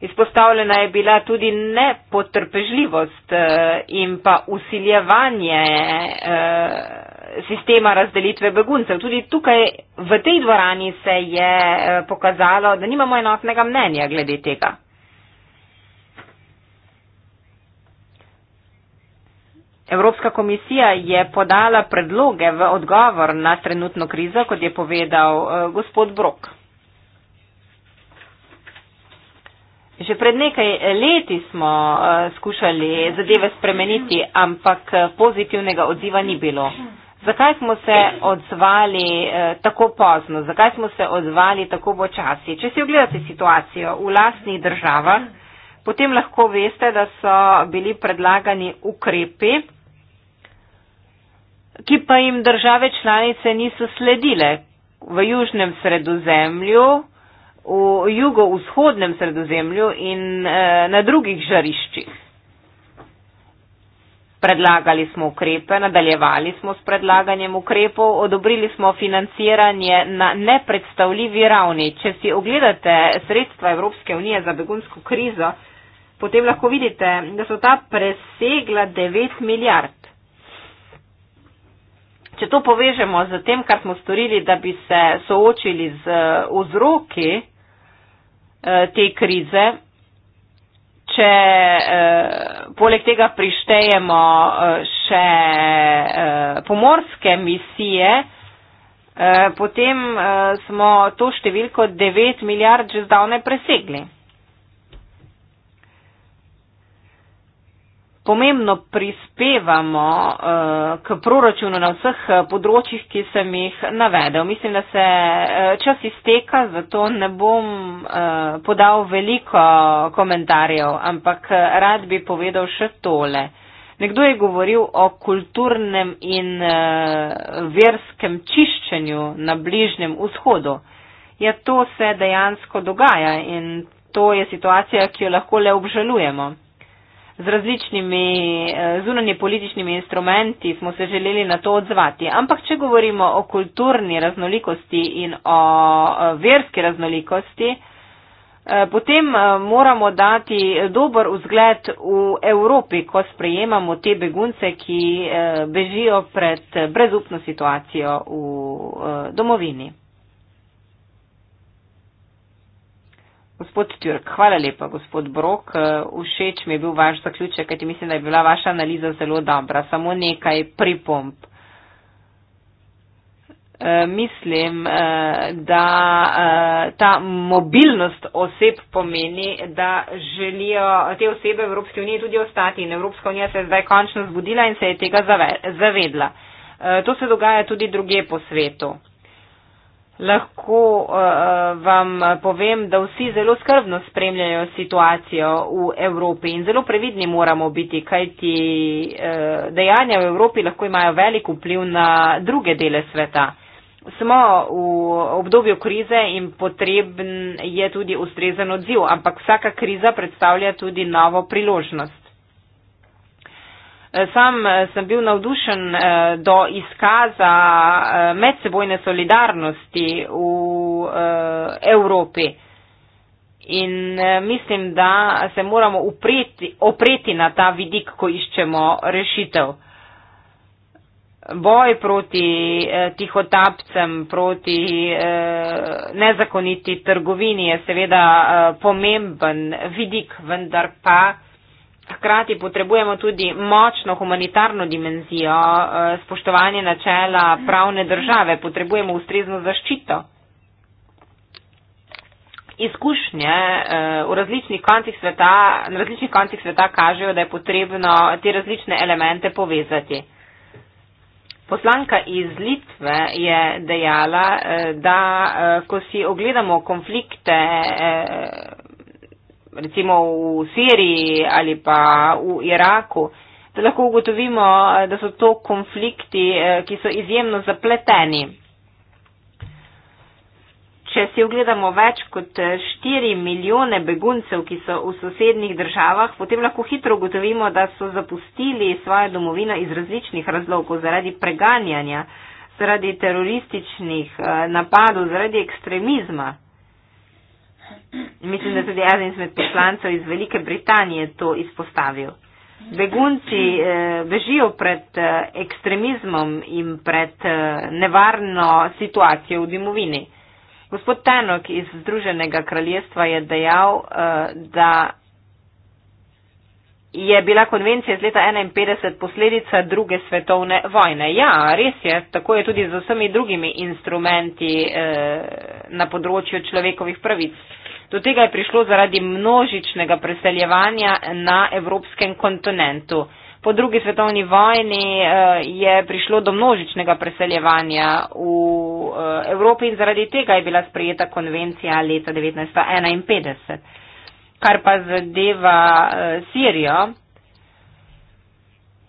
Izpostavljena je bila tudi nepotrpežljivost in pa usiljevanje sistema razdelitve beguncev. Tudi tukaj v tej dvorani se je eh, pokazalo, da nimamo enotnega mnenja glede tega. Evropska komisija je podala predloge v odgovor na trenutno krizo, kot je povedal eh, gospod Brok. Že pred nekaj leti smo eh, skušali zadeve spremeniti, ampak pozitivnega odziva ni bilo zakaj smo se odzvali eh, tako pozno, zakaj smo se odzvali tako počasi. Če si ogledate situacijo v lastnih državah, potem lahko veste, da so bili predlagani ukrepi, ki pa jim države članice niso sledile v južnem sredozemlju, v jugovzhodnem sredozemlju in eh, na drugih žariščih. Predlagali smo ukrepe, nadaljevali smo s predlaganjem ukrepov, odobrili smo financiranje na nepredstavljivi ravni. Če si ogledate sredstva Evropske unije za begunsko krizo, potem lahko vidite, da so ta presegla 9 milijard. Če to povežemo z tem, kar smo storili, da bi se soočili z eh, vzroki eh, te krize, če eh, poleg tega prištejemo eh, še eh, pomorske misije, potem smo to številko 9 milijard že zdavne presegli. pomembno prispevamo eh, k proračunu na vseh eh, področjih, ki sem jih navedel. Mislim, da se eh, čas izteka, zato ne bom podal veliko komentarjev, ampak rad bi povedal še tole. Nekdo je govoril o kulturnem in verskem čiščenju na bližnjem vzhodu. Ja, to se dejansko dogaja in to je situacija, ki jo lahko le obžalujemo z različnimi eh, zunanje političnimi instrumenti smo se želeli na to odzvati. Ampak, če govorimo o kulturni raznolikosti in o eh, verski raznolikosti, eh, potem moramo dati dober vzgled v Evropi, ko sprejemamo te begunce, ki bežijo pred brezupno situacijo v domovini. Gospod Tjurk, hvala lepa, gospod Brok. Eh, Všeč mi je bil vaš zaključek, kajti mislim, da je bila vaša analiza zelo dobra. Samo nekaj pripomp. E, eh, mislim, eh, da ta mobilnost oseb pomeni, da želijo te osebe v Evropski uniji tudi ostati in Evropska unija se je zdaj končno zbudila in se je tega zavedla. E, to se dogaja tudi druge po svetu. Lahko uh, vam povem, da vsi zelo skrbno spremljajo situacijo v Evropi in zelo previdni moramo biti, kajti uh, dejanja v Evropi lahko imajo velik vpliv na druge dele sveta. Smo v obdobju krize in potreben je tudi ustrezen odziv, ampak vsaka kriza predstavlja tudi novo priložnost. Sam eh, sem bil navdušen eh, do izkaza eh, medsebojne solidarnosti v Evropi. In mislim, da se moramo upreti, opreti na ta vidik, ko iščemo rešitev. Boj proti eh, tihotapcem, proti eh, nezakoniti trgovini je seveda eh, pomemben vidik, vendar pa eh, Hkrati potrebujemo tudi močno humanitarno dimenzijo, eh, spoštovanje načela pravne države, potrebujemo ustrezno zaščito. Izkušnje eh, v različnih koncih sveta, na različnih koncih sveta kažejo, da je potrebno te različne elemente povezati. Poslanka iz Litve je dejala, eh, da ko si ogledamo konflikte recimo v Siriji ali pa v Iraku, da lahko ugotovimo, da so to konflikti, eh, ki so izjemno zapleteni. Če si ogledamo več kot 4 eh, milijone beguncev, ki so v sosednjih državah, potem lahko hitro ugotovimo, da so zapustili svojo domovino iz različnih razlogov, zaradi preganjanja, zaradi terorističnih eh, napadov, zaradi ekstremizma. In mislim, da tudi eden izmed poslancev iz Velike Britanije to izpostavil. Begunci eh, bežijo pred eh, ekstremizmom in pred eh, nevarno situacijo v domovini. Gospod Tenok iz Združenega kraljestva je dejal, eh, da je bila konvencija iz leta 1951 posledica druge svetovne vojne. Ja, res je, tako je tudi z vsemi drugimi instrumenti eh, na področju človekovih pravic. Eh, Do tega je prišlo zaradi množičnega preseljevanja na evropskem kontinentu. Po drugi svetovni vojni eh, je prišlo do množičnega preseljevanja v eh, Evropi in zaradi tega je bila sprejeta konvencija leta 1951. Kar pa zadeva eh, Sirijo,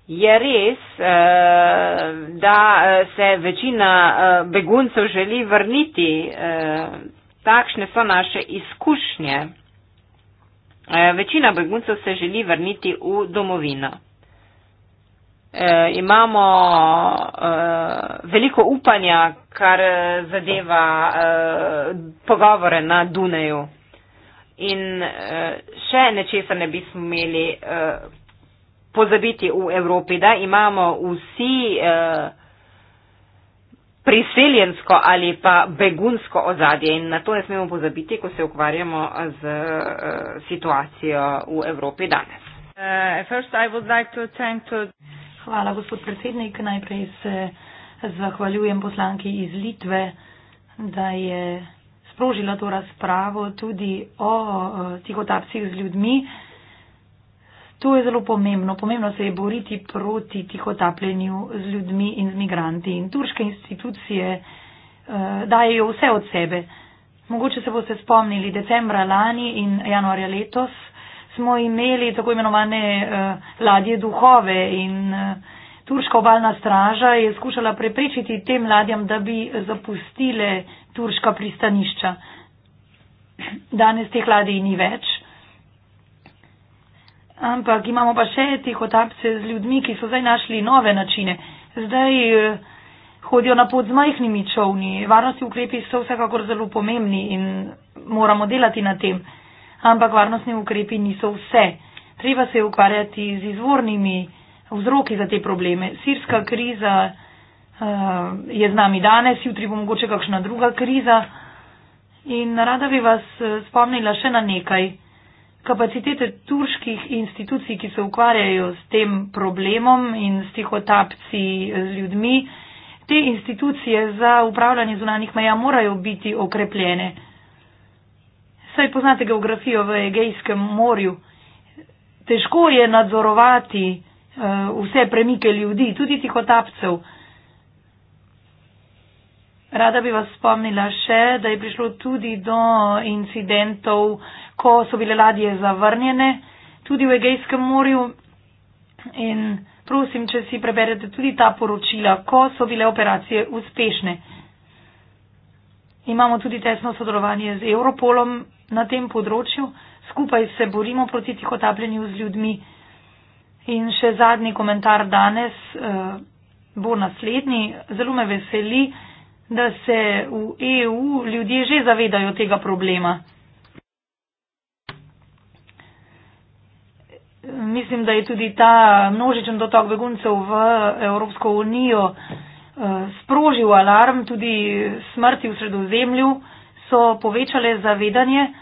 je res, da se večina beguncev želi vrniti takšne so naše izkušnje. E, večina beguncev se želi vrniti v domovino. E, imamo e, veliko upanja, kar e, zadeva e, pogovore na Duneju. In e, še nečesa ne bi smeli e, pozabiti v Evropi, da imamo vsi e, priseljensko ali pa begunsko ozadje in na to ne smemo pozabiti, ko se ukvarjamo z uh, situacijo v Evropi danes. Uh, like to to... Hvala, gospod predsednik. Najprej se zahvaljujem poslanki iz Litve, da je sprožila to razpravo tudi o uh, tihotapcih z ljudmi. Uh, To je zelo pomembno. Pomembno se je boriti proti tihotapljenju z ljudmi in z migranti. In turške institucije uh, dajejo vse od sebe. Mogoče se boste spomnili, decembra lani in januarja letos smo imeli tako imenovane uh, ladje duhove in uh, turška obalna straža je skušala prepričiti tem ladjam, da bi zapustile turška pristanišča. Danes teh ladij ni več ampak imamo pa še tih otapce z ljudmi, ki so zdaj našli nove načine. Zdaj eh, hodijo na pod z majhnimi čovni. Varnostni ukrepi so vsekakor zelo pomembni in moramo delati na tem. Ampak varnostni ukrepi niso vse. Treba se ukvarjati z izvornimi vzroki za te probleme. Sirska kriza uh, je z nami danes, jutri bo mogoče kakšna druga kriza. In rada bi vas eh, spomnila še na nekaj kapacitete turških institucij, ki se ukvarjajo s tem problemom in s tihotapci eh, z ljudmi. Te institucije za upravljanje zunanih meja morajo biti okrepljene. Saj poznate geografijo v Egejskem morju. Težko je nadzorovati uh, vse premike ljudi, tudi tihotapcev. Rada bi vas spomnila še, da je prišlo tudi do incidentov uh, ko so bile ladje zavrnjene, tudi v Egejskem morju. In prosim, če si preberete tudi ta poročila, ko so bile operacije uspešne. Imamo tudi tesno sodelovanje z Europolom na tem področju, skupaj se borimo proti tihotapljenju z ljudmi. In še zadnji komentar danes uh, bo naslednji. Zelo me veseli, da se v EU ljudje že zavedajo tega problema. mislim, da je tudi ta množičen dotok beguncev v Evropsko unijo eh, sprožil alarm, tudi smrti v sredozemlju so povečale zavedanje.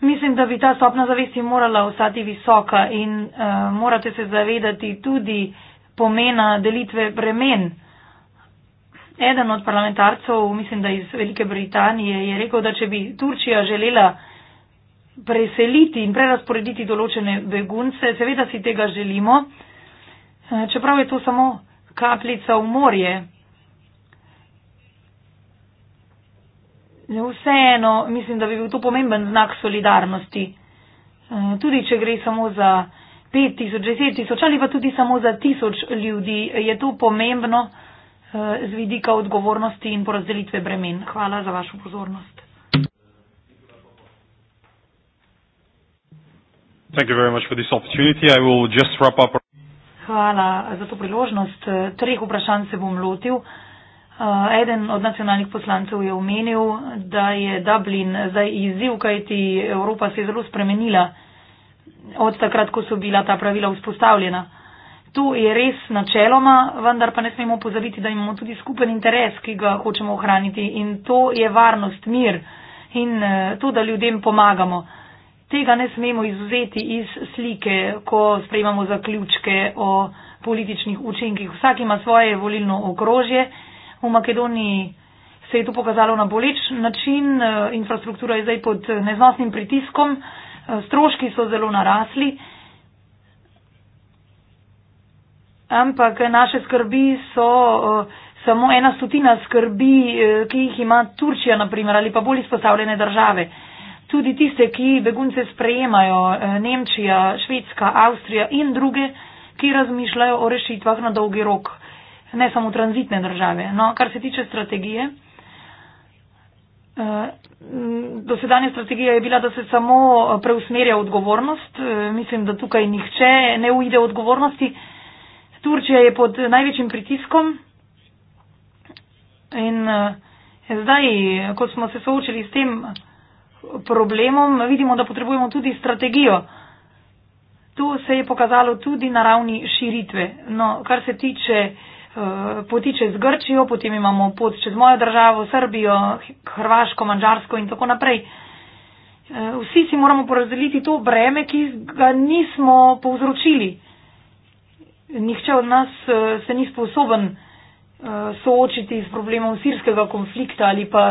Mislim, da bi ta stopna zavesti morala ostati visoka in uh, morate se zavedati tudi pomena delitve bremen. Eden od parlamentarcev, mislim, da iz Velike Britanije, je rekel, da če bi Turčija želela preseliti in prerasporediti določene begunce, seveda si tega želimo, eh, čeprav je to samo kapljica v morje. Vseeno mislim, da bi bil to pomemben znak solidarnosti. Eh, tudi če gre samo za 5 tisoč, 10 tisoč ali pa tudi samo za tisoč ljudi, je to pomembno eh, z vidika odgovornosti in porazdelitve bremen. Hvala za vašo pozornost. Thank you very much for this opportunity. I will just wrap up. Hvala za to priložnost. Treh vprašanj se bom lotil. Eh, eden od nacionalnih poslancev je omenil, da je Dublin zdaj izziv, kajti Evropa se je zelo spremenila od takrat, ko so bila ta pravila vzpostavljena. To je res načeloma, vendar pa ne smemo pozabiti, da imamo tudi skupen interes, ki ga hočemo ohraniti in to je varnost, mir in eh, to, da ljudem pomagamo tega ne smemo izuzeti iz slike, ko sprejmamo zaključke o političnih učinkih. Vsak ima svoje volilno okrožje. V Makedoniji se je to pokazalo na boleč način. Infrastruktura je zdaj pod neznosnim pritiskom, stroški so zelo narasli. Ampak naše skrbi so eh, samo ena stotina skrbi, eh, ki jih ima Turčija, naprimer, ali pa bolj izpostavljene države tudi tiste, ki begunce sprejemajo, eh, Nemčija, Švedska, Avstrija in druge, ki razmišljajo o rešitvah na dolgi rok, ne samo tranzitne države. No, kar se tiče strategije, eh, dosedanja strategija je bila, da se samo eh, preusmerja odgovornost. Mislim, da tukaj nihče ne uide odgovornosti. Turčija je pod največjim pritiskom in zdaj, ko smo se soočili s tem, problemom, vidimo, da potrebujemo tudi strategijo. To se je pokazalo tudi na ravni širitve. No, kar se tiče eh, potiče z Grčijo, potem imamo pot čez mojo državo, Srbijo, Hrvaško, Mačarsko in tako naprej. Eh, vsi si moramo porazdeliti to breme, ki ga nismo povzročili. Nihče od nas eh, se ni sposoben soočiti s problemom sirskega konflikta ali pa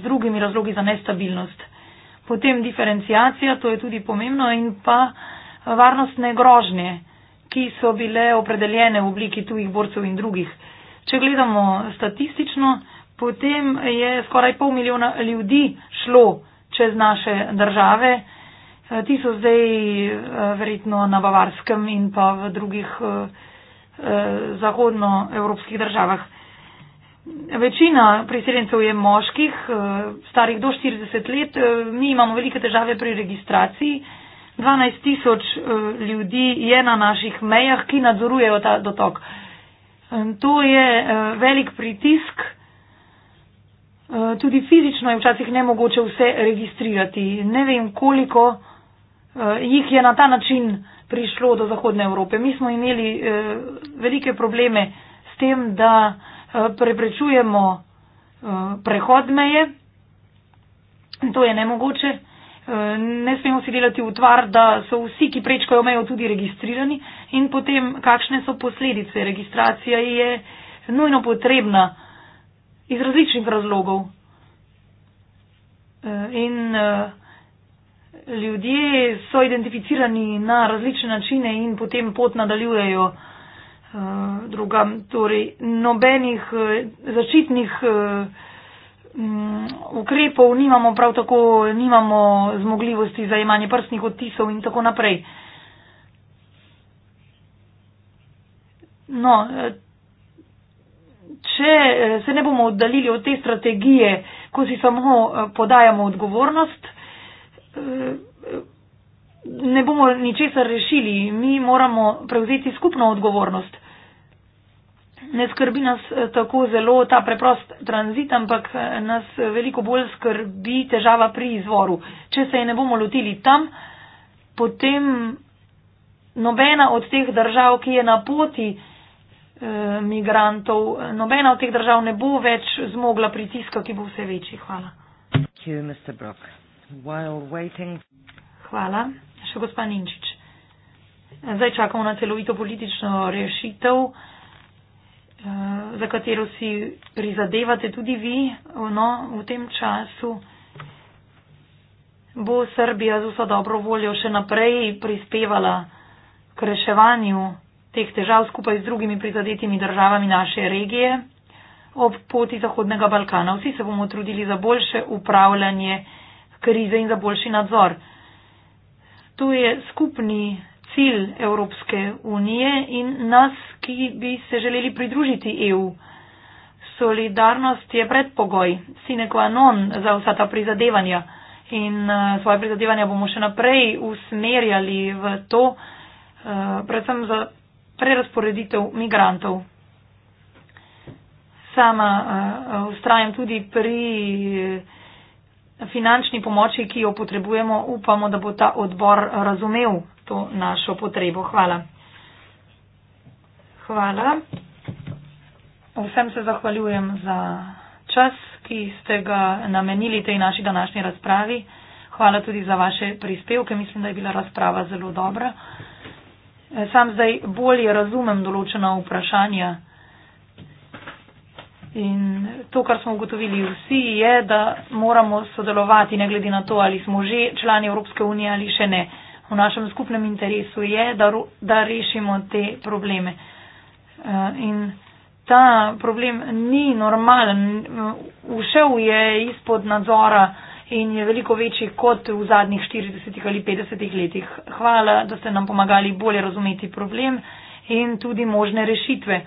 z drugimi razlogi za nestabilnost. Potem diferencijacija, to je tudi pomembno, in pa varnostne grožnje, ki so bile opredeljene v obliki tujih borcev in drugih. Če gledamo statistično, potem je skoraj pol milijona ljudi šlo čez naše države. Ti so zdaj eh, verjetno na Bavarskem in pa v drugih eh, eh, zahodnoevropskih državah. Večina priseljencev je moških, eh, starih do 40 let. Eh, mi imamo velike težave pri registraciji. 12 tisoč eh, ljudi je na naših mejah, ki nadzorujejo ta dotok. To je velik pritisk. Tudi fizično je včasih nemogoče vse registrirati. Ne vem, koliko jih je na ta način prišlo do Zahodne Evrope. Mi smo imeli velike probleme s tem, da Eh, preprečujemo eh, prehod meje. To je nemogoče. Eh, ne smemo si delati utvar, da so vsi, ki prečkajo mejo, tudi registrirani in potem kakšne so posledice. Registracija je nujno potrebna iz različnih razlogov. In ljudje so identificirani na različne načine in potem pot nadaljujejo. Eh, drugam. Torej, nobenih eh, zaščitnih eh, mm, ukrepov nimamo, prav tako nimamo zmogljivosti za imanje prstnih odtisov in tako naprej. No, če se ne bomo oddalili od te strategije, ko si samo podajamo odgovornost, ne bomo ničesar rešili, mi moramo prevzeti skupno odgovornost. Ne skrbi nas eh, tako zelo ta preprost tranzit, ampak eh, nas eh, veliko bolj skrbi težava pri izvoru. Če se je ne bomo lotili tam, potem nobena od teh držav, ki je na poti eh, migrantov, nobena od teh držav ne bo več zmogla pritiska, ki bo vse večji. Hvala. Thank you, Mr. Brock. While waiting... Hvala še gospa Ninčič. Zdaj čakamo na celovito politično rešitev, eh, za katero si prizadevate tudi vi. No, v tem času bo Srbija z vso dobro voljo še naprej prispevala k reševanju teh težav skupaj z drugimi prizadetimi državami naše regije ob poti Zahodnega Balkana. Vsi se bomo trudili za boljše upravljanje krize in za boljši nadzor. To je skupni cilj Evropske unije in nas, ki bi se želeli pridružiti EU. Solidarnost je predpogoj, sine qua non za vsa ta prizadevanja in uh, eh, svoje prizadevanja bomo še naprej usmerjali v to, uh, predvsem za prerasporeditev migrantov. Sama uh, eh, ustrajam tudi pri uh, finančni pomoči, ki jo potrebujemo, upamo, da bo ta odbor razumel to našo potrebo. Hvala. Hvala. Vsem se zahvaljujem za čas, ki ste ga namenili tej naši današnji razpravi. Hvala tudi za vaše prispevke. Mislim, da je bila razprava zelo dobra. Sam zdaj bolje razumem določena vprašanja. In to, kar smo ugotovili vsi, je, da moramo sodelovati, ne glede na to, ali smo že člani Evropske unije ali še ne. V našem skupnem interesu je, da, da rešimo te probleme. Eh, in ta problem ni normalen, ušel je izpod nadzora in je veliko večji kot v zadnjih 40 ali 50 letih. Hvala, da ste nam pomagali bolje razumeti problem in tudi možne rešitve.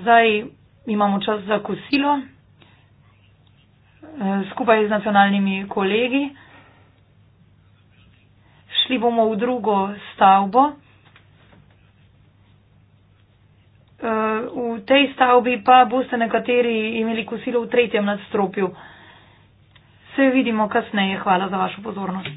Zdaj, imamo čas za kosilo eh, skupaj z nacionalnimi kolegi. Šli bomo v drugo stavbo. Eh, v tej stavbi pa boste nekateri imeli kosilo v tretjem nadstropju. Se vidimo kasneje. Hvala za vašo pozornost.